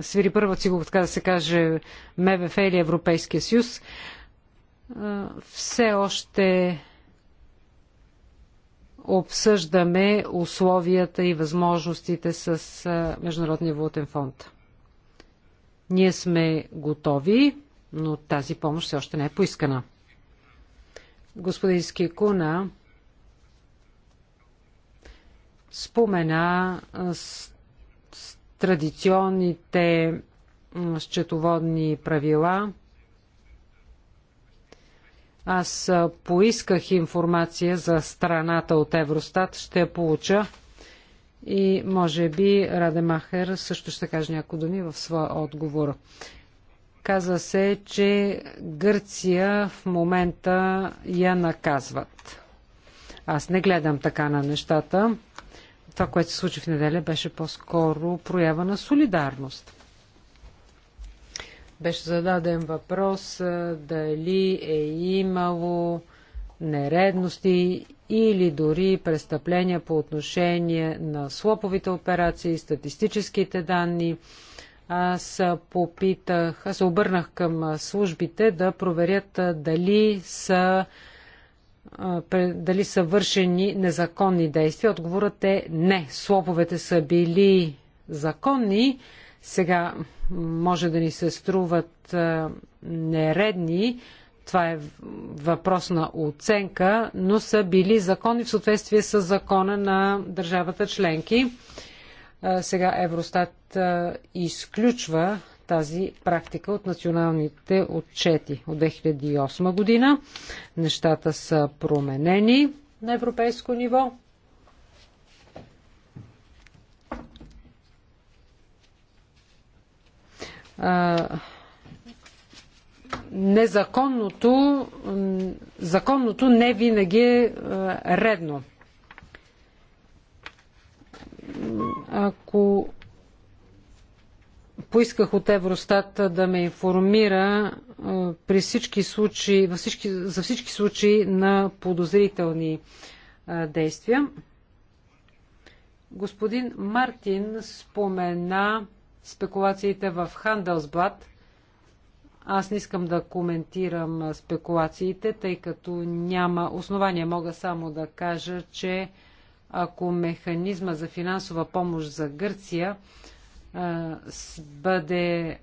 свири първа цигула, така да се каже, МВФ или Европейския съюз. Все още обсъждаме условията и възможностите с Международния валутен фонд. Ние сме готови, но тази помощ все още не е поискана. Господин Скикуна спомена с, с традиционните счетоводни правила – аз поисках информация за страната от Евростат. Ще я получа. И може би Радемахер също ще каже някои думи в своя отговор. Каза се, че Гърция в момента я наказват. Аз не гледам така на нещата. Това, което се случи в неделя, беше по-скоро проява на солидарност. Беше зададен въпрос дали е имало нередности или дори престъпления по отношение на слоповите операции, статистическите данни. Аз попитах, аз се обърнах към службите да проверят дали са дали са вършени незаконни действия. Отговорът е не. Слоповете са били законни, сега може да ни се струват нередни. Това е въпрос на оценка, но са били закони в съответствие с закона на държавата членки. Сега Евростат изключва тази практика от националните отчети от 2008 година. Нещата са променени на европейско ниво. незаконното законното не винаги е редно. Ако поисках от Евростат да ме информира при всички случаи, във всички, за всички случаи на подозрителни действия. Господин Мартин спомена спекулациите в Хандълсблад. Аз не искам да коментирам спекулациите, тъй като няма основания. Мога само да кажа, че ако механизма за финансова помощ за Гърция бъде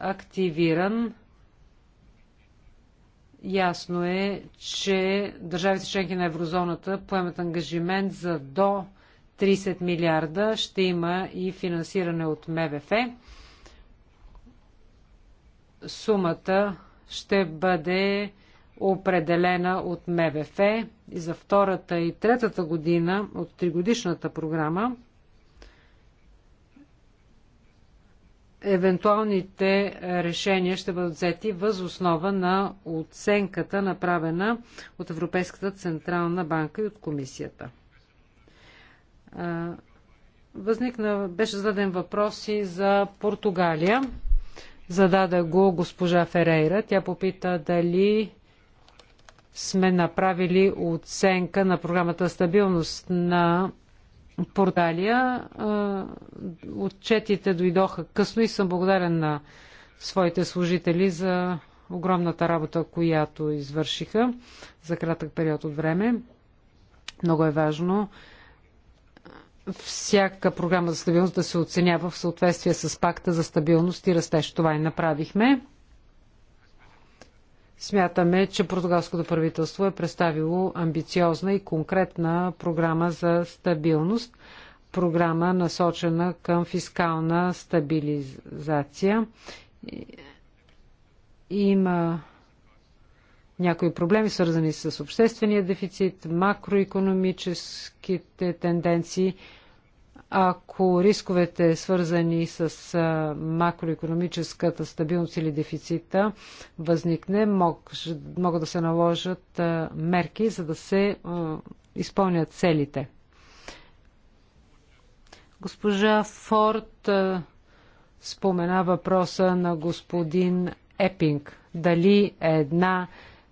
активиран, ясно е, че държавите членки на еврозоната поемат ангажимент за до 30 милиарда ще има и финансиране от МВФ. Сумата ще бъде определена от МВФ и за втората и третата година от тригодишната програма. евентуалните решения ще бъдат взети въз основа на оценката, направена от Европейската централна банка и от комисията. Възникна, беше зададен въпрос и за Португалия. Зададе го госпожа Ферейра. Тя попита дали сме направили оценка на програмата стабилност на Порталия. Отчетите дойдоха късно и съм благодарен на своите служители за огромната работа, която извършиха за кратък период от време. Много е важно всяка програма за стабилност да се оценява в съответствие с пакта за стабилност и растеж. Това и направихме. Смятаме, че португалското правителство е представило амбициозна и конкретна програма за стабилност, програма насочена към фискална стабилизация. Има някои проблеми, свързани с обществения дефицит, макроекономическите тенденции – ако рисковете, свързани с макроекономическата стабилност или дефицита, възникне, могат да се наложат мерки, за да се изпълнят целите. Госпожа Форд спомена въпроса на господин Епинг. Дали е една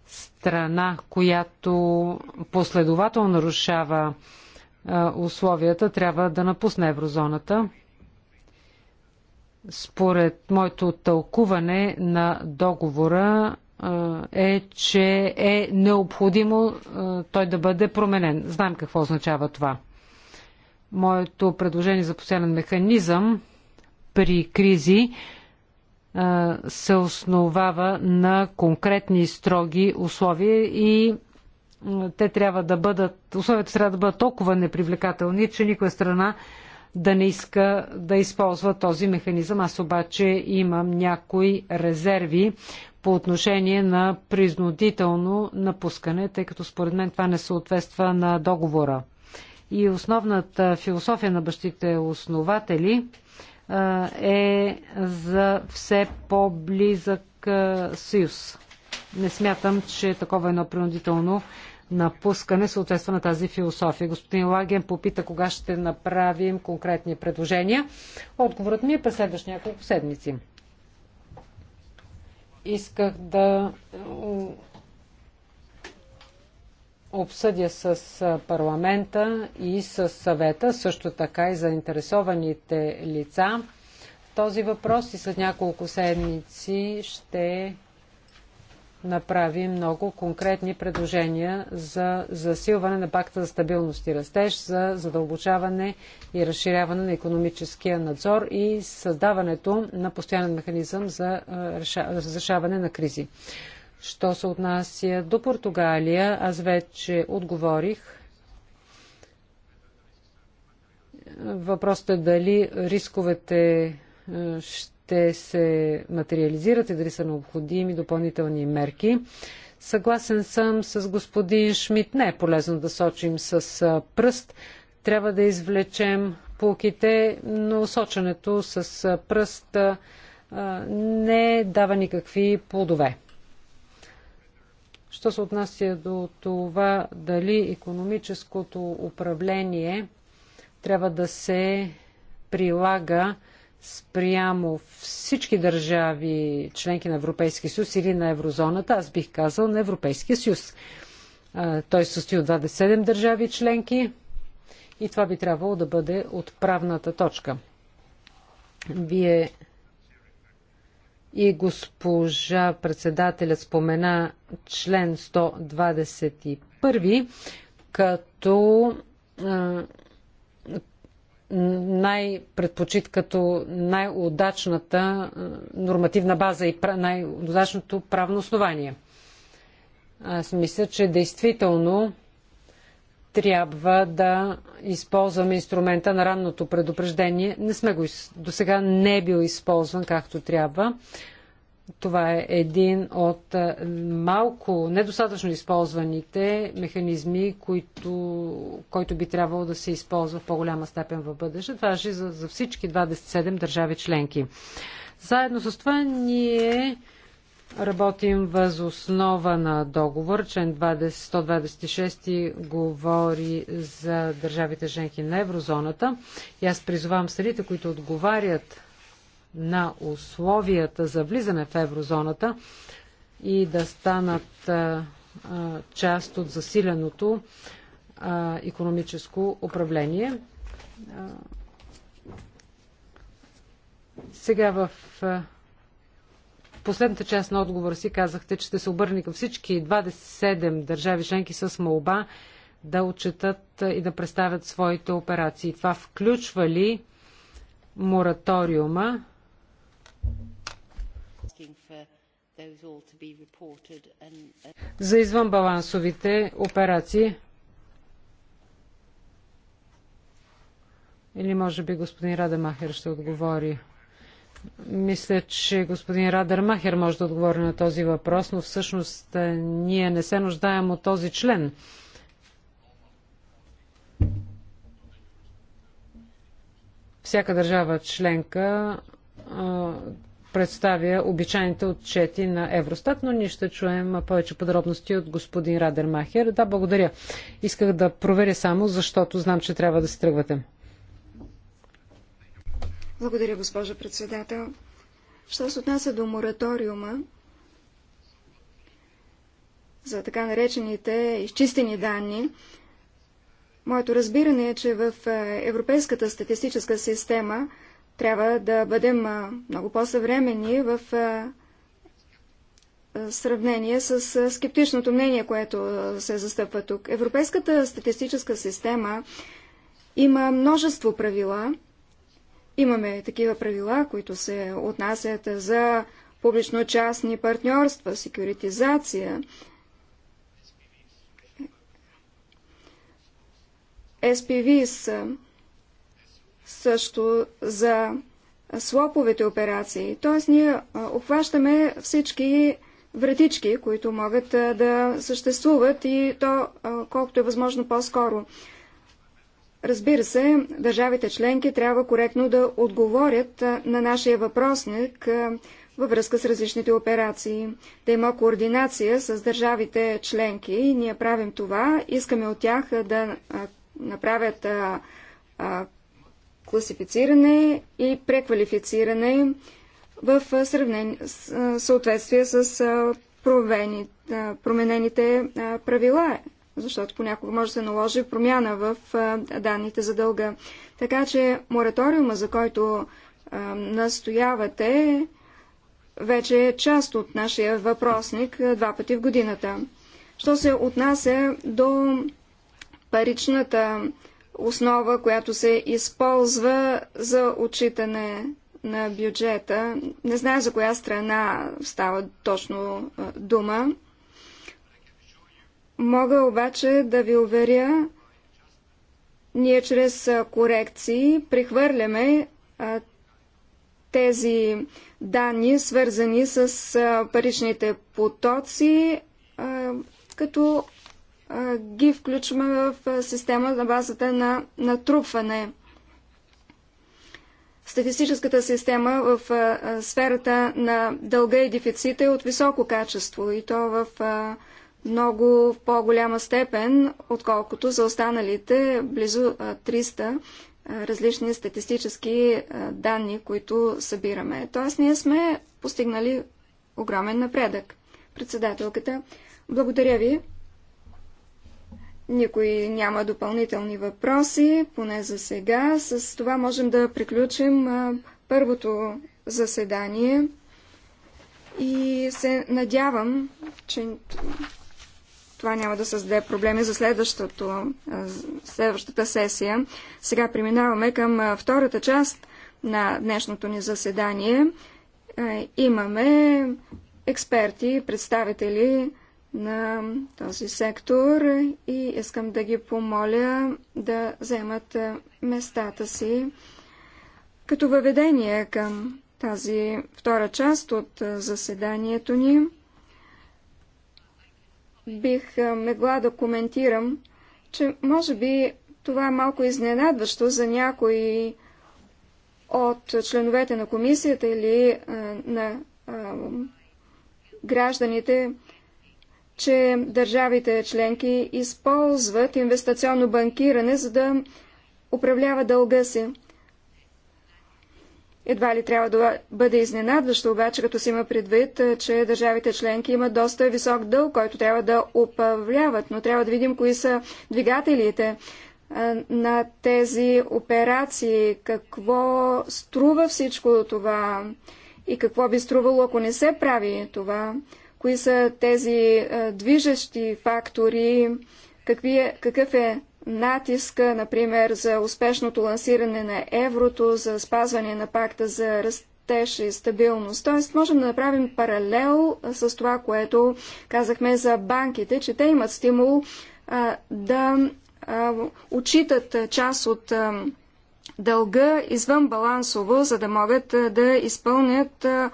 страна, която последователно нарушава условията, трябва да напусне еврозоната. Според моето тълкуване на договора е, че е необходимо той да бъде променен. Знам какво означава това. Моето предложение за постоянен механизъм при кризи се основава на конкретни строги условия и те трябва да бъдат, условията трябва да бъдат толкова непривлекателни, че никоя страна да не иска да използва този механизъм. Аз обаче имам някои резерви по отношение на признудително напускане, тъй като според мен това не съответства на договора. И основната философия на бащите основатели е за все по-близък съюз не смятам, че такова едно принудително напускане съответства на тази философия. Господин Лаген попита кога ще направим конкретни предложения. Отговорът ми е през следващи няколко седмици. Исках да обсъдя с парламента и с съвета, също така и заинтересованите лица този въпрос и след няколко седмици ще направи много конкретни предложения за засилване на пакта за стабилност и растеж, за задълбочаване и разширяване на економическия надзор и създаването на постоянен механизъм за разрешаване на кризи. Що се отнася до Португалия, аз вече отговорих. Въпросът е дали рисковете ще те се материализират и дали са необходими допълнителни мерки. Съгласен съм с господин Шмидт. Не е полезно да сочим с пръст. Трябва да извлечем полките, но соченето с пръст не дава никакви плодове. Що се отнася до това дали економическото управление трябва да се прилага спрямо всички държави членки на Европейския съюз или на еврозоната, аз бих казал на Европейския съюз. Той състои от 27 държави членки и това би трябвало да бъде отправната точка. Вие и госпожа председателя, спомена член 121, като най-предпочит като най-удачната нормативна база и най-удачното правно основание. Аз мисля, че действително трябва да използваме инструмента на ранното предупреждение. Не сме го, до сега не е бил използван както трябва. Това е един от малко недостатъчно използваните механизми, които, който би трябвало да се използва в по-голяма степен в бъдеще. Това е за, за всички 27 държави членки. Заедно с това ние работим въз основа на договор. Член 20, 126 говори за държавите членки на еврозоната. И аз призовам средите, които отговарят на условията за влизане в еврозоната и да станат част от засиленото економическо управление. Сега в последната част на отговора си казахте, че ще се обърне към всички 27 държави членки с молба да отчетат и да представят своите операции. Това включва ли мораториума? За извънбалансовите операции. Или може би господин Радамахер ще отговори. Мисля, че господин Радермахер може да отговори на този въпрос, но всъщност е, ние не се нуждаем от този член. Всяка държава членка представя обичайните отчети на Евростат, но ние ще чуем повече подробности от господин Махер. Да, благодаря. Исках да проверя само, защото знам, че трябва да се тръгвате. Благодаря, госпожа председател. Що се отнася до мораториума за така наречените изчистени данни, моето разбиране е, че в Европейската статистическа система трябва да бъдем много по-съвремени в сравнение с скептичното мнение, което се застъпва тук. Европейската статистическа система има множество правила. Имаме такива правила, които се отнасят за публично-частни партньорства, секюритизация, SPVs, също за слоповете операции. Т.е. ние обхващаме всички вратички, които могат да съществуват и то колкото е възможно по-скоро. Разбира се, държавите членки трябва коректно да отговорят на нашия въпросник във връзка с различните операции. Да има координация с държавите членки. Ние правим това. Искаме от тях да направят класифициране и преквалифициране в сравнение, съответствие с променените правила, защото понякога може да се наложи промяна в данните за дълга. Така че мораториума, за който настоявате, вече е част от нашия въпросник два пъти в годината. Що се отнася до паричната основа, която се използва за отчитане на бюджета. Не знае за коя страна става точно дума. Мога обаче да ви уверя, ние чрез корекции прехвърляме тези данни, свързани с паричните потоци, като ги включваме в система на базата на натрупване. Статистическата система в сферата на дълга и дефицита е от високо качество и то в много по-голяма степен, отколкото за останалите близо 300 различни статистически данни, които събираме. Тоест ние сме постигнали огромен напредък. Председателката, благодаря ви. Никой няма допълнителни въпроси, поне за сега. С това можем да приключим първото заседание и се надявам, че това няма да създаде проблеми за следващото, следващата сесия. Сега преминаваме към втората част на днешното ни заседание. Имаме експерти, представители на този сектор и искам да ги помоля да вземат е, местата си като въведение към тази втора част от е, заседанието ни. Бих е, мегла да коментирам, че може би това е малко изненадващо за някои от членовете на комисията или на гражданите, че държавите членки използват инвестиционно банкиране, за да управлява дълга си. Едва ли трябва да бъде изненадващо, обаче, като си има предвид, че държавите членки имат доста висок дълг, който трябва да управляват, но трябва да видим кои са двигателите на тези операции, какво струва всичко това и какво би струвало, ако не се прави това кои са тези движещи фактори, какви е, какъв е натиска, например, за успешното лансиране на еврото, за спазване на пакта за растеж и стабилност. Тоест, можем да направим паралел с това, което казахме за банките, че те имат стимул а, да а, учитат част от а, дълга извън балансово, за да могат а, да изпълнят а,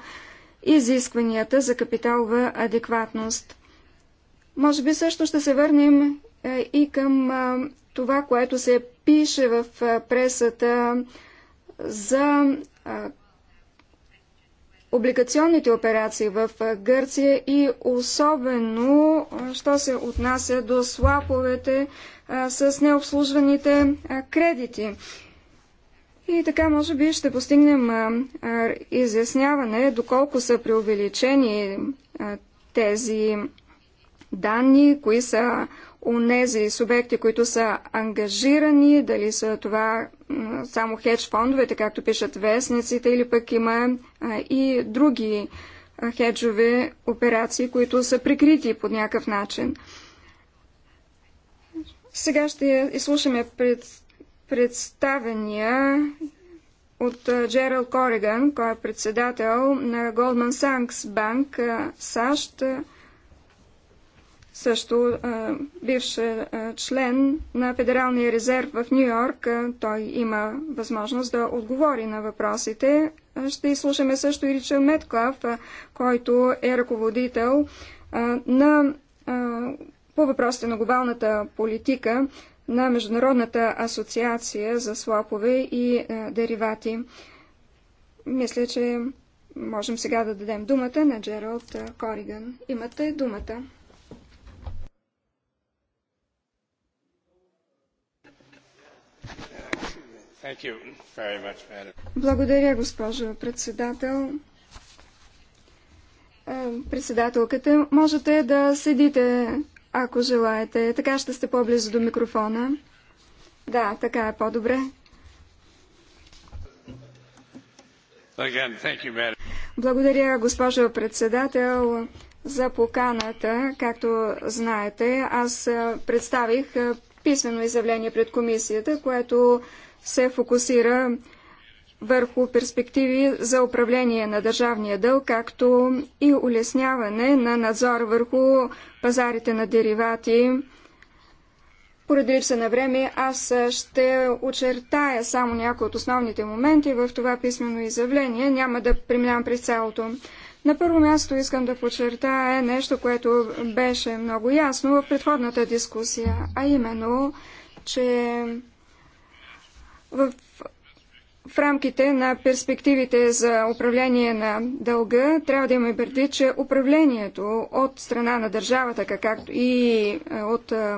изискванията за капиталва адекватност. Може би също ще се върнем е, и към е, това, което се пише в е, пресата за облигационните операции в Гърция и особено, що се отнася до слаповете с необслужваните кредити. И така, може би, ще постигнем а, а, изясняване доколко са преувеличени а, тези данни, кои са унези субекти, които са ангажирани, дали са това само хедж фондовете, както пишат вестниците, или пък има и други хеджове операции, които са прикрити по някакъв начин. Сега ще изслушаме пред представения от Джерал Кориган, кой е председател на Goldman Sachs Bank САЩ, също бивш член на Федералния резерв в Нью Йорк. Той има възможност да отговори на въпросите. Ще изслушаме също и Ричард Метклав, който е ръководител на по въпросите на глобалната политика на Международната асоциация за слапове и е, деривати. Мисля, че можем сега да дадем думата на Джералд Кориган. Имате думата. Much, Благодаря, госпожо председател. Е, председателката, можете да седите ако желаете. Така ще сте по-близо до микрофона. Да, така е по-добре. Благодаря, госпожо председател, за поканата. Както знаете, аз представих писмено изявление пред комисията, което се фокусира върху перспективи за управление на държавния дълг, както и улесняване на надзор върху пазарите на деривати. Поради липса на време аз ще очертая само някои от основните моменти в това писмено изявление. Няма да преминавам през цялото. На първо място искам да подчертая нещо, което беше много ясно в предходната дискусия, а именно, че в в рамките на перспективите за управление на дълга трябва да имаме предвид, че управлението от страна на държавата, както и е, от е,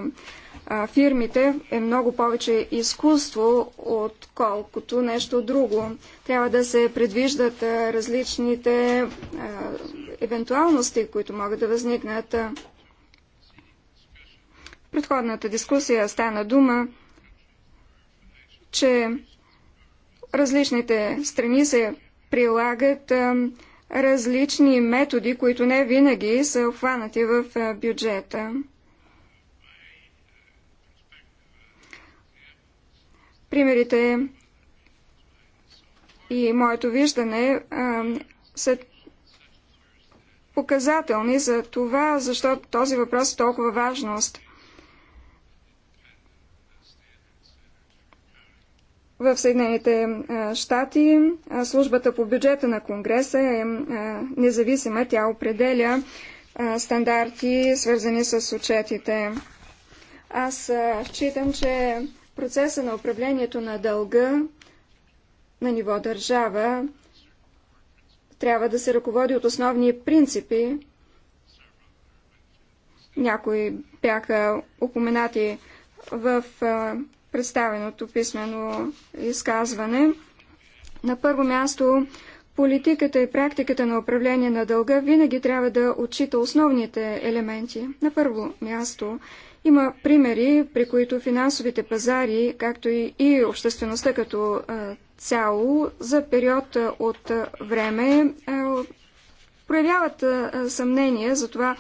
фирмите е много повече изкуство, отколкото нещо друго. Трябва да се предвиждат е, различните евентуалности, които могат да възникнат. В предходната дискусия стана дума, че различните страни се прилагат различни методи, които не винаги са обхванати в бюджета. Примерите и моето виждане са показателни за това, защото този въпрос е толкова важност. В Съединените щати службата по бюджета на Конгреса е независима. Тя определя стандарти, свързани с отчетите. Аз считам, че процеса на управлението на дълга на ниво държава трябва да се ръководи от основни принципи. Някои бяха упоменати в представеното писмено изказване. На първо място, политиката и практиката на управление на дълга винаги трябва да отчита основните елементи. На първо място, има примери, при които финансовите пазари, както и, и обществеността като цяло, за период от време проявяват съмнение за това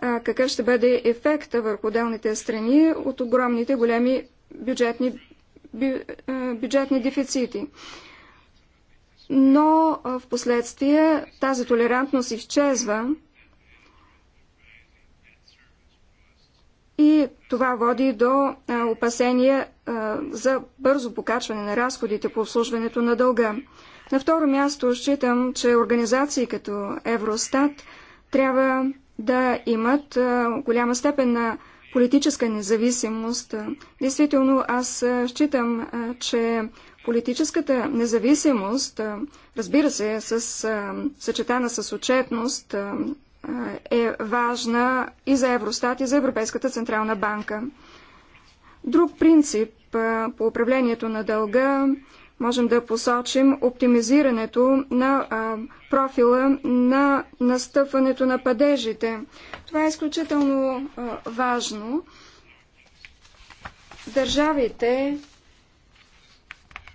какъв ще бъде ефекта върху отделните страни от огромните големи бюджетни, бю, бюджетни дефицити. Но в последствие тази толерантност изчезва и това води до опасения за бързо покачване на разходите по обслужването на дълга. На второ място считам, че организации като Евростат трябва да имат голяма степен на политическа независимост. Действително, аз считам, че политическата независимост, разбира се, е с, съчетана с отчетност, е важна и за Евростат, и за Европейската Централна банка. Друг принцип по управлението на дълга можем да посочим оптимизирането на профила на настъпването на падежите. Това е изключително важно. Държавите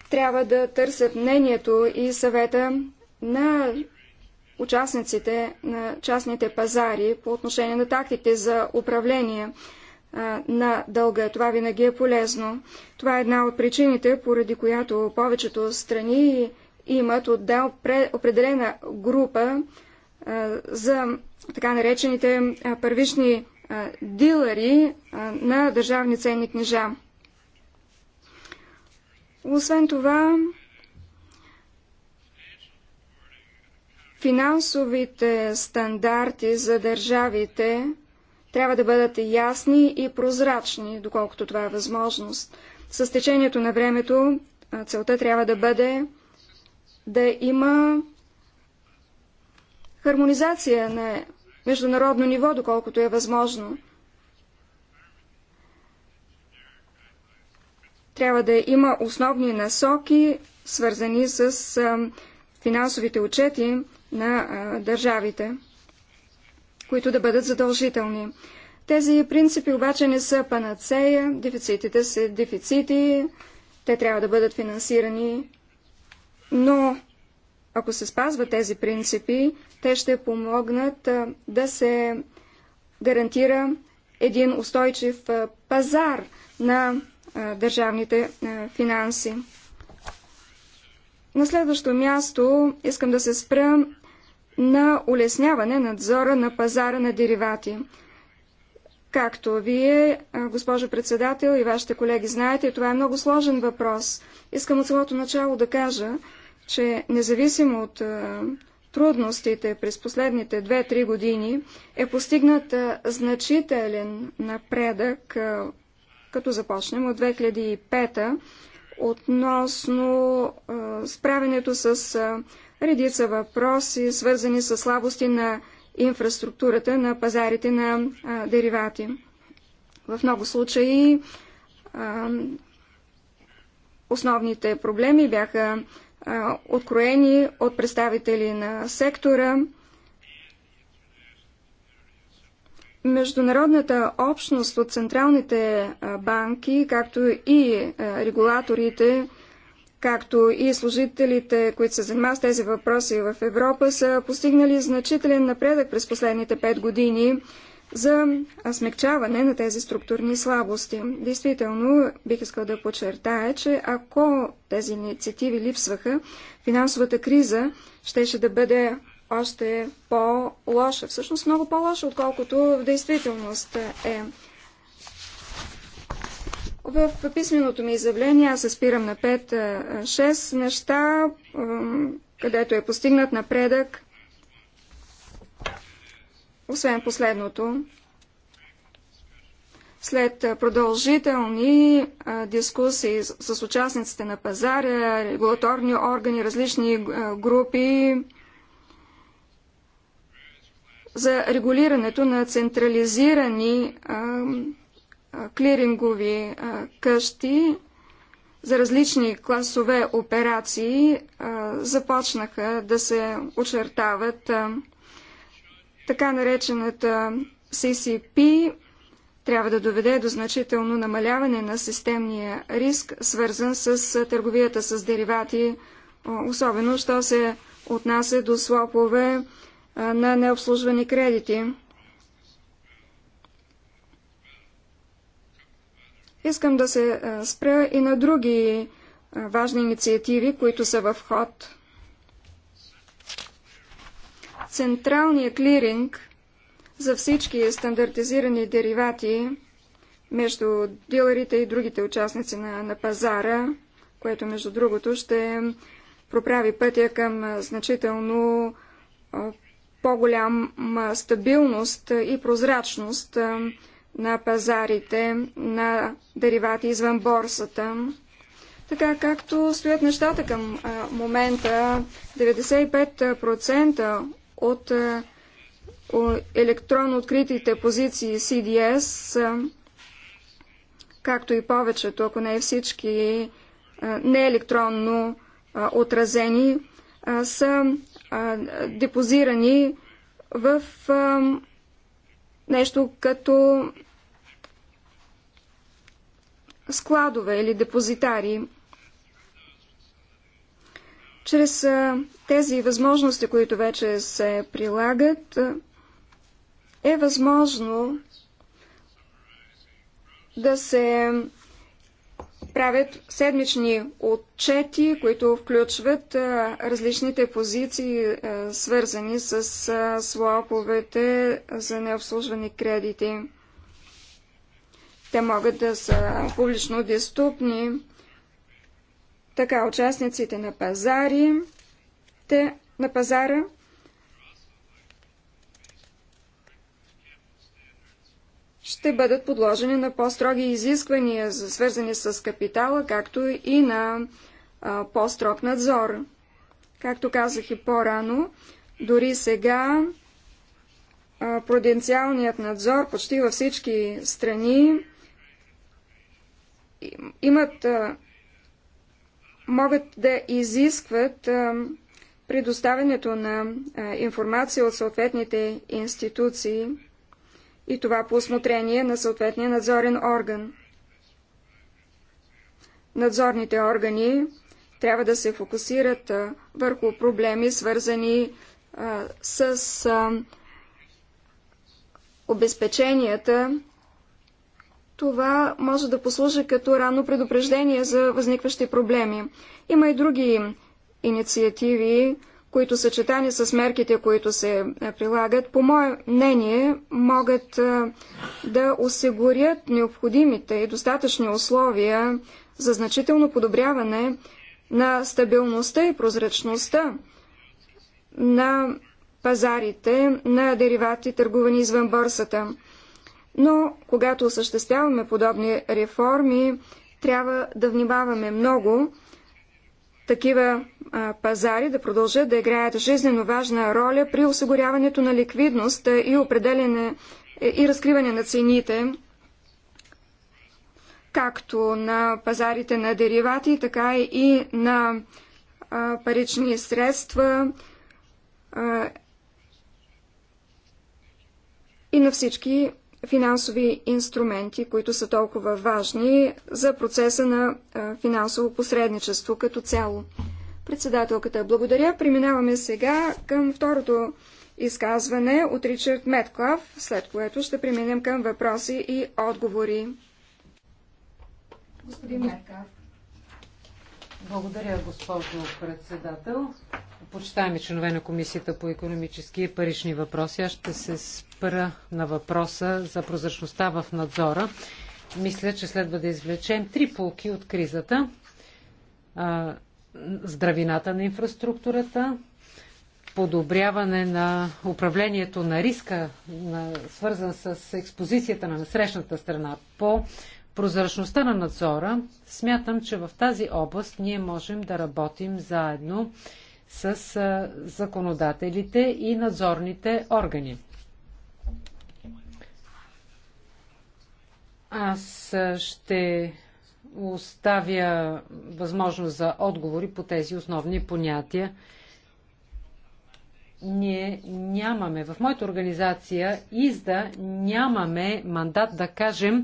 трябва да търсят мнението и съвета на участниците на частните пазари по отношение на тактиките за управление на дълга. Това винаги е полезно. Това е една от причините, поради която повечето страни имат отдел определена група за така наречените първични дилъри на държавни ценни книжа. Освен това, финансовите стандарти за държавите трябва да бъдат ясни и прозрачни, доколкото това е възможност. С течението на времето целта трябва да бъде да има хармонизация на международно ниво, доколкото е възможно. Трябва да има основни насоки, свързани с финансовите отчети на държавите, които да бъдат задължителни. Тези принципи обаче не са панацея, дефицитите са дефицити, те трябва да бъдат финансирани, но ако се спазват тези принципи, те ще помогнат да се гарантира един устойчив пазар на държавните финанси. На следващо място искам да се спра на улесняване надзора на пазара на деривати. Както вие, госпожо председател и вашите колеги знаете, това е много сложен въпрос. Искам от самото начало да кажа, че независимо от трудностите през последните 2-3 години е постигнат значителен напредък, като започнем от 2005 относно справянето с редица въпроси, свързани с слабости на инфраструктурата на пазарите на деривати. В много случаи основните проблеми бяха откроени от представители на сектора. Международната общност от централните банки, както и регулаторите, както и служителите, които се занимават с тези въпроси в Европа, са постигнали значителен напредък през последните пет години за смягчаване на тези структурни слабости. Действително, бих искал да подчертая, че ако тези инициативи липсваха, финансовата криза щеше да бъде още по-лоша. Всъщност много по-лоша, отколкото в действителност е. В писменото ми изявление аз се спирам на 5-6 неща, където е постигнат напредък освен последното. След продължителни дискусии с участниците на пазара, регулаторни органи, различни групи за регулирането на централизирани клирингови къщи за различни класове операции започнаха да се очертават така наречената CCP трябва да доведе до значително намаляване на системния риск, свързан с търговията с деривати, особено, що се отнася до слопове на необслужвани кредити. Искам да се спра и на други важни инициативи, които са в ход – Централния клиринг за всички стандартизирани деривати между дилерите и другите участници на, на пазара, което между другото ще проправи пътя към значително по-голяма стабилност и прозрачност на пазарите на деривати извън борсата. Така както стоят нещата към момента, 95% от е, електронно откритите позиции CDS, е, както и повечето, ако не всички, е, неелектронно отразени, са депозирани в нещо като складове или депозитари. Чрез тези възможности, които вече се прилагат, е възможно да се правят седмични отчети, които включват различните позиции, свързани с слоповете за необслужвани кредити. Те могат да са публично достъпни така участниците на пазари, те на пазара ще бъдат подложени на по-строги изисквания, за свързани с капитала, както и на по-строг надзор. Както казах и по-рано, дори сега а, пруденциалният надзор почти във всички страни имат а, могат да изискват предоставянето на информация от съответните институции и това по осмотрение на съответния надзорен орган. Надзорните органи трябва да се фокусират върху проблеми, свързани с обезпеченията това може да послужи като ранно предупреждение за възникващи проблеми. Има и други инициативи, които съчетани с мерките, които се е, прилагат, по мое мнение, могат е, да осигурят необходимите и достатъчни условия за значително подобряване на стабилността и прозрачността на пазарите на деривати, търгувани извън борсата. Но когато осъществяваме подобни реформи, трябва да внимаваме много такива а, пазари да продължат да играят жизненно важна роля при осигуряването на ликвидност и определене е, и разкриване на цените, както на пазарите на деривати, така и на а, парични средства а, и на всички финансови инструменти, които са толкова важни за процеса на финансово посредничество като цяло. Председателката, благодаря. Преминаваме сега към второто изказване от Ричард Метклав, след което ще преминем към въпроси и отговори. Господин Метклав. Благодаря, госпожо председател. Почитаеми членове на Комисията по економически и парични въпроси, аз ще се спра на въпроса за прозрачността в надзора. Мисля, че следва да извлечем три полки от кризата. Здравината на инфраструктурата, подобряване на управлението на риска, свързан с експозицията на насрещната страна по прозрачността на надзора, смятам, че в тази област ние можем да работим заедно с законодателите и надзорните органи. Аз ще оставя възможност за отговори по тези основни понятия. Ние нямаме, в моята организация ИЗДА нямаме мандат да кажем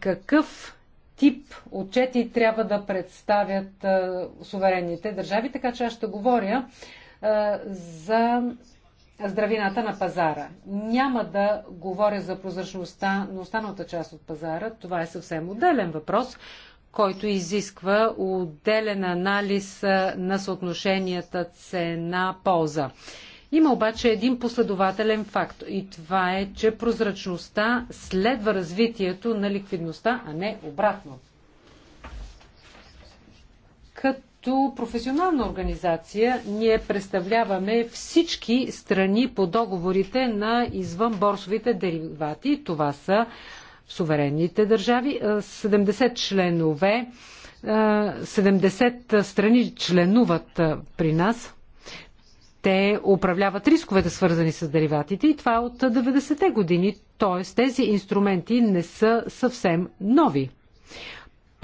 какъв тип отчети трябва да представят суверенните държави, така че аз ще говоря за здравината на пазара. Няма да говоря за прозрачността на останалата част от пазара. Това е съвсем отделен въпрос, който изисква отделен анализ на съотношенията цена-полза. Има обаче един последователен факт и това е, че прозрачността следва развитието на ликвидността, а не обратно. Като като професионална организация ние представляваме всички страни по договорите на извънборсовите деривати. Това са суверенните държави, 70 членове, 70 страни членуват при нас. Те управляват рисковете, свързани с дериватите и това е от 90-те години. Т.е. тези инструменти не са съвсем нови.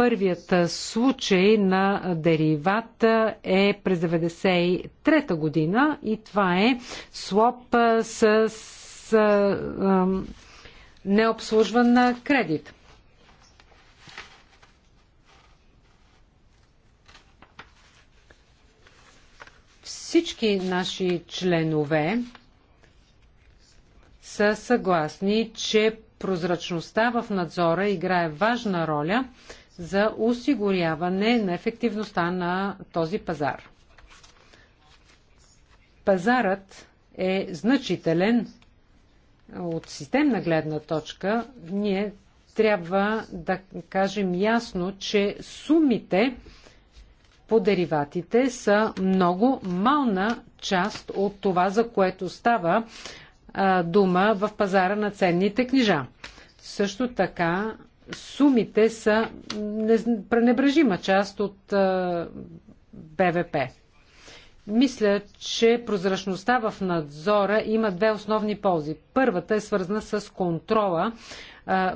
Първият случай на дериват е през 1993 година и това е слоп с, с а, необслужван кредит. Всички наши членове са съгласни, че прозрачността в надзора играе важна роля – за осигуряване на ефективността на този пазар. Пазарът е значителен от системна гледна точка. Ние трябва да кажем ясно, че сумите по дериватите са много мална част от това, за което става дума в пазара на ценните книжа. Също така сумите са пренебрежима част от БВП. Мисля, че прозрачността в надзора има две основни ползи. Първата е свързана с контрола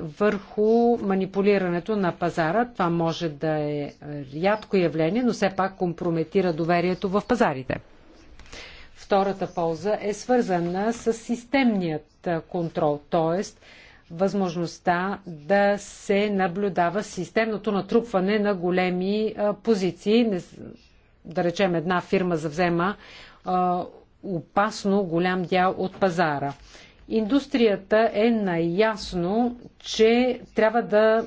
върху манипулирането на пазара. Това може да е рядко явление, но все пак компрометира доверието в пазарите. Втората полза е свързана с системният контрол, т.е възможността да се наблюдава системното натрупване на големи позиции. Да речем, една фирма завзема опасно голям дял от пазара. Индустрията е наясно, че трябва да,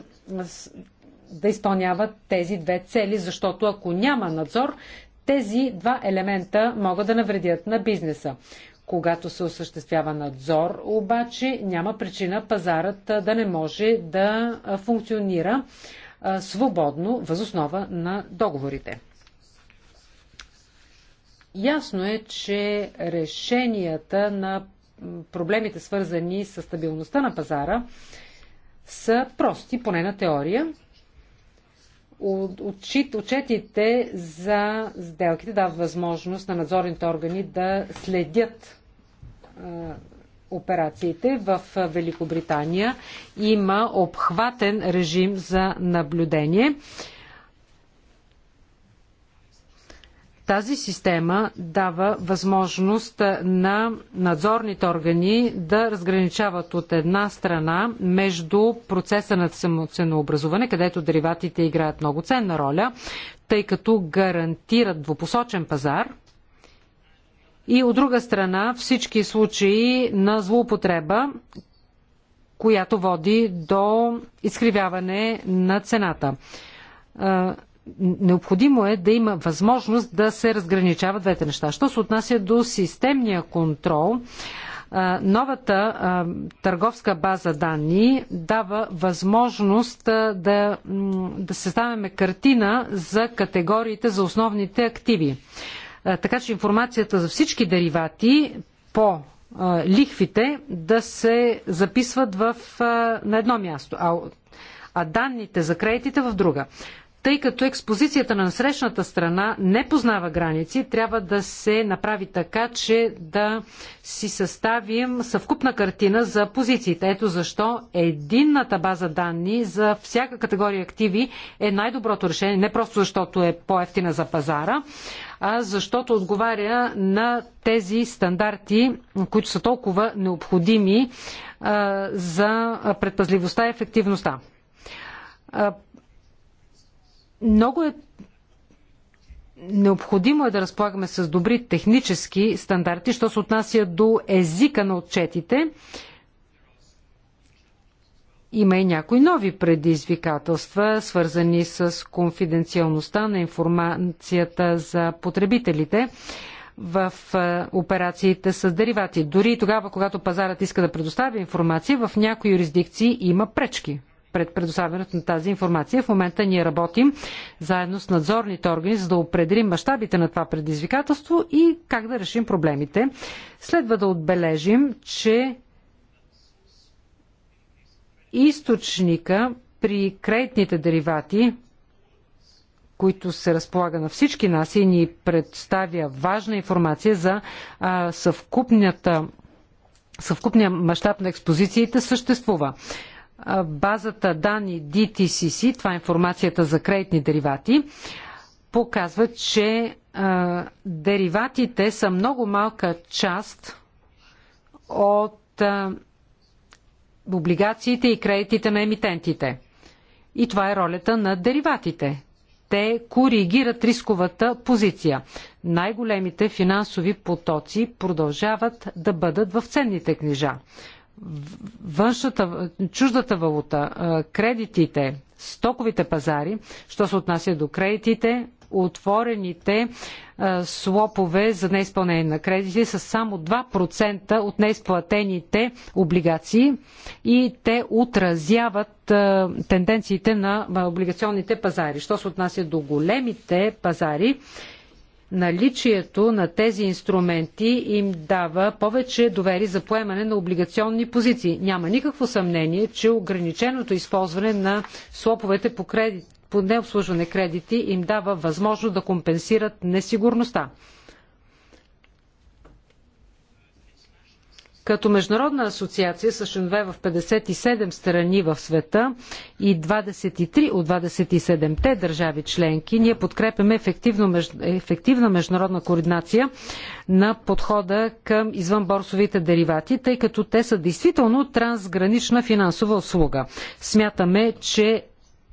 да изпълнява тези две цели, защото ако няма надзор, тези два елемента могат да навредят на бизнеса. Когато се осъществява надзор, обаче няма причина пазарът да не може да функционира свободно възоснова на договорите. Ясно е, че решенията на проблемите, свързани с стабилността на пазара, са прости, поне на теория. отчетите за сделките дават възможност на надзорните органи да следят е, операциите в е, Великобритания има обхватен режим за наблюдение. Тази система дава възможност е, на надзорните органи да разграничават от една страна между процеса на самоценообразуване, където дериватите играят много ценна роля, тъй като гарантират двупосочен пазар – и от друга страна всички случаи на злоупотреба, която води до изкривяване на цената. Необходимо е да има възможност да се разграничават двете неща. Що се отнася до системния контрол, новата търговска база данни дава възможност да, да съставяме картина за категориите за основните активи така че информацията за всички деривати по лихвите да се записват в, на едно място, а, а данните за кредитите в друга тъй като експозицията на насрещната страна не познава граници, трябва да се направи така, че да си съставим съвкупна картина за позициите. Ето защо единната база данни за всяка категория активи е най-доброто решение, не просто защото е по-ефтина за пазара, а защото отговаря на тези стандарти, които са толкова необходими за предпазливостта и ефективността много е необходимо е да разполагаме с добри технически стандарти, що се отнася до езика на отчетите. Има и някои нови предизвикателства, свързани с конфиденциалността на информацията за потребителите в операциите с деривати. Дори и тогава, когато пазарът иска да предоставя информация, в някои юрисдикции има пречки пред предоставянето на тази информация. В момента ние работим заедно с надзорните органи, за да определим мащабите на това предизвикателство и как да решим проблемите. Следва да отбележим, че източника при кредитните деривати, които се разполага на всички нас и ни представя важна информация за а, съвкупния мащаб на експозициите съществува базата данни DTCC, това е информацията за кредитни деривати, показва, че а, дериватите са много малка част от а, облигациите и кредитите на емитентите. И това е ролята на дериватите. Те коригират рисковата позиция. Най-големите финансови потоци продължават да бъдат в ценните книжа външната, чуждата валута, кредитите, стоковите пазари, що се отнася до кредитите, отворените слопове за неизпълнение на кредити са само 2% от неизплатените облигации и те отразяват тенденциите на облигационните пазари. Що се отнася до големите пазари, наличието на тези инструменти им дава повече довери за поемане на облигационни позиции. Няма никакво съмнение, че ограниченото използване на слоповете по, кредит, по необслужване кредити им дава възможност да компенсират несигурността. Като международна асоциация с членове в 57 страни в света и 23 от 27-те държави членки, ние подкрепяме ефективна международна координация на подхода към извънборсовите деривати, тъй като те са действително трансгранична финансова услуга. Смятаме, че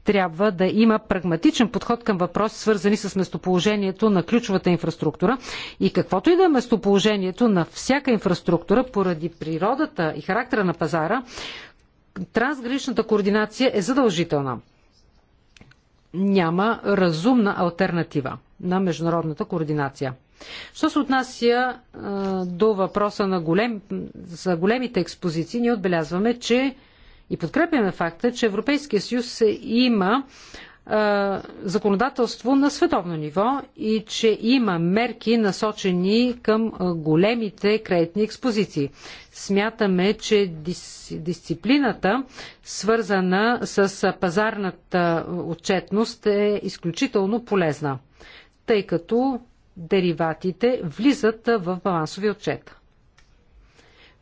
трябва да има прагматичен подход към въпроси, свързани с местоположението на ключовата инфраструктура. И каквото и да е местоположението на всяка инфраструктура, поради природата и характера на пазара, трансграничната координация е задължителна. Няма разумна альтернатива на международната координация. Що се отнася до въпроса на голем, за големите експозиции, ние отбелязваме, че и подкрепяме факта, че Европейския съюз има законодателство на световно ниво и че има мерки насочени към големите кредитни експозиции. Смятаме, че дис, дисциплината, свързана с пазарната отчетност, е изключително полезна, тъй като дериватите влизат в балансови отчет.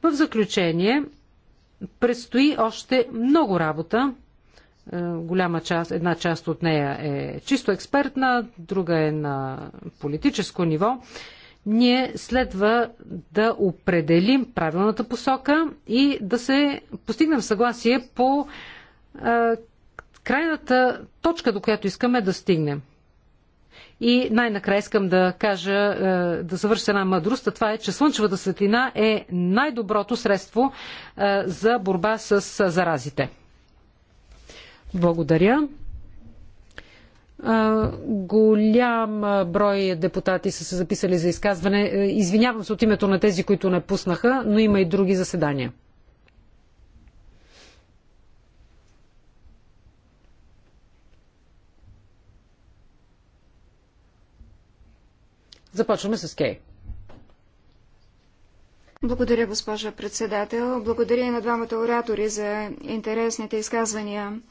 В заключение, Предстои още много работа. Е, голяма част, една част от нея е чисто експертна, друга е на политическо ниво. Ние следва да определим правилната посока и да се постигнем съгласие по е, крайната точка, до която искаме да стигнем. И най-накрая искам да кажа, е, да завърша една мъдрост, а това е, че слънчевата светлина е най-доброто средство е, за борба с заразите. Благодаря. Е, голям брой депутати са се записали за изказване. Извинявам се от името на тези, които напуснаха, но има и други заседания. Започваме с Кей. Благодаря, госпожа председател. Благодаря и на двамата оратори за интересните изказвания.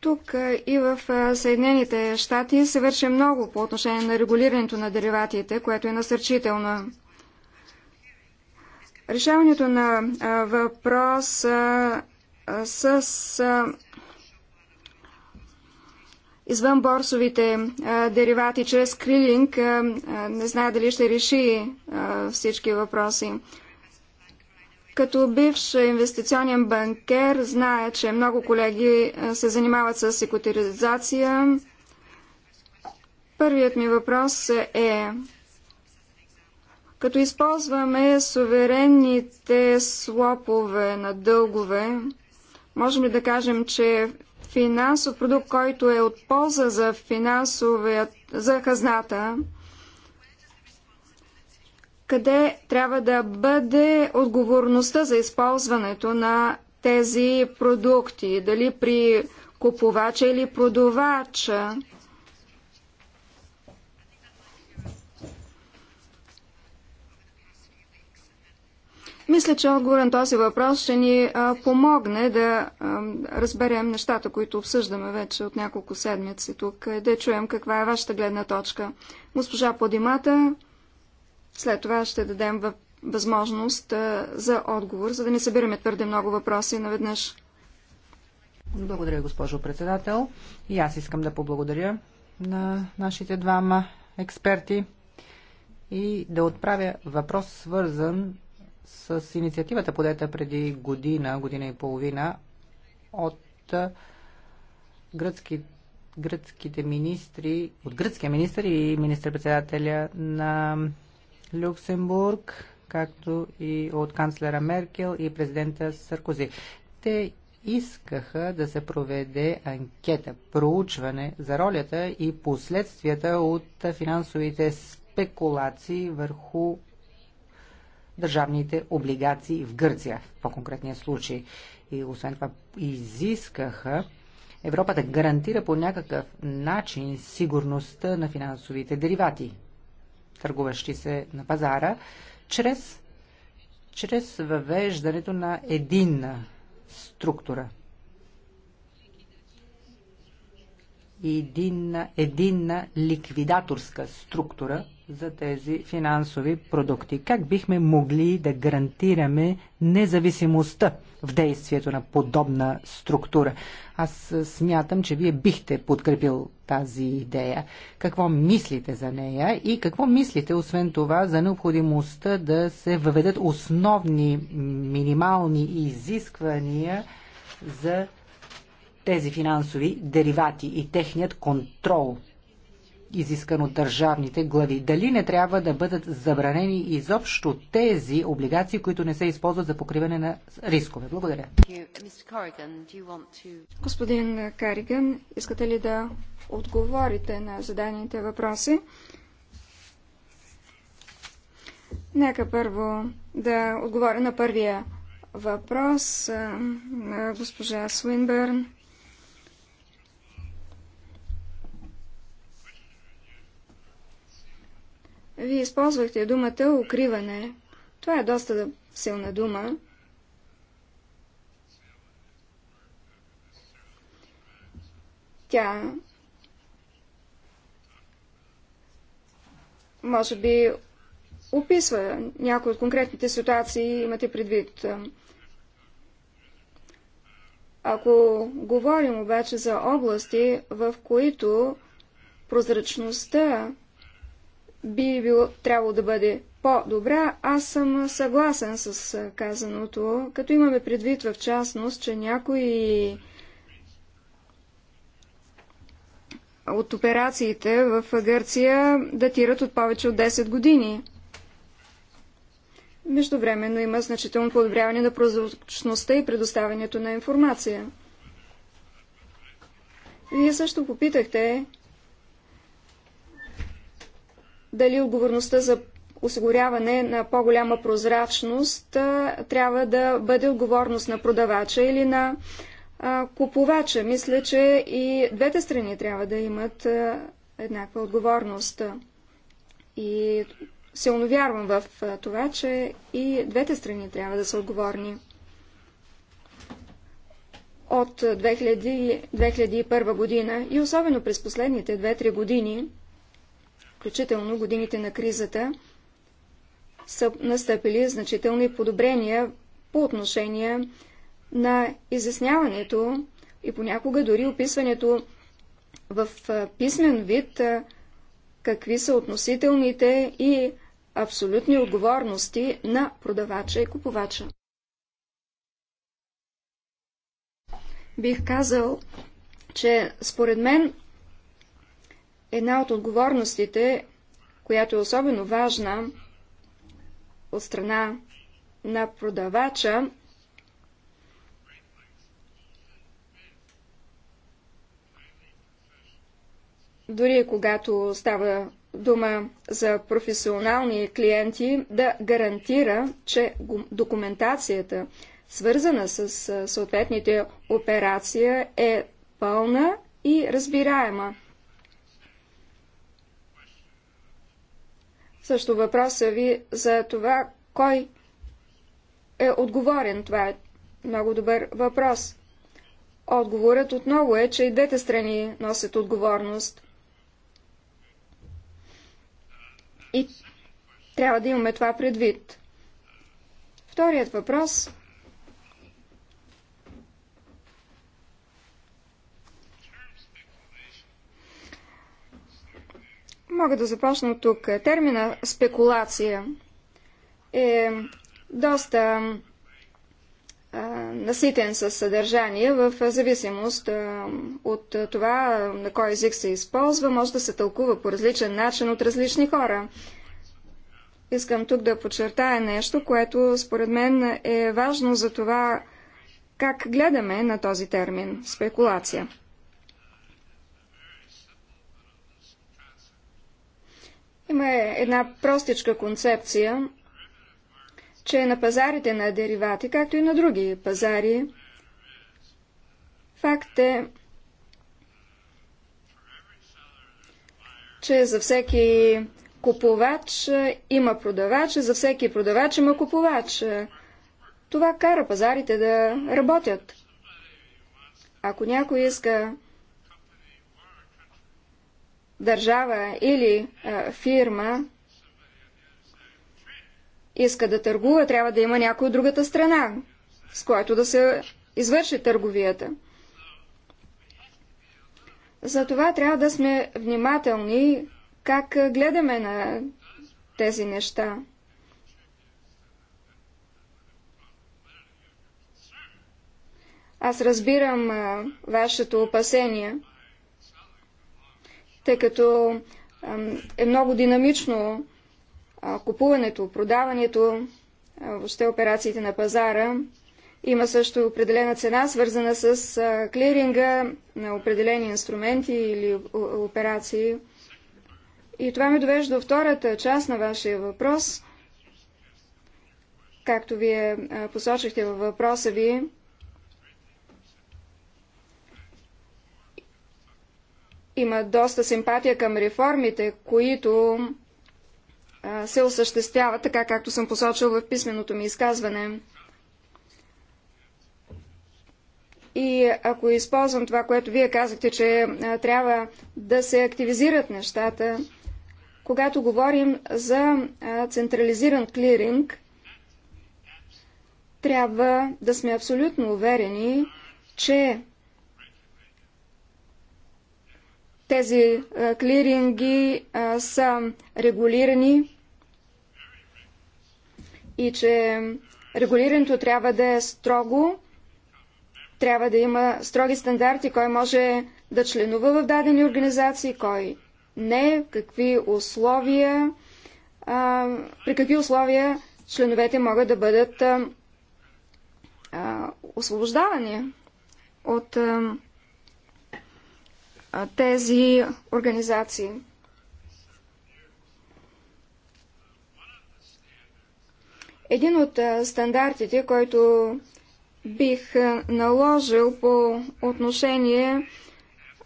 Тук и в Съединените щати се върши много по отношение на регулирането на дериватите, което е насърчително. Решаването на въпрос с извънборсовите деривати чрез крилинг. Не знае дали ще реши всички въпроси. Като бивш инвестиционен банкер, знае, че много колеги се занимават с секутиризация. Първият ми въпрос е като използваме суверенните слопове на дългове, Можем ли да кажем, че финансов продукт, който е от полза за финансовият, за хазната, къде трябва да бъде отговорността за използването на тези продукти, дали при купувача или продавача. Мисля, че отговор на този въпрос ще ни помогне да разберем нещата, които обсъждаме вече от няколко седмици тук, да чуем каква е вашата гледна точка. Госпожа Подимата, след това ще дадем възможност за отговор, за да не събираме твърде много въпроси наведнъж. Благодаря, госпожо председател. И аз искам да поблагодаря на нашите двама експерти и да отправя въпрос свързан с инициативата подета преди година, година и половина от гръцки, гръцките министри, от гръцкия министр и министр-председателя на Люксембург, както и от канцлера Меркел и президента Саркози. Те искаха да се проведе анкета, проучване за ролята и последствията от финансовите спекулации върху държавните облигации в Гърция, в по-конкретния случай. И освен това изискаха Европа да гарантира по някакъв начин сигурността на финансовите деривати, търгуващи се на пазара, чрез, чрез въвеждането на единна структура. Единна, единна ликвидаторска структура, за тези финансови продукти. Как бихме могли да гарантираме независимостта в действието на подобна структура? Аз смятам, че вие бихте подкрепил тази идея. Какво мислите за нея и какво мислите, освен това, за необходимостта да се въведат основни минимални изисквания за тези финансови деривати и техният контрол изискан от държавните глави. Дали не трябва да бъдат забранени изобщо тези облигации, които не се използват за покриване на рискове? Благодаря. Господин Кариган, искате ли да отговорите на заданите въпроси? Нека първо да отговоря на първия въпрос на госпожа Свинбърн. Вие използвахте думата укриване. Това е доста силна дума. Тя може би описва някои от конкретните ситуации, имате предвид. Ако говорим обаче за области, в които прозрачността би било, трябвало да бъде по-добра, аз съм съгласен с казаното, като имаме предвид в частност, че някои от операциите в Гърция датират от повече от 10 години. Междувременно има значително подобряване на прозрачността и предоставянето на информация. Вие също попитахте дали отговорността за осигуряване на по-голяма прозрачност трябва да бъде отговорност на продавача или на купувача. Мисля, че и двете страни трябва да имат еднаква отговорност. И силно вярвам в това, че и двете страни трябва да са отговорни. От 2000, 2001 година и особено през последните 2-3 години включително годините на кризата, са настъпили значителни подобрения по отношение на изясняването и понякога дори описването в писмен вид какви са относителните и абсолютни отговорности на продавача и купувача. Бих казал, че според мен Една от отговорностите, която е особено важна от страна на продавача, дори когато става дума за професионални клиенти, да гарантира, че документацията, свързана с съответните операции, е пълна и разбираема. Също въпроса ви за това, кой е отговорен. Това е много добър въпрос. Отговорът отново е, че и двете страни носят отговорност. И трябва да имаме това предвид. Вторият въпрос – Мога да започна тук. Термина спекулация е доста наситен със съдържание, в зависимост от това на кой език се използва, може да се тълкува по различен начин от различни хора. Искам тук да подчертая нещо, което според мен е важно за това как гледаме на този термин – спекулация. Има една простичка концепция, че на пазарите на деривати, както и на други пазари, факт е, че за всеки купувач има продавач, за всеки продавач има купувач. Това кара пазарите да работят. Ако някой иска държава или а, фирма иска да търгува, трябва да има някой от другата страна, с който да се извърши търговията. Затова трябва да сме внимателни как гледаме на тези неща. Аз разбирам а, вашето опасение – тъй като е много динамично купуването, продаването, въобще операциите на пазара. Има също определена цена, свързана с клиринга на определени инструменти или операции. И това ме довежда до втората част на вашия въпрос. Както вие посочихте във въпроса ви, има доста симпатия към реформите, които се осъществяват, така както съм посочил в писменото ми изказване. И ако използвам това, което вие казахте, че трябва да се активизират нещата, когато говорим за централизиран клиринг, трябва да сме абсолютно уверени, че Тези клиринги са регулирани и че регулирането трябва да е строго, трябва да има строги стандарти, кой може да членува в дадени организации, кой не, какви условия, при какви условия членовете могат да бъдат освобождавани от а, тези организации. Един от стандартите, който бих наложил по отношение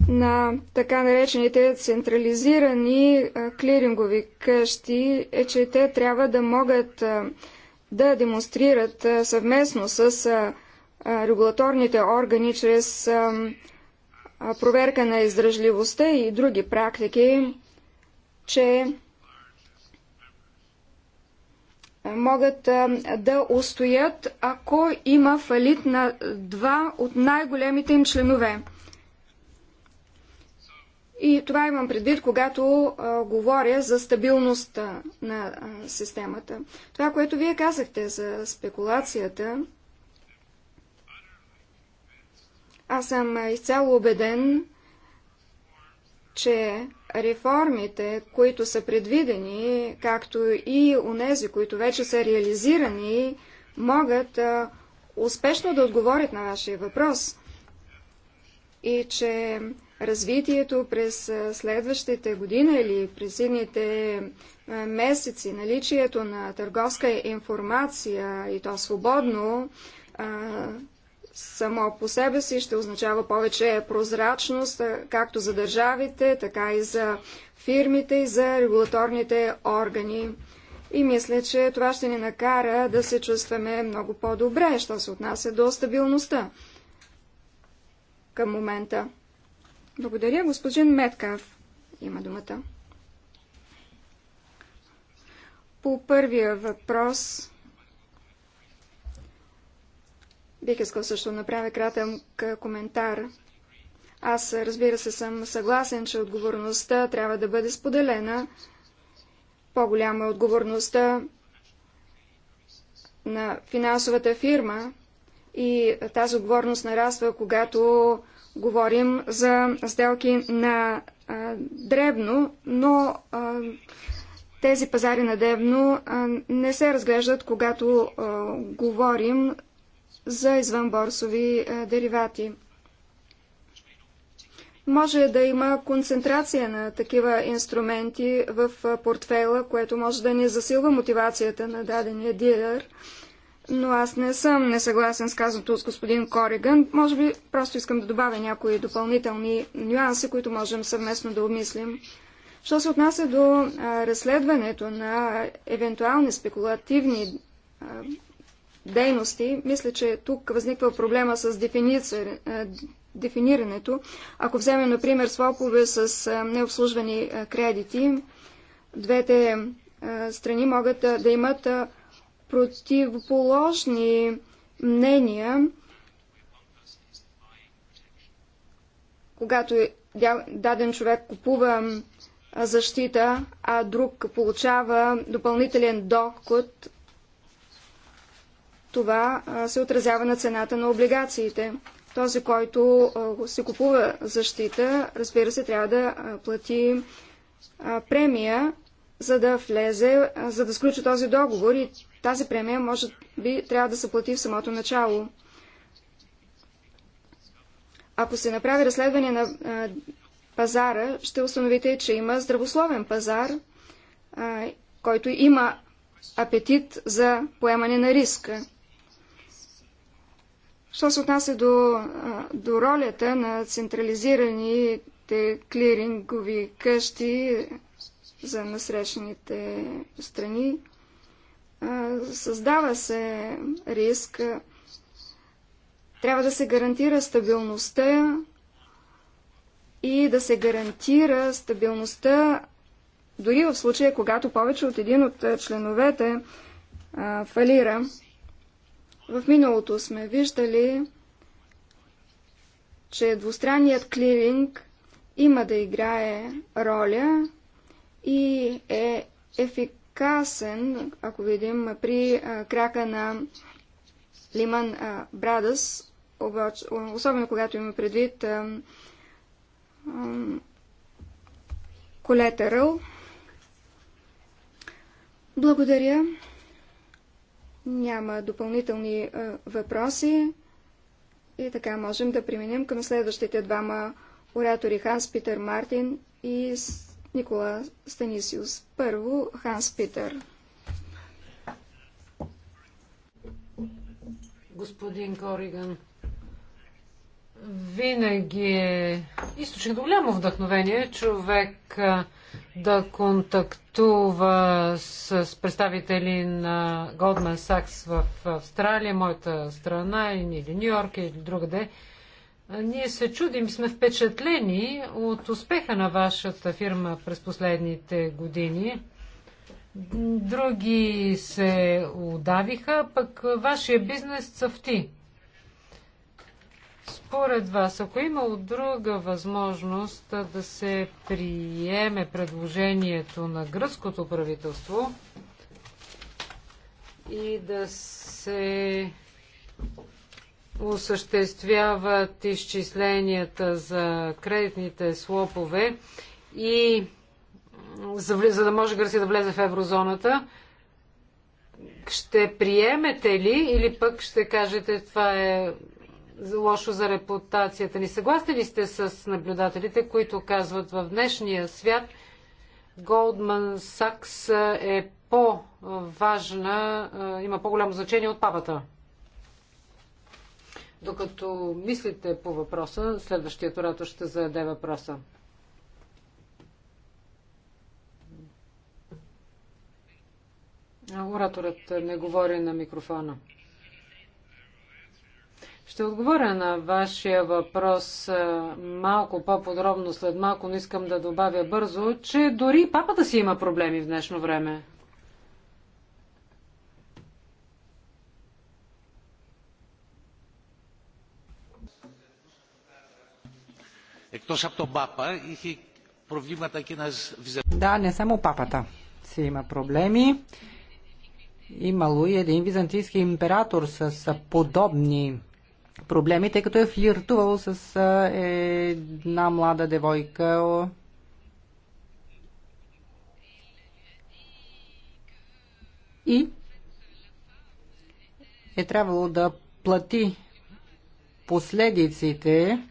на така наречените централизирани клирингови къщи е, че те трябва да могат да демонстрират съвместно с регулаторните органи чрез проверка на издръжливостта и други практики, че могат да устоят, ако има фалит на два от най-големите им членове. И това имам предвид, когато а, говоря за стабилността на а, системата. Това, което вие казахте за спекулацията, Аз съм изцяло убеден, че реформите, които са предвидени, както и унези, които вече са реализирани, могат а, успешно да отговорят на вашия въпрос. И че развитието през следващите години или през едните месеци, наличието на търговска информация и то свободно, а, само по себе си ще означава повече прозрачност, както за държавите, така и за фирмите и за регулаторните органи. И мисля, че това ще ни накара да се чувстваме много по-добре, що се отнася до стабилността към момента. Благодаря, господин Меткав. Има думата. По първия въпрос Бих искал също да направя кратък коментар. Аз, разбира се, съм съгласен, че отговорността трябва да бъде споделена. По-голяма е отговорността на финансовата фирма и тази отговорност нараства, когато говорим за сделки на а, дребно, но а, тези пазари на дребно а, не се разглеждат, когато а, говорим за извънборсови е, деривати. Може да има концентрация на такива инструменти в е, портфела, което може да не засилва мотивацията на дадения дилер. Но аз не съм несъгласен с казаното от господин Кориган. Може би просто искам да добавя някои допълнителни нюанси, които можем съвместно да обмислим. Що се отнася до е, разследването на евентуални спекулативни дейности, мисля, че тук възниква проблема с е, дефинирането. Ако вземем, например, слопове с е, необслужвани е, кредити, двете страни могат да имат противоположни мнения, когато даден човек купува защита, а друг получава допълнителен доход, това се отразява на цената на облигациите. Този, който се купува защита, разбира се, трябва да плати премия, за да влезе, за да сключи този договор и тази премия може би трябва да се плати в самото начало. Ако се направи разследване на пазара, ще установите, че има здравословен пазар, който има апетит за поемане на риска. Що се отнася до, до ролята на централизираните клирингови къщи за насрещните страни, създава се риск. Трябва да се гарантира стабилността и да се гарантира стабилността дори в случая, когато повече от един от членовете а, фалира. В миналото сме виждали, че двустранният клиринг има да играе роля и е ефикасен, ако видим, при крака на Лиман Брадъс, особено когато има предвид колетерал. Благодаря. Няма допълнителни е, въпроси. И така можем да преминем към следващите двама оратори Ханс Питер Мартин и Никола Станисиус. Първо Ханс Питер. Господин Кориган, винаги е източник до голямо вдъхновение. Човек е, да контактува с представители на Goldman Sachs в Австралия, моята страна, или Нью Йорк, или другаде. Ние се чудим, сме впечатлени от успеха на вашата фирма през последните години. Други се удавиха, пък вашия бизнес цъфти. Според вас, ако има друга възможност да се приеме предложението на гръцкото правителство и да се осъществяват изчисленията за кредитните слопове и за, за да може Гърция да влезе в еврозоната, ще приемете ли или пък ще кажете това е лошо за репутацията ни. Съгласни ли сте с наблюдателите, които казват в днешния свят Голдман Сакс е по-важна, е, има по-голямо значение от папата? Докато мислите по въпроса, следващият оратор ще зададе въпроса. Ораторът не говори на микрофона. Ще отговоря на вашия въпрос е, малко по-подробно след малко, но искам да добавя бързо, че дори папата си има проблеми в днешно време. Εκτός από τον Папа, проблемата προβλήματα нас ένας Да, не само папата си има проблеми. Имало и един византийски император с подобни проблеми, тъй като е флиртувал с една млада девойка. И е трябвало да плати последиците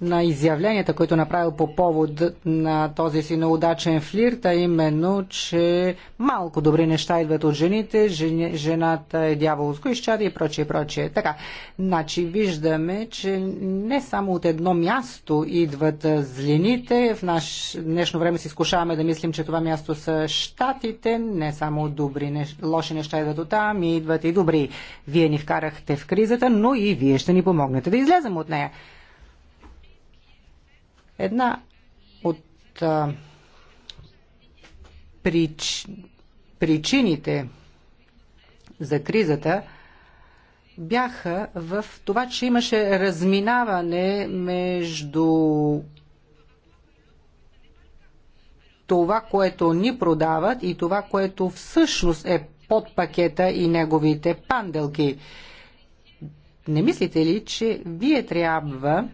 на изявленията, които направил по повод на този си неудачен флирт, а именно, че малко добри неща идват от жените, жената е дяволско изчада и прочие, прочие. Така, значи виждаме, че не само от едно място идват злените, в наш днешно време си изкушаваме да мислим, че това място са щатите, не само добри, не... лоши неща идват от там, и идват и добри. Вие ни вкарахте в кризата, но и вие ще ни помогнете да излезем от нея. Една от а, прич, причините за кризата бяха в това, че имаше разминаване между това, което ни продават и това, което всъщност е под пакета и неговите панделки. Не мислите ли, че вие трябва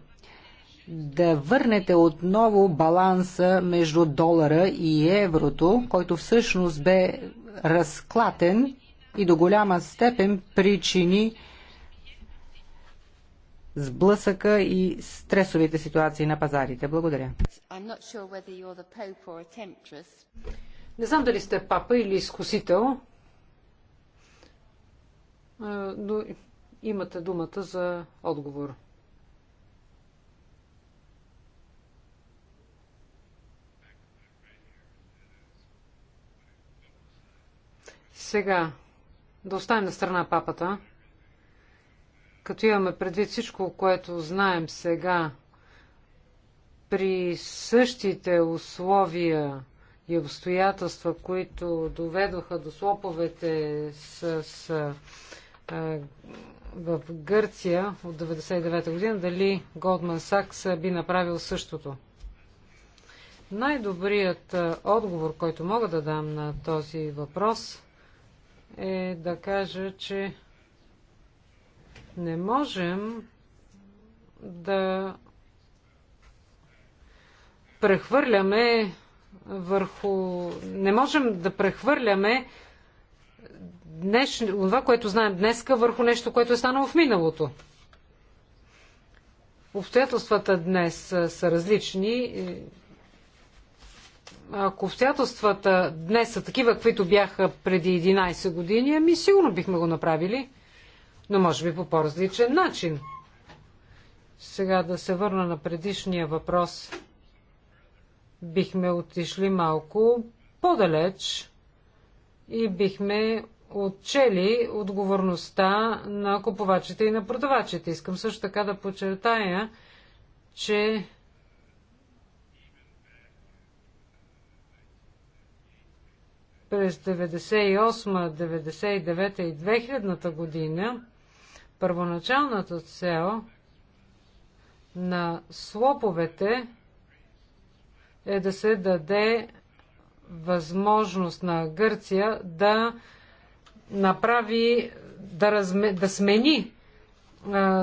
да върнете отново баланса между долара и еврото, който всъщност бе разклатен и до голяма степен причини сблъсъка и стресовите ситуации на пазарите. Благодаря. Не знам дали сте папа или изкусител, но имате думата за отговор. Сега, да оставим на страна папата, като имаме предвид всичко, което знаем сега, при същите условия и обстоятелства, които доведоха до слоповете с, с а, в Гърция от 1999 година, дали Голдман Сакс би направил същото. Най-добрият отговор, който мога да дам на този въпрос, е да кажа, че не можем да прехвърляме върху... Не можем да прехвърляме днеш... това, което знаем днеска, върху нещо, което е станало в миналото. Обстоятелствата днес са различни ако обстоятелствата днес са такива, каквито бяха преди 11 години, ами сигурно бихме го направили, но може би по по-различен начин. Сега да се върна на предишния въпрос. Бихме отишли малко по-далеч и бихме отчели отговорността на купувачите и на продавачите. Искам също така да подчертая, че През 1998, 1999 и 2000 година първоначалната цел на слоповете е да се даде възможност на Гърция да направи, да, разме, да смени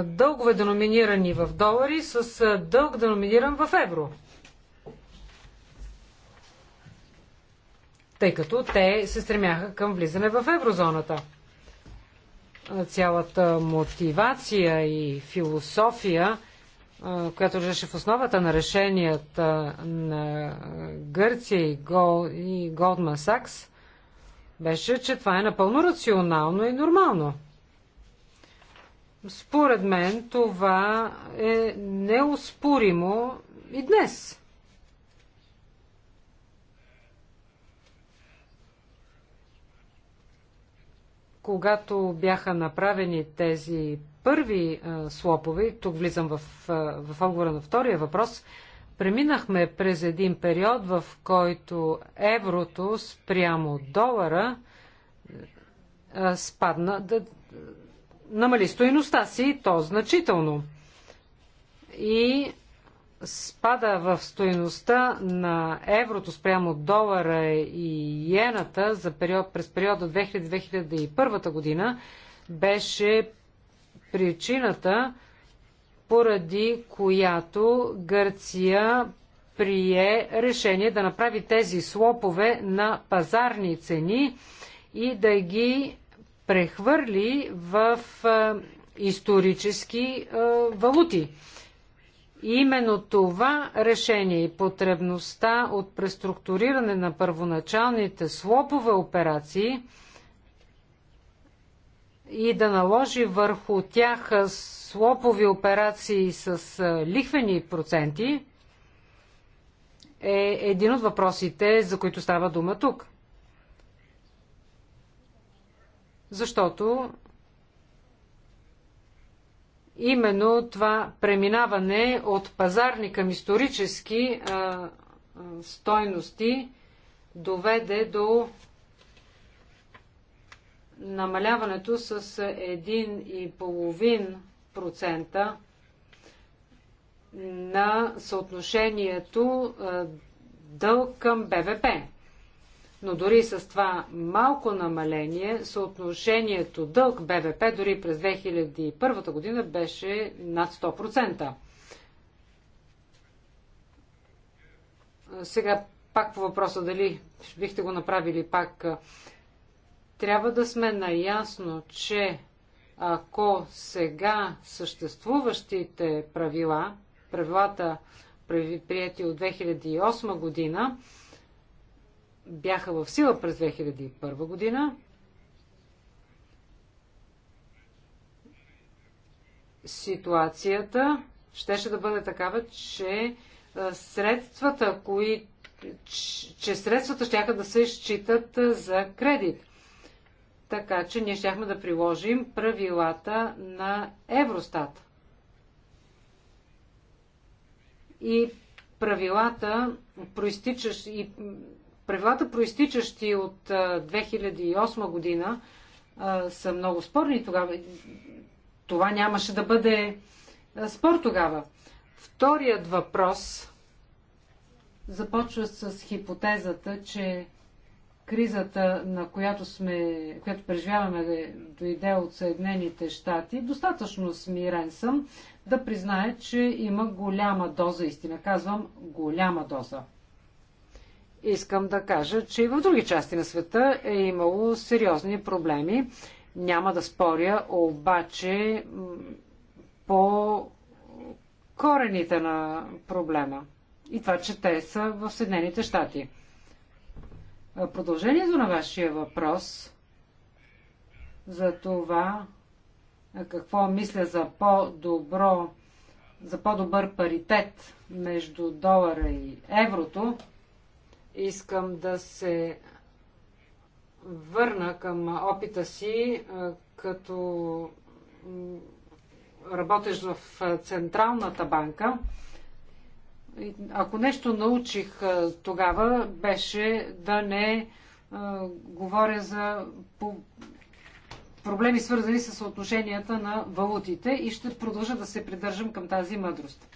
дългове деноминирани в долари с дълг деноминиран в евро. тъй като те се стремяха към влизане в еврозоната. Цялата мотивация и философия, която лежеше в основата на решенията на Гърция и, Гол, и Голдман Сакс, беше, че това е напълно рационално и нормално. Според мен това е неоспоримо и днес. когато бяха направени тези първи а, е, слопове, тук влизам в, а, е, в отговора на втория въпрос, преминахме през един период, в който еврото спрямо долара а, е, спадна, да, намали стоиността си, то значително. И спада в стоеността на еврото спрямо долара и иената за период, през периода 2000-2001 година беше причината, поради която Гърция прие решение да направи тези слопове на пазарни цени и да ги прехвърли в исторически валути. Именно това решение и потребността от преструктуриране на първоначалните слопове операции и да наложи върху тях слопови операции с лихвени проценти е един от въпросите, за които става дума тук. Защото именно това преминаване от пазарни към исторически а, а, стойности доведе до намаляването с 1,5% на съотношението дълг към БВП. Но дори с това малко намаление, съотношението дълг БВП дори през 2001 година беше над 100%. Сега пак по въпроса дали бихте го направили пак. Трябва да сме наясно, че ако сега съществуващите правила, правилата, прияти от 2008 година, бяха в сила през 2001 година, ситуацията щеше да бъде такава, че е, средствата, кои, че средствата ще да се считат е, за кредит. Така че ние щяхме да приложим правилата на Евростат. И правилата, проистичащи и правилата, проистичащи от 2008 година, са много спорни тогава. Това нямаше да бъде спор тогава. Вторият въпрос започва с хипотезата, че кризата, на която, сме, която преживяваме, е, дойде от Съединените щати, достатъчно смирен съм да призная, че има голяма доза истина. Казвам голяма доза. Искам да кажа, че и в други части на света е имало сериозни проблеми. Няма да споря, обаче по корените на проблема и това, че те са в Съединените щати. Продължението на вашия въпрос за това какво мисля за по-добро, за по-добър паритет между долара и еврото, Искам да се върна към опита си като работещ в Централната банка. Ако нещо научих тогава, беше да не говоря за проблеми, свързани с отношенията на валутите и ще продължа да се придържам към тази мъдрост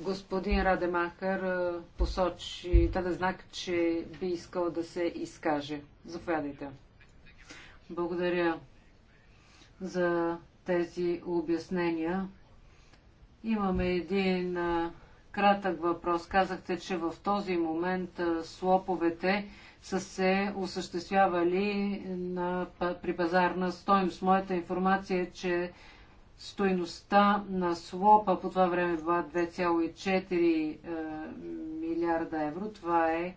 господин Радемахър посочи, даде знак, че би искал да се изкаже. Заповядайте. Благодаря за тези обяснения. Имаме един кратък въпрос. Казахте, че в този момент слоповете са се осъществявали на, при пазарна стоимост. Моята информация е, че Стойността на слопа по това време била 2,4 е, милиарда евро. Това е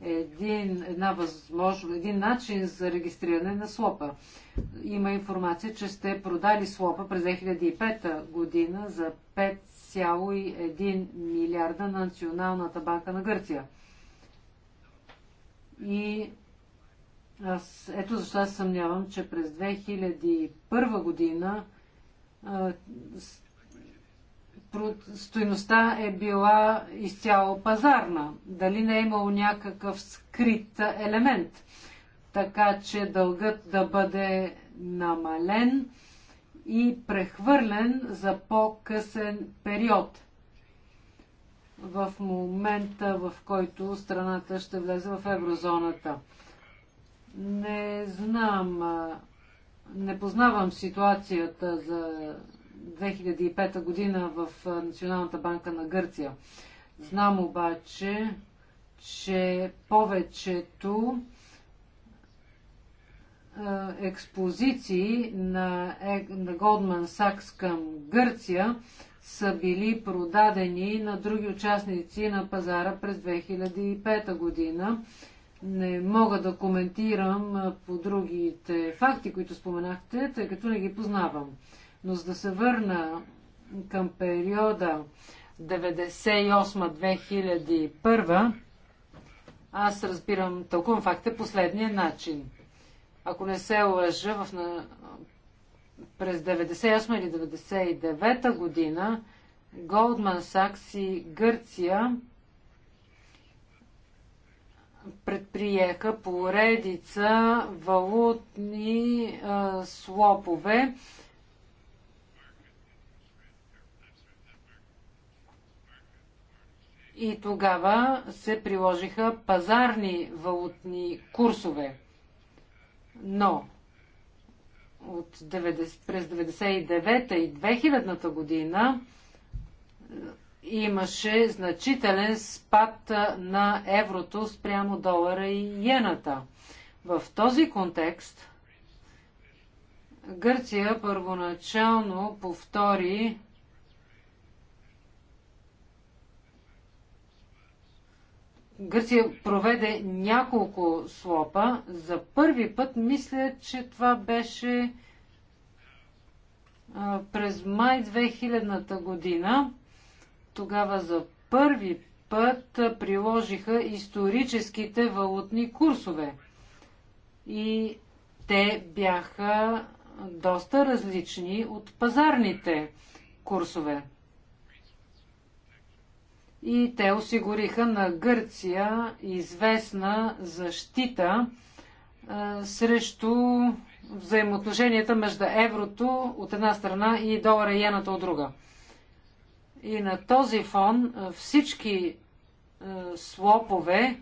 един, една възможно, един начин за регистриране на слопа. Има информация, че сте продали слопа през 2005 година за 5,1 милиарда на Националната банка на Гърция. И аз, ето защо се съмнявам, че през 2001 година стоеността е била изцяло пазарна. Дали не е имало някакъв скрит елемент, така че дългът да бъде намален и прехвърлен за по-късен период в момента, в който страната ще влезе в еврозоната. Не знам не познавам ситуацията за 2005 година в Националната банка на Гърция. Знам обаче, че повечето експозиции е, на, Goldman Sachs към Гърция са били продадени на други участници на пазара през 2005 година не мога да коментирам по другите факти, които споменахте, тъй като не ги познавам. Но за да се върна към периода 98-2001, аз разбирам, тълкувам факта последния начин. Ако не се лъжа, в, на, през 98 или 99 година Goldman Sachs и Гърция предприеха поредица валутни а, слопове. И тогава се приложиха пазарни валутни курсове. Но от 90, през 99-та и 2000-та година имаше значителен спад на еврото спрямо долара и иената. В този контекст Гърция първоначално повтори Гърция проведе няколко слопа. За първи път мисля, че това беше през май 2000 година. Тогава за първи път приложиха историческите валутни курсове. И те бяха доста различни от пазарните курсове. И те осигуриха на Гърция известна защита а, срещу взаимоотношенията между еврото от една страна и долара и ената от друга. И на този фон всички слопове,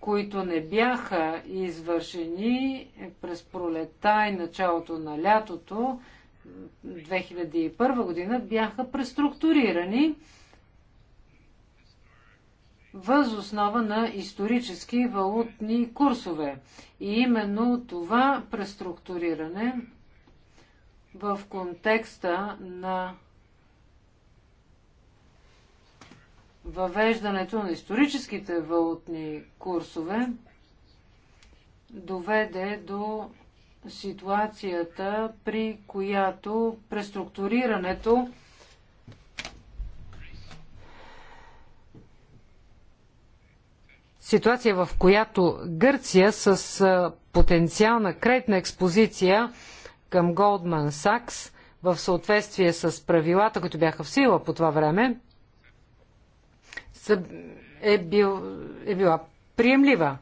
които не бяха извършени през пролета и началото на лятото 2001 година, бяха преструктурирани въз основа на исторически валутни курсове. И именно това преструктуриране в контекста на въвеждането на историческите валутни курсове доведе до ситуацията, при която преструктурирането ситуация, в която Гърция с потенциална кредитна експозиция към Goldman Сакс в съответствие с правилата, които бяха в сила по това време, е, бил, е била приемлива.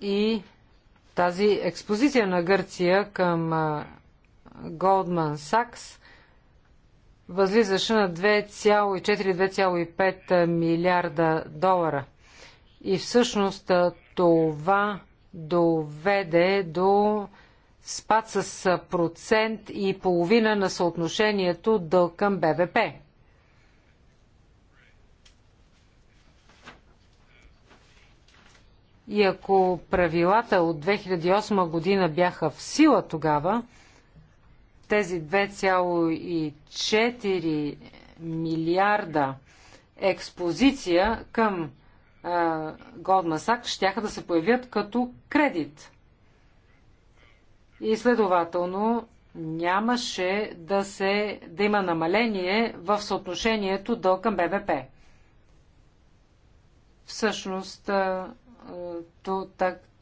И тази експозиция на Гърция към Голдман Сакс възлизаше на 2,4-2,5 милиарда долара. И всъщност това доведе до спад с процент и половина на съотношението дълг към БВП. И ако правилата от 2008 година бяха в сила тогава, тези 2,4 милиарда експозиция към Голдмасак Сак щяха да се появят като кредит – и следователно нямаше да, се, да има намаление в съотношението дълг към БВП. Всъщност,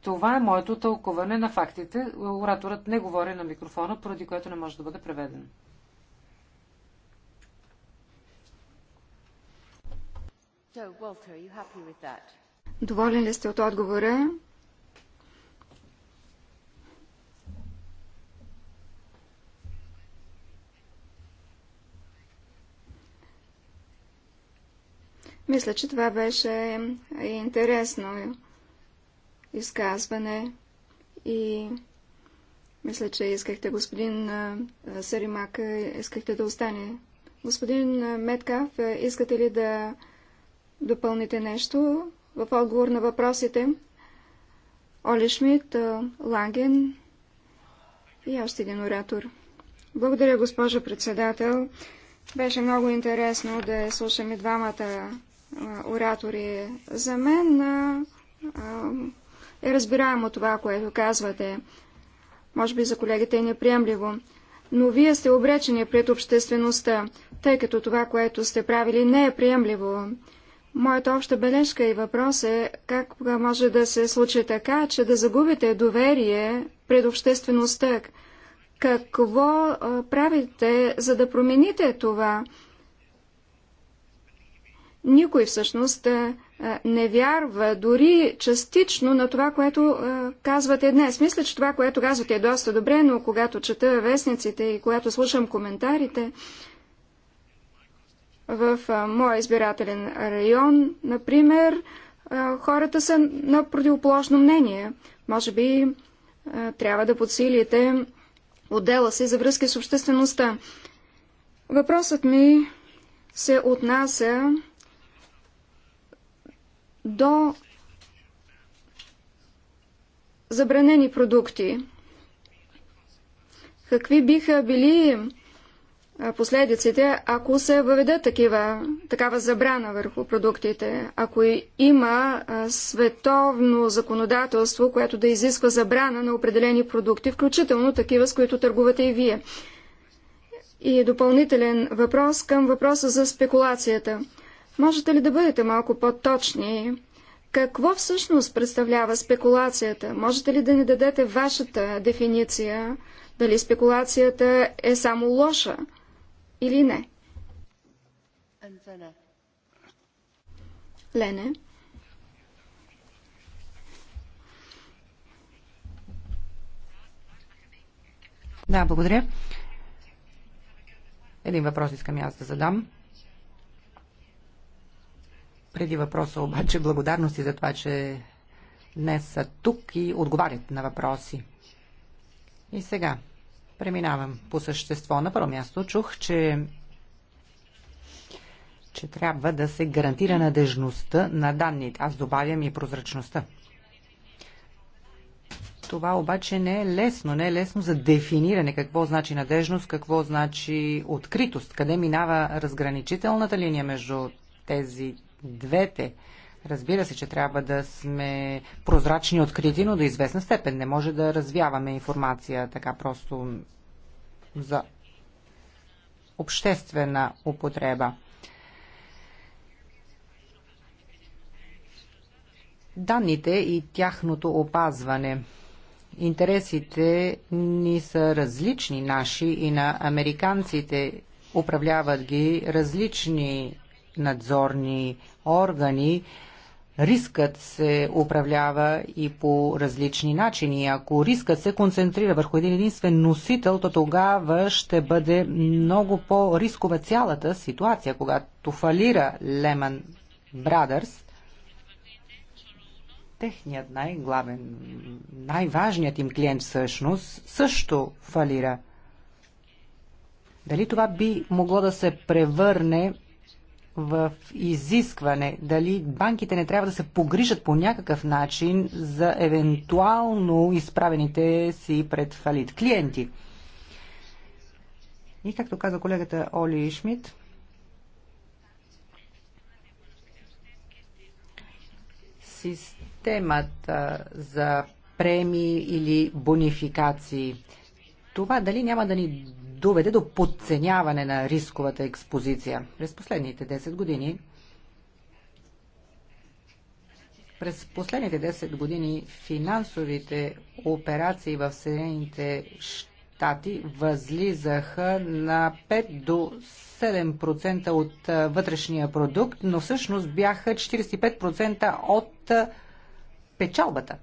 това е моето тълкуване на фактите. Ораторът не говори на микрофона, поради което не може да бъде преведен. Доволен ли сте от отговора? Мисля, че това беше интересно изказване и мисля, че искахте господин Саримак, искахте да остане. Господин Меткав, искате ли да допълните нещо в отговор на въпросите? Оли Шмидт, Ланген и още един оратор. Благодаря, госпожо председател. Беше много интересно да слушаме двамата оратори. За мен е разбираемо това, което казвате. Може би за колегите е неприемливо. Но вие сте обречени пред обществеността, тъй като това, което сте правили, не е приемливо. Моята обща бележка и въпрос е как може да се случи така, че да загубите доверие пред обществеността. Какво правите, за да промените това? Никой всъщност не вярва дори частично на това, което казвате днес. Мисля, че това, което казвате е доста добре, но когато чета вестниците и когато слушам коментарите в моя избирателен район, например, хората са на противоположно мнение. Може би трябва да подсилите отдела си за връзки с обществеността. Въпросът ми се отнася до забранени продукти. Какви биха били последиците, ако се въведат такива, такава забрана върху продуктите, ако има световно законодателство, което да изисква забрана на определени продукти, включително такива, с които търгувате и вие. И допълнителен въпрос към въпроса за спекулацията. Можете ли да бъдете малко по-точни? Какво всъщност представлява спекулацията? Можете ли да ни дадете вашата дефиниция? Дали спекулацията е само лоша или не? Лене. Да, благодаря. Един въпрос искам аз да задам преди въпроса обаче благодарности за това, че днес са тук и отговарят на въпроси. И сега преминавам по същество. На първо място чух, че че трябва да се гарантира надежността на данните. Аз добавям и прозрачността. Това обаче не е лесно. Не е лесно за дефиниране какво значи надежност, какво значи откритост, къде минава разграничителната линия между тези двете. Разбира се, че трябва да сме прозрачни и открити, но до известна степен не може да развяваме информация така просто за обществена употреба. Данните и тяхното опазване. Интересите ни са различни наши и на американците. Управляват ги различни надзорни органи, рискът се управлява и по различни начини. Ако рискът се концентрира върху един единствен носител, то тогава ще бъде много по-рискова цялата ситуация, когато фалира Lehman Brothers. Техният най-главен, най-важният им клиент всъщност също фалира. Дали това би могло да се превърне в изискване, дали банките не трябва да се погрижат по някакъв начин за евентуално изправените си пред фалит клиенти. И както каза колегата Оли Шмидт, системата за премии или бонификации – това дали няма да ни доведе до подценяване на рисковата експозиция. През последните 10 години през последните 10 години финансовите операции в Съединените щати възлизаха на 5 до 7% от вътрешния продукт, но всъщност бяха 45% от печалбата.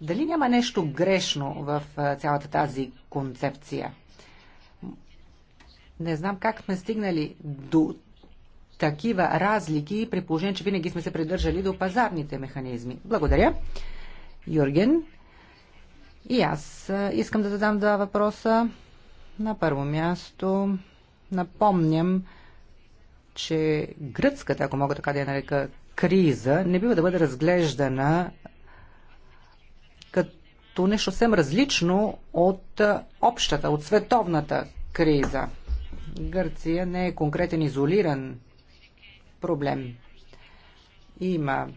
Дали няма нещо грешно в цялата тази концепция? Не знам как сме стигнали до такива разлики, при положение, че винаги сме се придържали до пазарните механизми. Благодаря. Юрген, и аз искам да задам два въпроса. На първо място напомням, че гръцката, ако мога така да я нарека, криза не бива да бъде разглеждана като нещо съвсем различно от общата, от световната криза. Гърция не е конкретен изолиран проблем. Има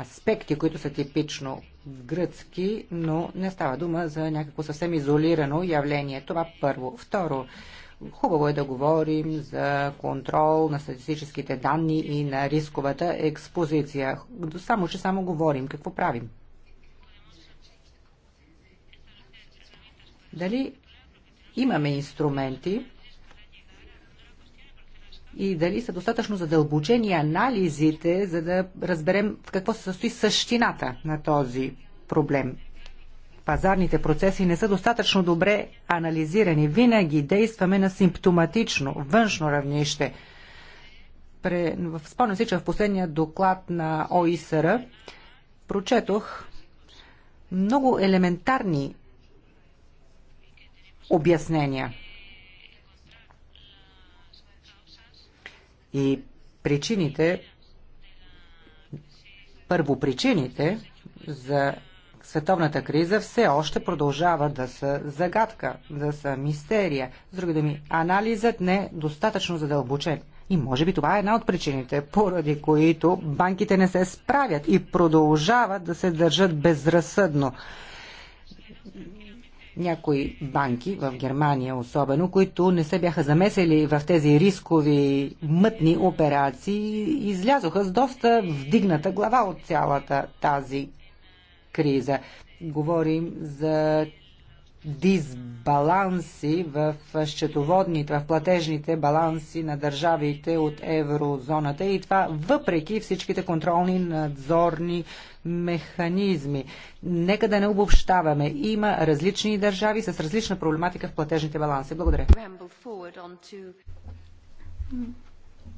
аспекти, които са типично гръцки, но не става дума за някакво съвсем изолирано явление. Това първо. Второ, хубаво е да говорим за контрол на статистическите данни и на рисковата експозиция. Само, че само говорим. Какво правим? Дали имаме инструменти и дали са достатъчно задълбочени анализите, за да разберем в какво се състои същината на този проблем. Пазарните процеси не са достатъчно добре анализирани. Винаги действаме на симптоматично, външно равнище. Спомням си, че в последния доклад на ОИСР прочетох много елементарни обяснения. И причините, първо причините за световната криза все още продължава да са загадка, да са мистерия. С други думи, анализът не е достатъчно задълбочен. И може би това е една от причините, поради които банките не се справят и продължават да се държат безразсъдно някои банки в Германия особено, които не се бяха замесили в тези рискови мътни операции, излязоха с доста вдигната глава от цялата тази криза. Говорим за дисбаланси в счетоводните, в платежните баланси на държавите от еврозоната и това въпреки всичките контролни надзорни механизми. Нека да не обобщаваме. Има различни държави с различна проблематика в платежните баланси. Благодаря.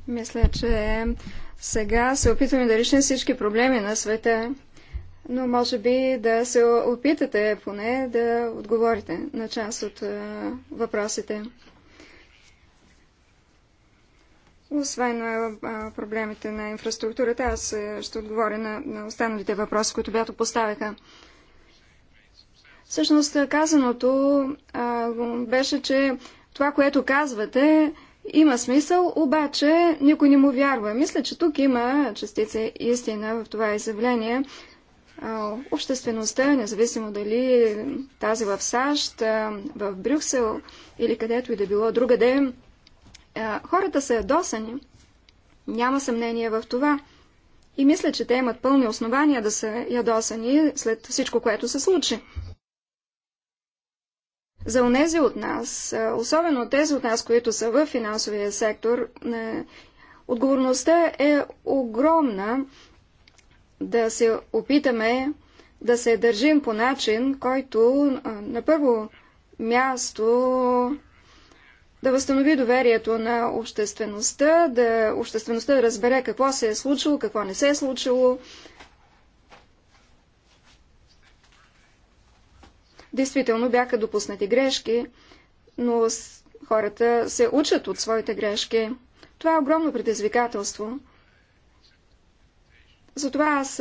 Мисля, че сега се опитваме да решим всички проблеми на света но може би да се опитате поне да отговорите на част от въпросите. Освен проблемите на инфраструктурата, аз ще отговоря на, на останалите въпроси, които бято поставяха. Всъщност казаното а, беше, че това, което казвате, има смисъл, обаче никой не му вярва. Мисля, че тук има частица истина в това изявление, обществеността, независимо дали тази в САЩ, в Брюксел или където и да било другаде, хората са ядосани. Няма съмнение в това. И мисля, че те имат пълни основания да са ядосани след всичко, което се случи. За онези от нас, особено тези от нас, които са в финансовия сектор, отговорността е огромна да се опитаме да се държим по начин, който на първо място да възстанови доверието на обществеността, да обществеността да разбере какво се е случило, какво не се е случило. Действително бяха допуснати грешки, но хората се учат от своите грешки. Това е огромно предизвикателство – затова аз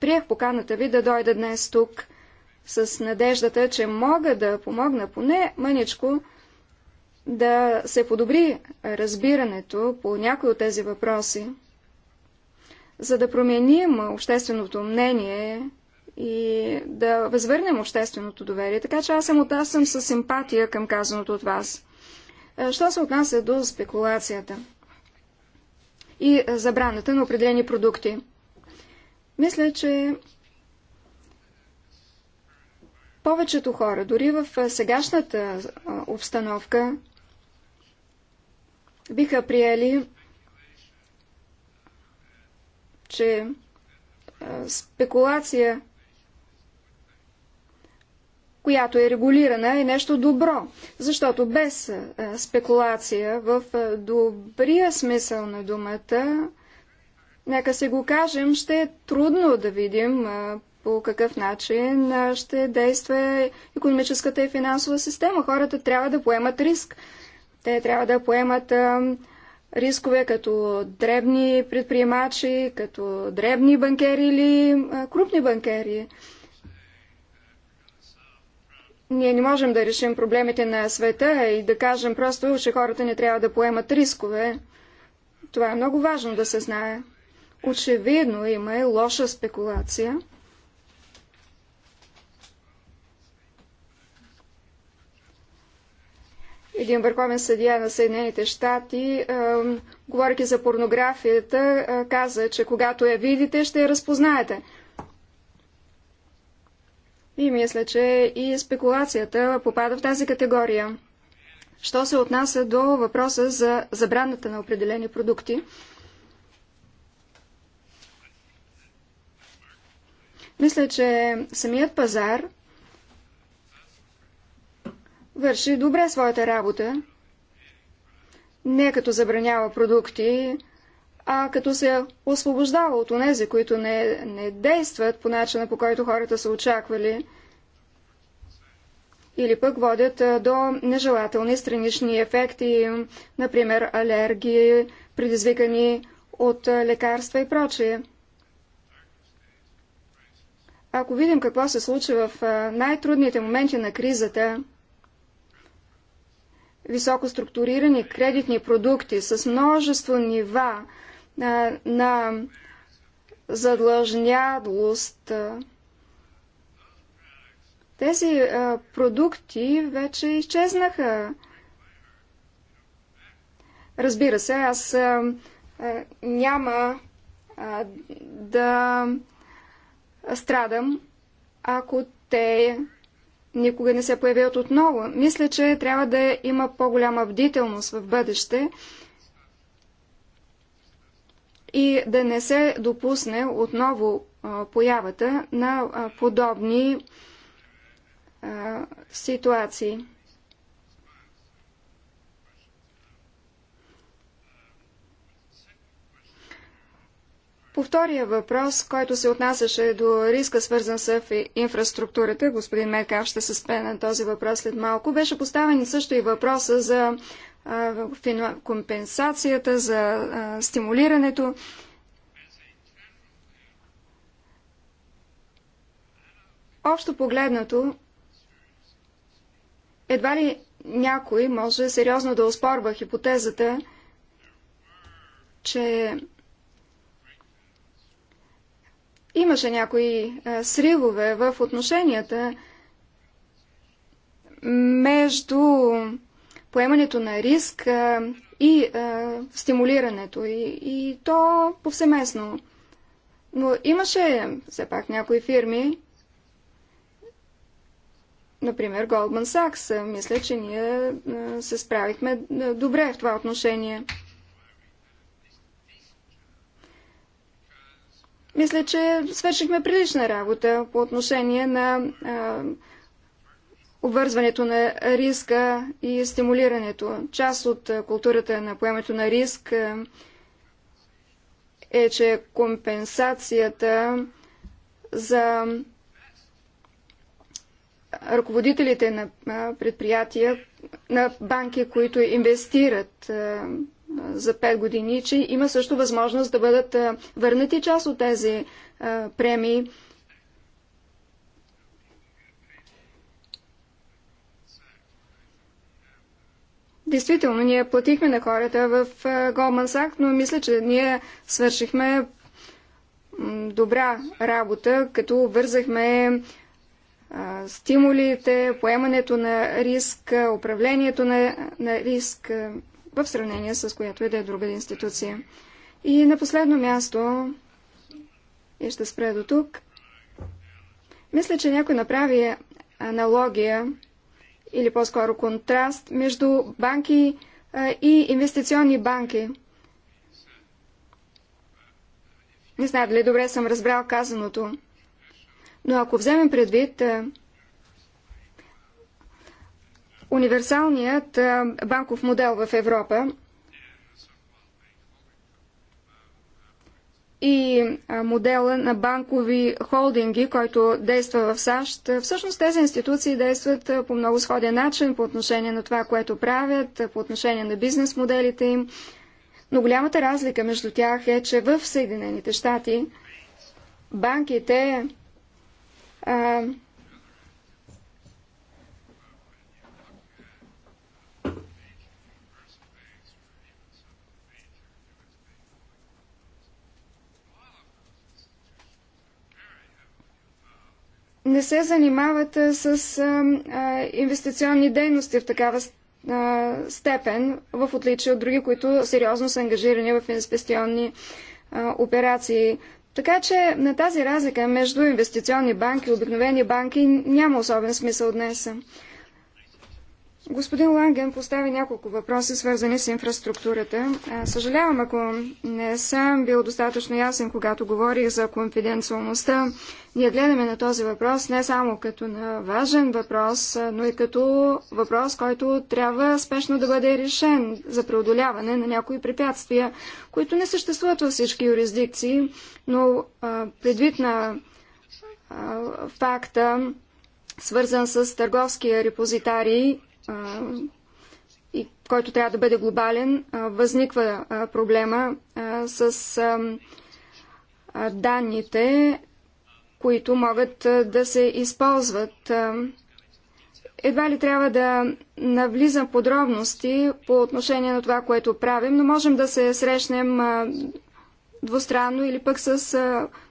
приех поканата ви да дойда днес тук с надеждата, че мога да помогна поне мъничко да се подобри разбирането по някои от тези въпроси, за да променим общественото мнение и да възвърнем общественото доверие. Така че аз съм от съм с симпатия към казаното от вас. Що се отнася до спекулацията и забраната на определени продукти? Мисля, че повечето хора, дори в сегашната обстановка, биха приели, че спекулация, която е регулирана, е нещо добро. Защото без спекулация в добрия смисъл на думата Нека се го кажем, ще е трудно да видим по какъв начин ще действа економическата и финансова система. Хората трябва да поемат риск. Те трябва да поемат рискове като дребни предприемачи, като дребни банкери или крупни банкери. Ние не можем да решим проблемите на света и да кажем просто, че хората не трябва да поемат рискове. Това е много важно да се знае. Очевидно има и лоша спекулация. един върховен съдия на Съединените щати, говоряки за порнографията, каза, че когато я видите, ще я разпознаете. И мисля, че и спекулацията попада в тази категория. Що се отнася до въпроса за забраната на определени продукти – Мисля, че самият пазар върши добре своята работа, не като забранява продукти, а като се освобождава от онези, които не, не действат по начина, по който хората са очаквали, или пък водят до нежелателни странични ефекти, например алергии, предизвикани от лекарства и прочие. Ако видим какво се случи в най-трудните моменти на кризата, високо структурирани кредитни продукти с множество нива на задлъжнялост, тези а, продукти вече изчезнаха. Разбира се, аз а, няма да страдам, ако те никога не се появят отново. Мисля, че трябва да има по-голяма бдителност в бъдеще и да не се допусне отново появата на подобни ситуации. По втория въпрос, който се отнасяше до риска, свързан с инфраструктурата, господин Меркав ще се спе на този въпрос след малко, беше поставен също и въпроса за компенсацията, за стимулирането. Общо погледнато, едва ли някой може сериозно да оспорва хипотезата, че Имаше някои е, сривове в отношенията между поемането на риск е, и е, стимулирането и, и то повсеместно. Но имаше все пак някои фирми, например Goldman Sachs, мисля, че ние се справихме добре в това отношение. Мисля, че свършихме прилична работа по отношение на а, обвързването на риска и стимулирането. Част от културата на поемането на риск е, че компенсацията за ръководителите на предприятия, на банки, които инвестират за 5 години, че има също възможност да бъдат върнати част от тези премии. Действително, ние платихме на хората в Goldman Sachs, но мисля, че ние свършихме добра работа, като вързахме стимулите, поемането на риск, управлението на, на риск, в сравнение с която и да е друга институция. И на последно място, и ще спре до тук, мисля, че някой направи аналогия или по-скоро контраст между банки и инвестиционни банки. Не знам дали добре съм разбрал казаното, но ако вземем предвид универсалният банков модел в Европа и модела на банкови холдинги, който действа в САЩ. Всъщност тези институции действат по много сходен начин по отношение на това, което правят, по отношение на бизнес моделите им. Но голямата разлика между тях е, че в Съединените щати банките а, не се занимават с инвестиционни дейности в такава степен, в отличие от други, които сериозно са ангажирани в инвестиционни операции. Така че на тази разлика между инвестиционни банки и обикновени банки няма особен смисъл днес. Господин Ланген постави няколко въпроси, свързани с инфраструктурата. Съжалявам, ако не съм бил достатъчно ясен, когато говорих за конфиденциалността. Ние гледаме на този въпрос не само като на важен въпрос, но и като въпрос, който трябва спешно да бъде решен за преодоляване на някои препятствия, които не съществуват във всички юрисдикции, но предвид на факта, свързан с търговския репозитарий и който трябва да бъде глобален, възниква проблема с данните, които могат да се използват. Едва ли трябва да навлизам подробности по отношение на това, което правим, но можем да се срещнем двустранно или пък с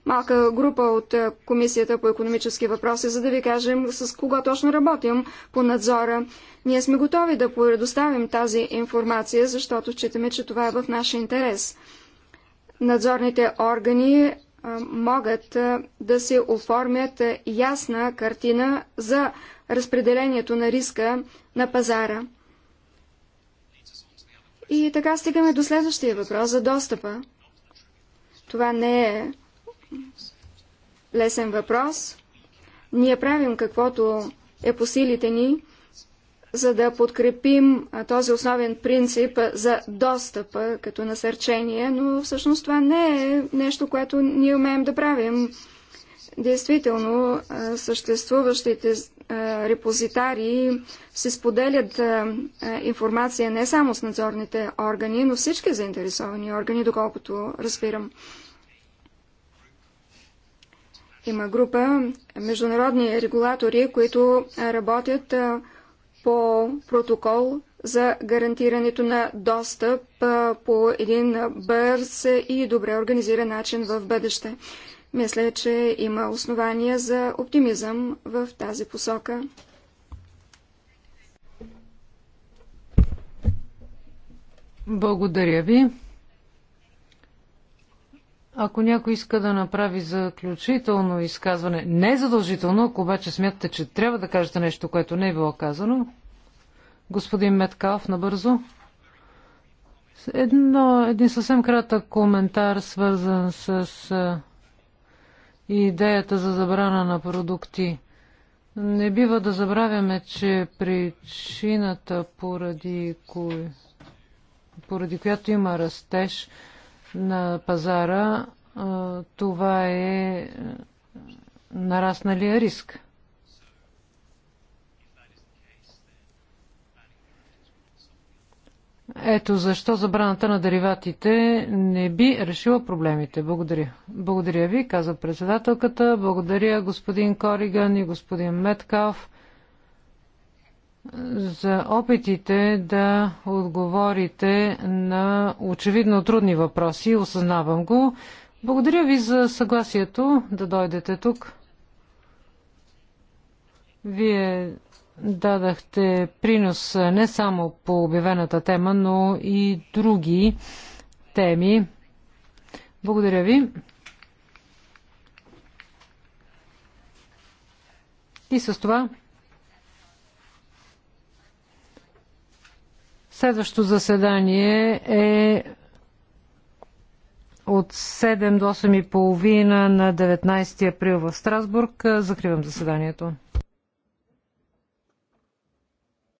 малка група от Комисията по економически въпроси, за да ви кажем с кого точно работим по надзора. Ние сме готови да предоставим тази информация, защото считаме, че това е в наш интерес. Надзорните органи могат да се оформят ясна картина за разпределението на риска на пазара. И така стигаме до следващия въпрос за достъпа. Това не е лесен въпрос. Ние правим каквото е по силите ни, за да подкрепим този основен принцип за достъпа като насърчение, но всъщност това не е нещо, което ние умеем да правим. Действително, съществуващите репозитари се споделят информация не само с надзорните органи, но всички заинтересовани органи, доколкото разбирам. Има група международни регулатори, които работят по протокол за гарантирането на достъп по един бърз и добре организиран начин в бъдеще. Мисля, че има основания за оптимизъм в тази посока. Благодаря ви. Ако някой иска да направи заключително изказване, не задължително, ако обаче смятате, че трябва да кажете нещо, което не е било казано, господин Меткалф, набързо. Едно, един съвсем кратък коментар, свързан с идеята за забрана на продукти. Не бива да забравяме, че причината, поради, кой, поради която има растеж, на пазара, това е, е нарасналия риск. Ето защо забраната на дериватите не би решила проблемите. Благодаря. Благодаря ви, каза председателката. Благодаря господин Кориган и господин Меткалф за опитите да отговорите на очевидно трудни въпроси. Осъзнавам го. Благодаря ви за съгласието да дойдете тук. Вие дадахте принос не само по обявената тема, но и други теми. Благодаря ви. И с това Следващото заседание е от 7 до 8.30 на 19 април в Страсбург. Закривам заседанието.